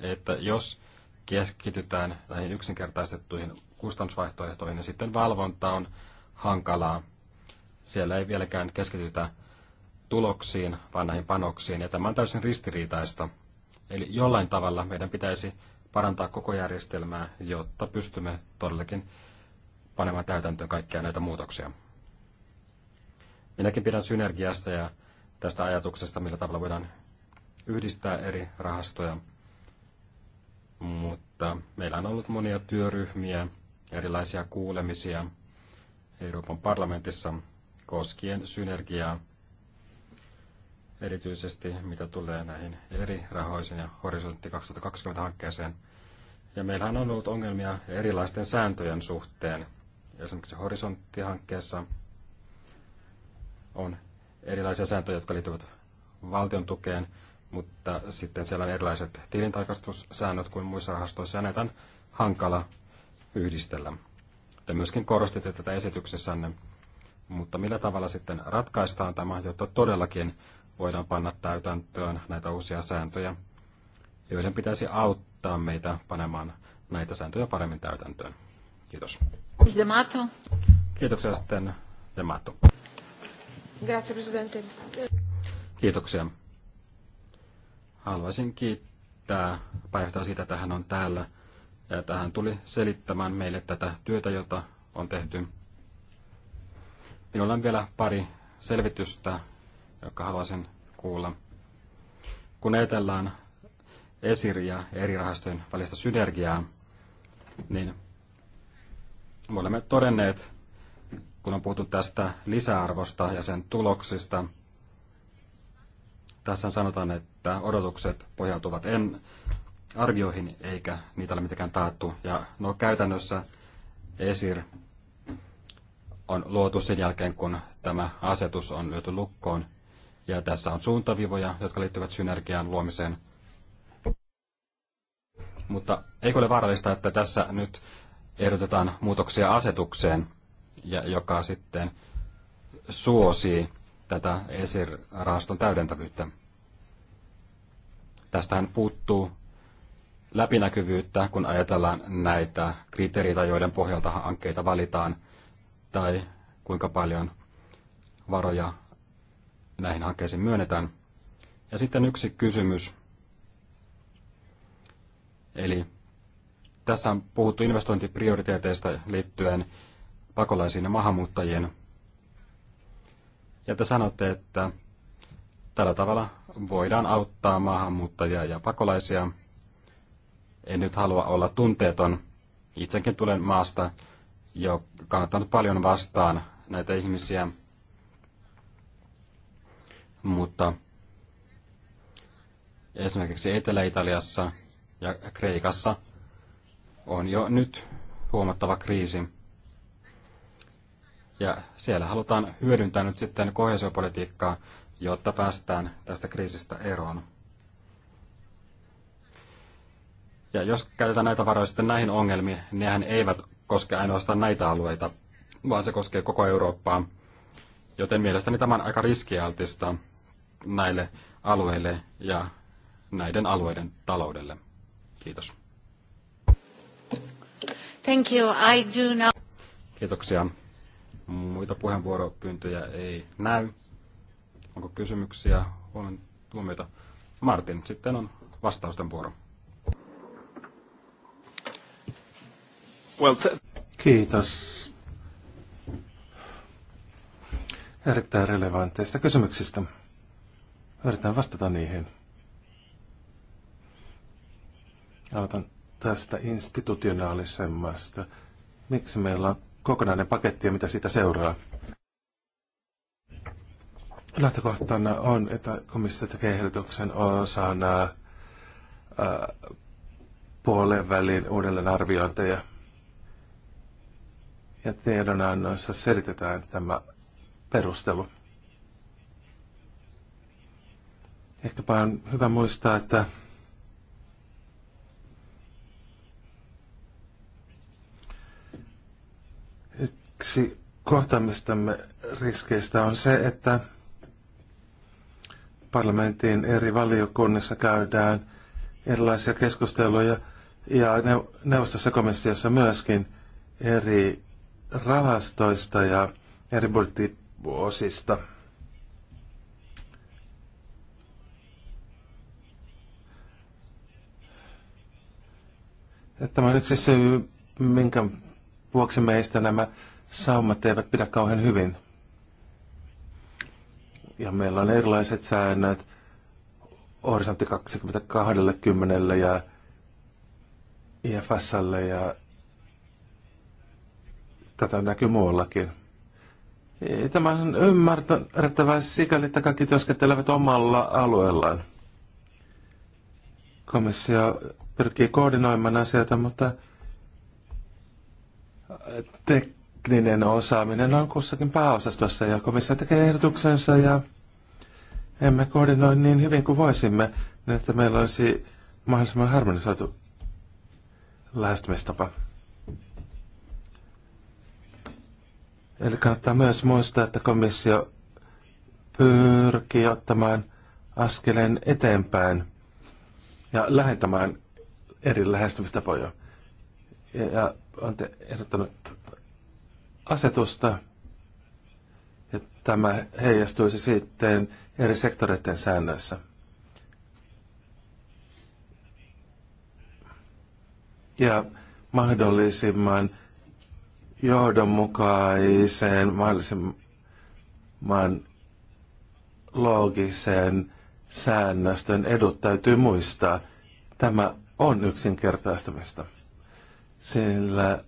että jos keskitytään näihin yksinkertaistettuihin kustannusvaihtoehtoihin, niin sitten valvonta on hankalaa. Siellä ei vieläkään keskitytä tuloksiin, vaan näihin panoksiin, ja tämä on täysin ristiriitaista – Eli jollain tavalla meidän pitäisi parantaa koko järjestelmää, jotta pystymme todellakin panemaan täytäntöön kaikkia näitä muutoksia. Minäkin pidän synergiasta ja tästä ajatuksesta, millä tavalla voidaan yhdistää eri rahastoja. Mutta meillä on ollut monia työryhmiä, erilaisia kuulemisia Euroopan parlamentissa koskien synergiaa erityisesti mitä tulee näihin eri rahoisiin ja horisontti 2020 hankkeeseen. Ja meillähän on ollut ongelmia erilaisten sääntöjen suhteen. Esimerkiksi horisonttihankkeessa on erilaisia sääntöjä, jotka liittyvät valtion tukeen, mutta sitten siellä on erilaiset tilintarkastussäännöt kuin muissa rahastoissa, ja näitä on hankala yhdistellä. Te myöskin korostitte tätä esityksessänne, mutta millä tavalla sitten ratkaistaan tämä, jotta todellakin voidaan panna täytäntöön näitä uusia sääntöjä, joiden pitäisi auttaa meitä panemaan näitä sääntöjä paremmin täytäntöön. Kiitos. Kiitoksia sitten Demato. Grazie, Presidente. Kiitoksia. Haluaisin kiittää pääjohtaja siitä, että hän on täällä ja että hän tuli selittämään meille tätä työtä, jota on tehty. Minulla on vielä pari selvitystä jotka haluaisin kuulla. Kun ajatellaan ESIR ja eri rahastojen välistä synergiaa, niin me olemme todenneet, kun on puhuttu tästä lisäarvosta ja sen tuloksista, tässä sanotaan, että odotukset pohjautuvat en arvioihin eikä niitä ole mitenkään taattu. Ja no käytännössä ESIR on luotu sen jälkeen, kun tämä asetus on lyöty lukkoon. Ja tässä on suuntavivoja, jotka liittyvät synergian luomiseen. Mutta eikö ole vaarallista, että tässä nyt ehdotetaan muutoksia asetukseen, ja joka sitten suosii tätä esirahaston täydentävyyttä? Tästähän puuttuu läpinäkyvyyttä, kun ajatellaan näitä kriteereitä, joiden pohjalta hankkeita valitaan, tai kuinka paljon varoja näihin hakeisiin myönnetään. Ja sitten yksi kysymys. Eli tässä on puhuttu investointiprioriteeteista liittyen pakolaisiin ja maahanmuuttajien. Ja te sanotte, että tällä tavalla voidaan auttaa maahanmuuttajia ja pakolaisia. En nyt halua olla tunteeton. Itsekin tulen maasta, joka kannattanut paljon vastaan näitä ihmisiä mutta esimerkiksi Etelä-Italiassa ja Kreikassa on jo nyt huomattava kriisi. Ja siellä halutaan hyödyntää nyt sitten kohesiopolitiikkaa, jotta päästään tästä kriisistä eroon. Ja jos käytetään näitä varoja sitten näihin ongelmiin, nehän eivät koske ainoastaan näitä alueita, vaan se koskee koko Eurooppaa. Joten mielestäni tämä on aika riskialtista näille alueille ja näiden alueiden taloudelle. Kiitos. Thank you. I do not... Kiitoksia. Muita puheenvuoropyyntöjä ei näy. Onko kysymyksiä, huolen tuomioita? Martin, sitten on vastausten vuoro. Well, Kiitos erittäin relevanteista kysymyksistä. Yritetään vastata niihin. Aloitan tästä institutionaalisemmasta. Miksi meillä on kokonainen paketti ja mitä siitä seuraa? Lähtökohtana on, että komissio tekee ehdotuksen osana ää, äh, puolen välin uudelleenarviointeja. Ja tiedonannoissa selitetään tämä perustelu. Ehkäpä on hyvä muistaa, että yksi kohtaamistamme riskeistä on se, että parlamentin eri valiokunnissa käydään erilaisia keskusteluja ja neuvostossa komissiossa myöskin eri rahastoista ja eri budjettivuosista. että tämä on yksi syy, minkä vuoksi meistä nämä saumat eivät pidä kauhean hyvin. Ja meillä on erilaiset säännöt, horisontti 2020 ja IFSlle ja tätä näkyy muuallakin. Tämä on ymmärrettävää sikäli, että kaikki työskentelevät omalla alueellaan. Komissio pyrkii koordinoimaan asioita, mutta tekninen osaaminen on kussakin pääosastossa ja komissio tekee ehdotuksensa ja emme koordinoi niin hyvin kuin voisimme, niin että meillä olisi mahdollisimman harmonisoitu lähestymistapa. Eli kannattaa myös muistaa, että komissio pyrkii ottamaan askeleen eteenpäin ja lähentämään eri lähestymistapoja. Ja on ehdottanut asetusta, ja tämä heijastuisi sitten eri sektoreiden säännöissä. Ja mahdollisimman johdonmukaiseen, mahdollisimman loogisen säännöstön edut täytyy muistaa. Tämä on yksinkertaistamista, sillä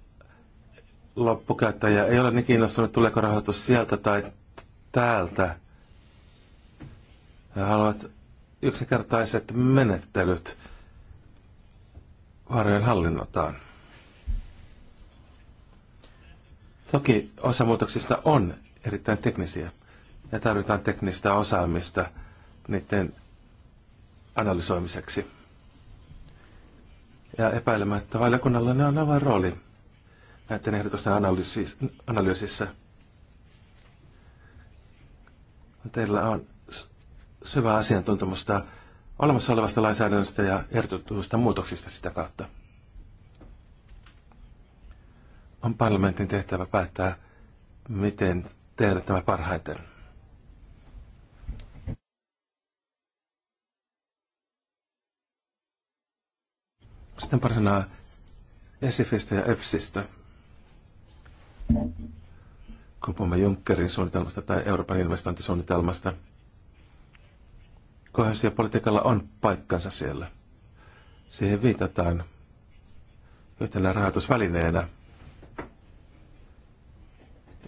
loppukäyttäjä ei ole niin kiinnostunut, tuleeko rahoitus sieltä tai täältä. Ja haluat yksinkertaiset menettelyt varojen hallinnotaan. Toki osa muutoksista on erittäin teknisiä ja tarvitaan teknistä osaamista niiden analysoimiseksi. Ja epäilemättä valiokunnalla ne on avain rooli näiden ehdotusten analyysissä. Teillä on syvä asiantuntemusta olemassa olevasta lainsäädännöstä ja ehdotetuista muutoksista sitä kautta. On parlamentin tehtävä päättää, miten tehdä tämä parhaiten. Sitten pari sanaa Esifistä ja EFSistä. Kun puhumme Junckerin suunnitelmasta tai Euroopan investointisuunnitelmasta, kohesiopolitiikalla on paikkansa siellä. Siihen viitataan yhtenä rahoitusvälineenä,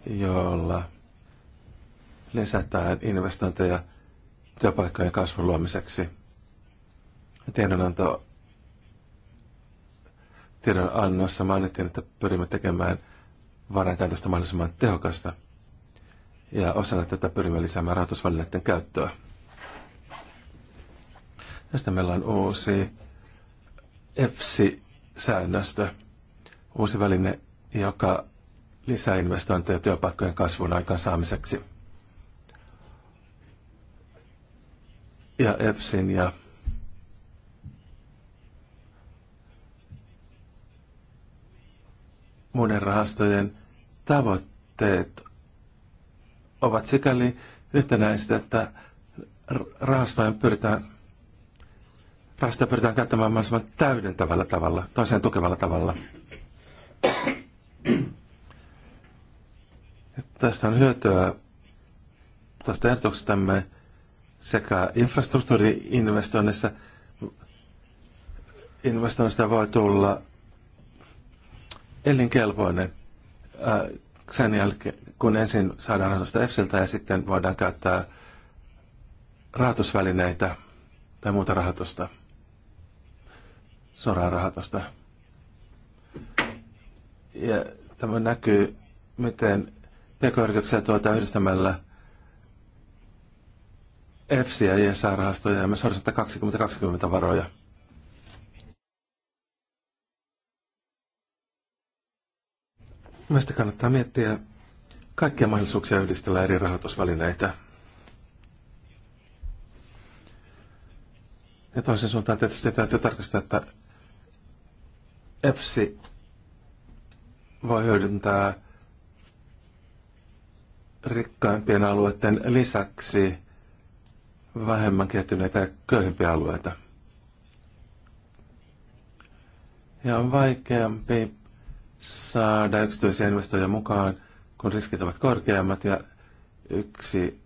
jolla lisätään investointeja työpaikkojen kasvun luomiseksi. Tiedonanto tiedonannossa mainittiin, että pyrimme tekemään varankäytöstä mahdollisimman tehokasta. Ja osana tätä pyrimme lisäämään rahoitusvälineiden käyttöä. Tästä meillä on uusi EFSI-säännöstö, uusi väline, joka lisää investointeja työpaikkojen kasvun aikaansaamiseksi. Ja EFSin ja muiden rahastojen tavoitteet ovat sikäli yhtenäiset, että rahastojen pyritään, rahastoja pyritään käyttämään mahdollisimman täydentävällä tavalla, toiseen tukevalla tavalla. Tästä on hyötyä tästä ehdotuksestamme sekä infrastruktuuriinvestoinnissa investoinnista voi tulla elinkelpoinen äh, sen jälkeen, kun ensin saadaan asusta EFSiltä ja sitten voidaan käyttää rahoitusvälineitä tai muuta rahoitusta, suoraa rahoitusta. Ja tämä näkyy, miten pk-yrityksiä tuotaan yhdistämällä EFSiä ja ESA-rahastoja ja myös 2020 varoja. Mielestäni kannattaa miettiä kaikkia mahdollisuuksia yhdistellä eri rahoitusvälineitä. Ja toisen suuntaan tietysti täytyy tarkastaa, että EPSI voi hyödyntää rikkaimpien alueiden lisäksi vähemmän kehittyneitä ja köyhimpiä alueita. Ja on vaikeampi saada yksityisiä investoja mukaan, kun riskit ovat korkeammat ja yksi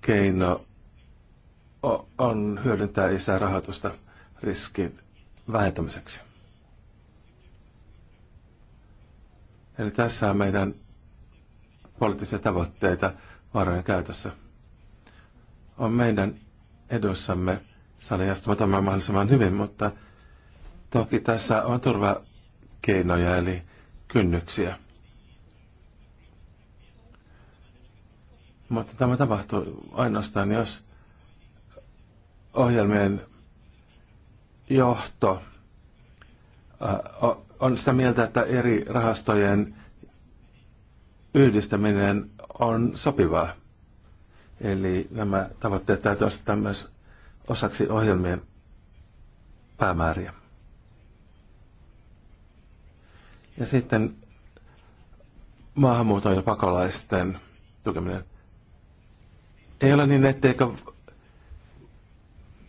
keino on hyödyntää isää rahoitusta riskin vähentämiseksi. Eli tässä on meidän poliittisia tavoitteita varojen käytössä. On meidän edussamme saada jastamaan mahdollisimman hyvin, mutta Toki tässä on turvakeinoja eli kynnyksiä. Mutta tämä tapahtuu ainoastaan, jos ohjelmien johto on sitä mieltä, että eri rahastojen yhdistäminen on sopivaa. Eli nämä tavoitteet täytyy asettaa myös osaksi ohjelmien päämääriä. Ja sitten maahanmuuton ja pakolaisten tukeminen. Ei ole niin, etteikö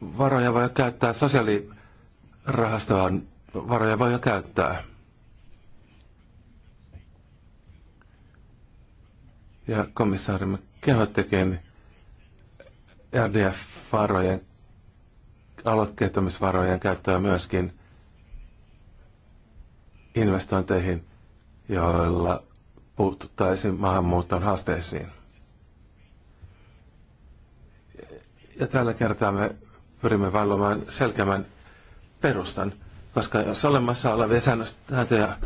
varoja voi käyttää sosiaalirahastoon, varoja voi käyttää. Ja komissaarimme kehottekin RDF-varojen aloitteettomisvarojen käyttöä myöskin investointeihin, joilla puututtaisiin maahanmuuton haasteisiin. Ja tällä kertaa me pyrimme valvomaan selkeämmän perustan, koska jos olemassa olevia säännöstöjä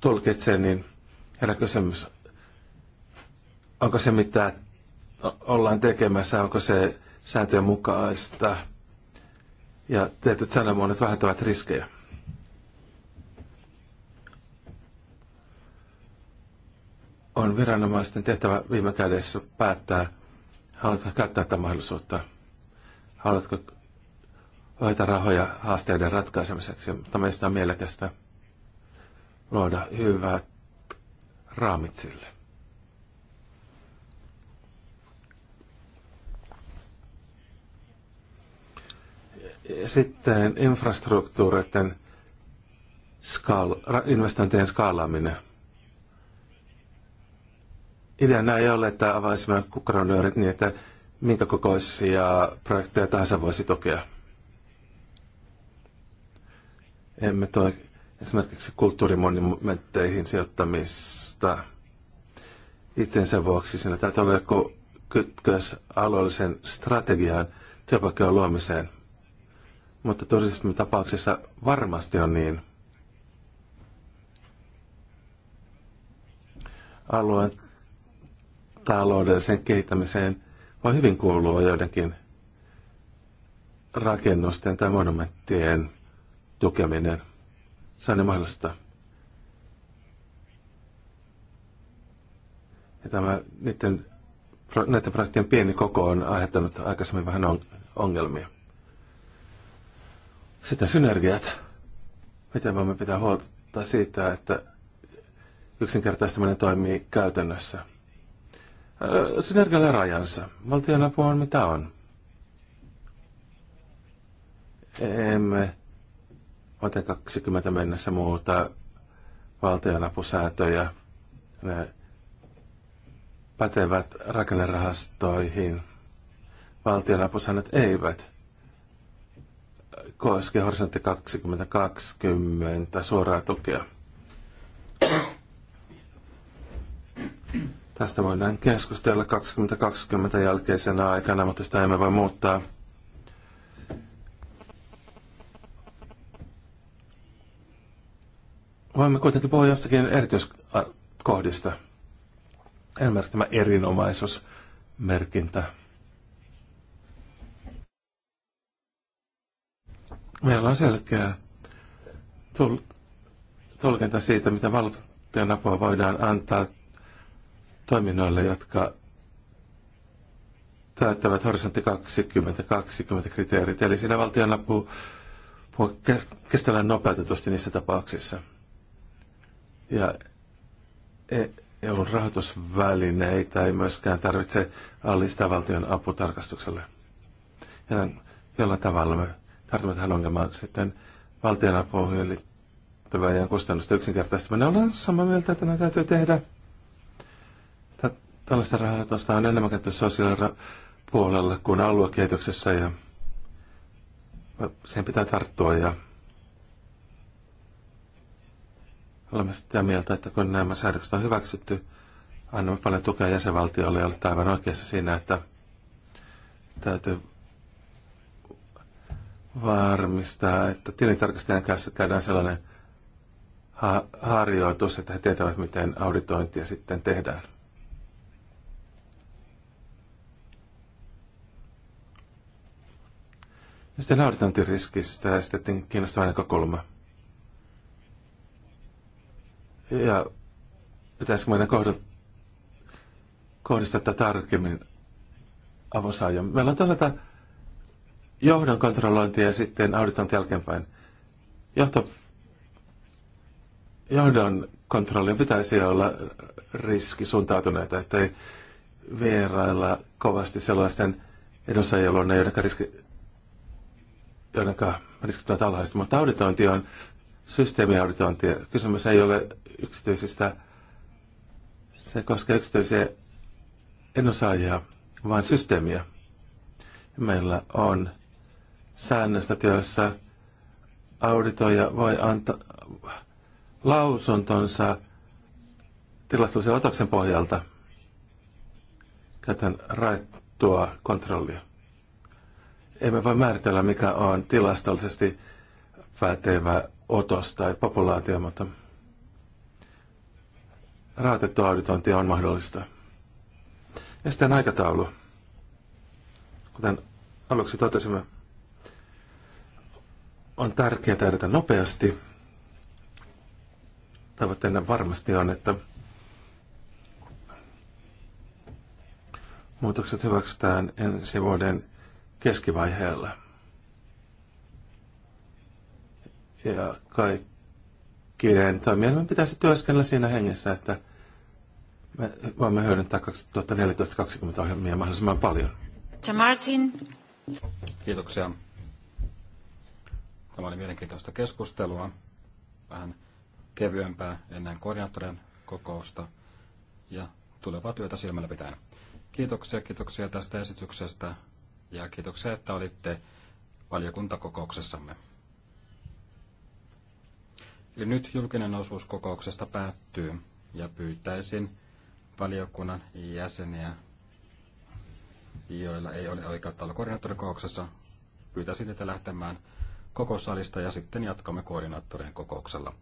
tulkitsee, niin herra kysymys, onko se mitä ollaan tekemässä, onko se sääntöjen mukaista. Ja tietyt sanamuodot vähentävät riskejä. on viranomaisten tehtävä viime kädessä päättää, haluatko käyttää tätä mahdollisuutta, haluatko ohjata rahoja haasteiden ratkaisemiseksi. Mutta meistä on mielekästä luoda hyvät raamit sille. Sitten infrastruktuureiden skaala, investointien skaalaaminen – Ideana ei ole, että avaisimme kukkaronöörit niin, että minkä kokoisia projekteja tahansa voisi tukea. Emme tuo esimerkiksi kulttuurimonumentteihin sijoittamista itsensä vuoksi. Siinä täytyy olla joku kytkös alueellisen strategiaan työpaikkojen luomiseen. Mutta turismin tapauksessa varmasti on niin. Alueen taloudelliseen kehittämiseen voi hyvin kuulua joidenkin rakennusten tai monumenttien tukeminen. Se on mahdollista. Ja tämä, niiden, näiden projektien pieni koko on aiheuttanut aikaisemmin vähän ongelmia. Sitten synergiat. Miten voimme pitää huolta siitä, että yksinkertaistaminen toimii käytännössä? synergialla rajansa. Valtionapu on mitä on. Emme ote 20 mennessä muuta valtionapusääntöjä. Ne pätevät rakennerahastoihin. Valtionapusäännöt eivät koske horisontti 2020 suoraa tukea. Tästä voidaan keskustella 2020 jälkeisenä aikana, mutta sitä emme voi muuttaa. Voimme kuitenkin puhua jostakin erityiskohdista. Elmer, tämä erinomaisuusmerkintä. Meillä on selkeä tulkinta siitä, mitä valtion apua voidaan antaa toiminnoille, jotka täyttävät horisontti 2020 kriteerit. Eli siinä valtion apu puhua kestävän nopeutetusti niissä tapauksissa. Ja e- EUn rahoitusvälineitä ei myöskään tarvitse allistaa valtion aputarkastukselle. Ja jollain tavalla me tartumme tähän ongelmaan sitten valtion apuun liittyvän kustannusten yksinkertaistaminen. Olen samaa mieltä, että näitä täytyy tehdä. Tällaista rahoitusta on enemmän käytetty sosiaalipuolella kuin aluekehityksessä ja siihen pitää tarttua ja olemme sitä mieltä, että kun nämä säädökset on hyväksytty, annamme paljon tukea jäsenvaltioille ja olette aivan oikeassa siinä, että täytyy varmistaa, että tilintarkastajan kanssa käydään sellainen ha- harjoitus, että he tietävät, miten auditointia sitten tehdään. Ja sitten auditointiriskistä esitettiin kiinnostava näkökulma. Ja pitäisikö meidän kohdistaa tarkemmin avosaajan. Meillä on toisaalta johdon kontrollointia ja sitten auditointi jälkeenpäin. Johto, johdon kontrollin pitäisi olla riski suuntautuneita, ettei vierailla kovasti sellaisten edunsaajien luonne, joiden riski joiden riskit ovat alhaiset, mutta auditointi on systeemiauditointi. Kysymys ei ole yksityisistä, se koskee yksityisiä edunsaajia, vaan systeemiä. Meillä on säännöstä, joissa auditoija voi antaa lausuntonsa tilastollisen otoksen pohjalta. Käytän raettua kontrollia emme voi määritellä, mikä on tilastollisesti pätevä otos tai populaatio, mutta raatettu auditointi on mahdollista. Ja sitten aikataulu. Kuten aluksi totesimme, on tärkeää tehdä nopeasti. Tavoitteena varmasti on, että muutokset hyväksytään ensi vuoden keskivaiheella. Ja kaikkien toimijoiden pitäisi työskennellä siinä hengessä, että me voimme hyödyntää 2014-2020 ohjelmia mahdollisimman paljon. Ja Martin. Kiitoksia. Tämä oli mielenkiintoista keskustelua. Vähän kevyempää ennen koordinaattorien kokousta ja tulevaa työtä silmällä pitäen. Kiitoksia, kiitoksia tästä esityksestä ja kiitoksia, että olitte valiokuntakokouksessamme. Eli nyt julkinen osuus kokouksesta päättyy ja pyytäisin valiokunnan jäseniä, joilla ei ole oikeutta olla koordinaattorikokouksessa, pyytäisin teitä lähtemään kokoussalista ja sitten jatkamme koordinaattorien kokouksella.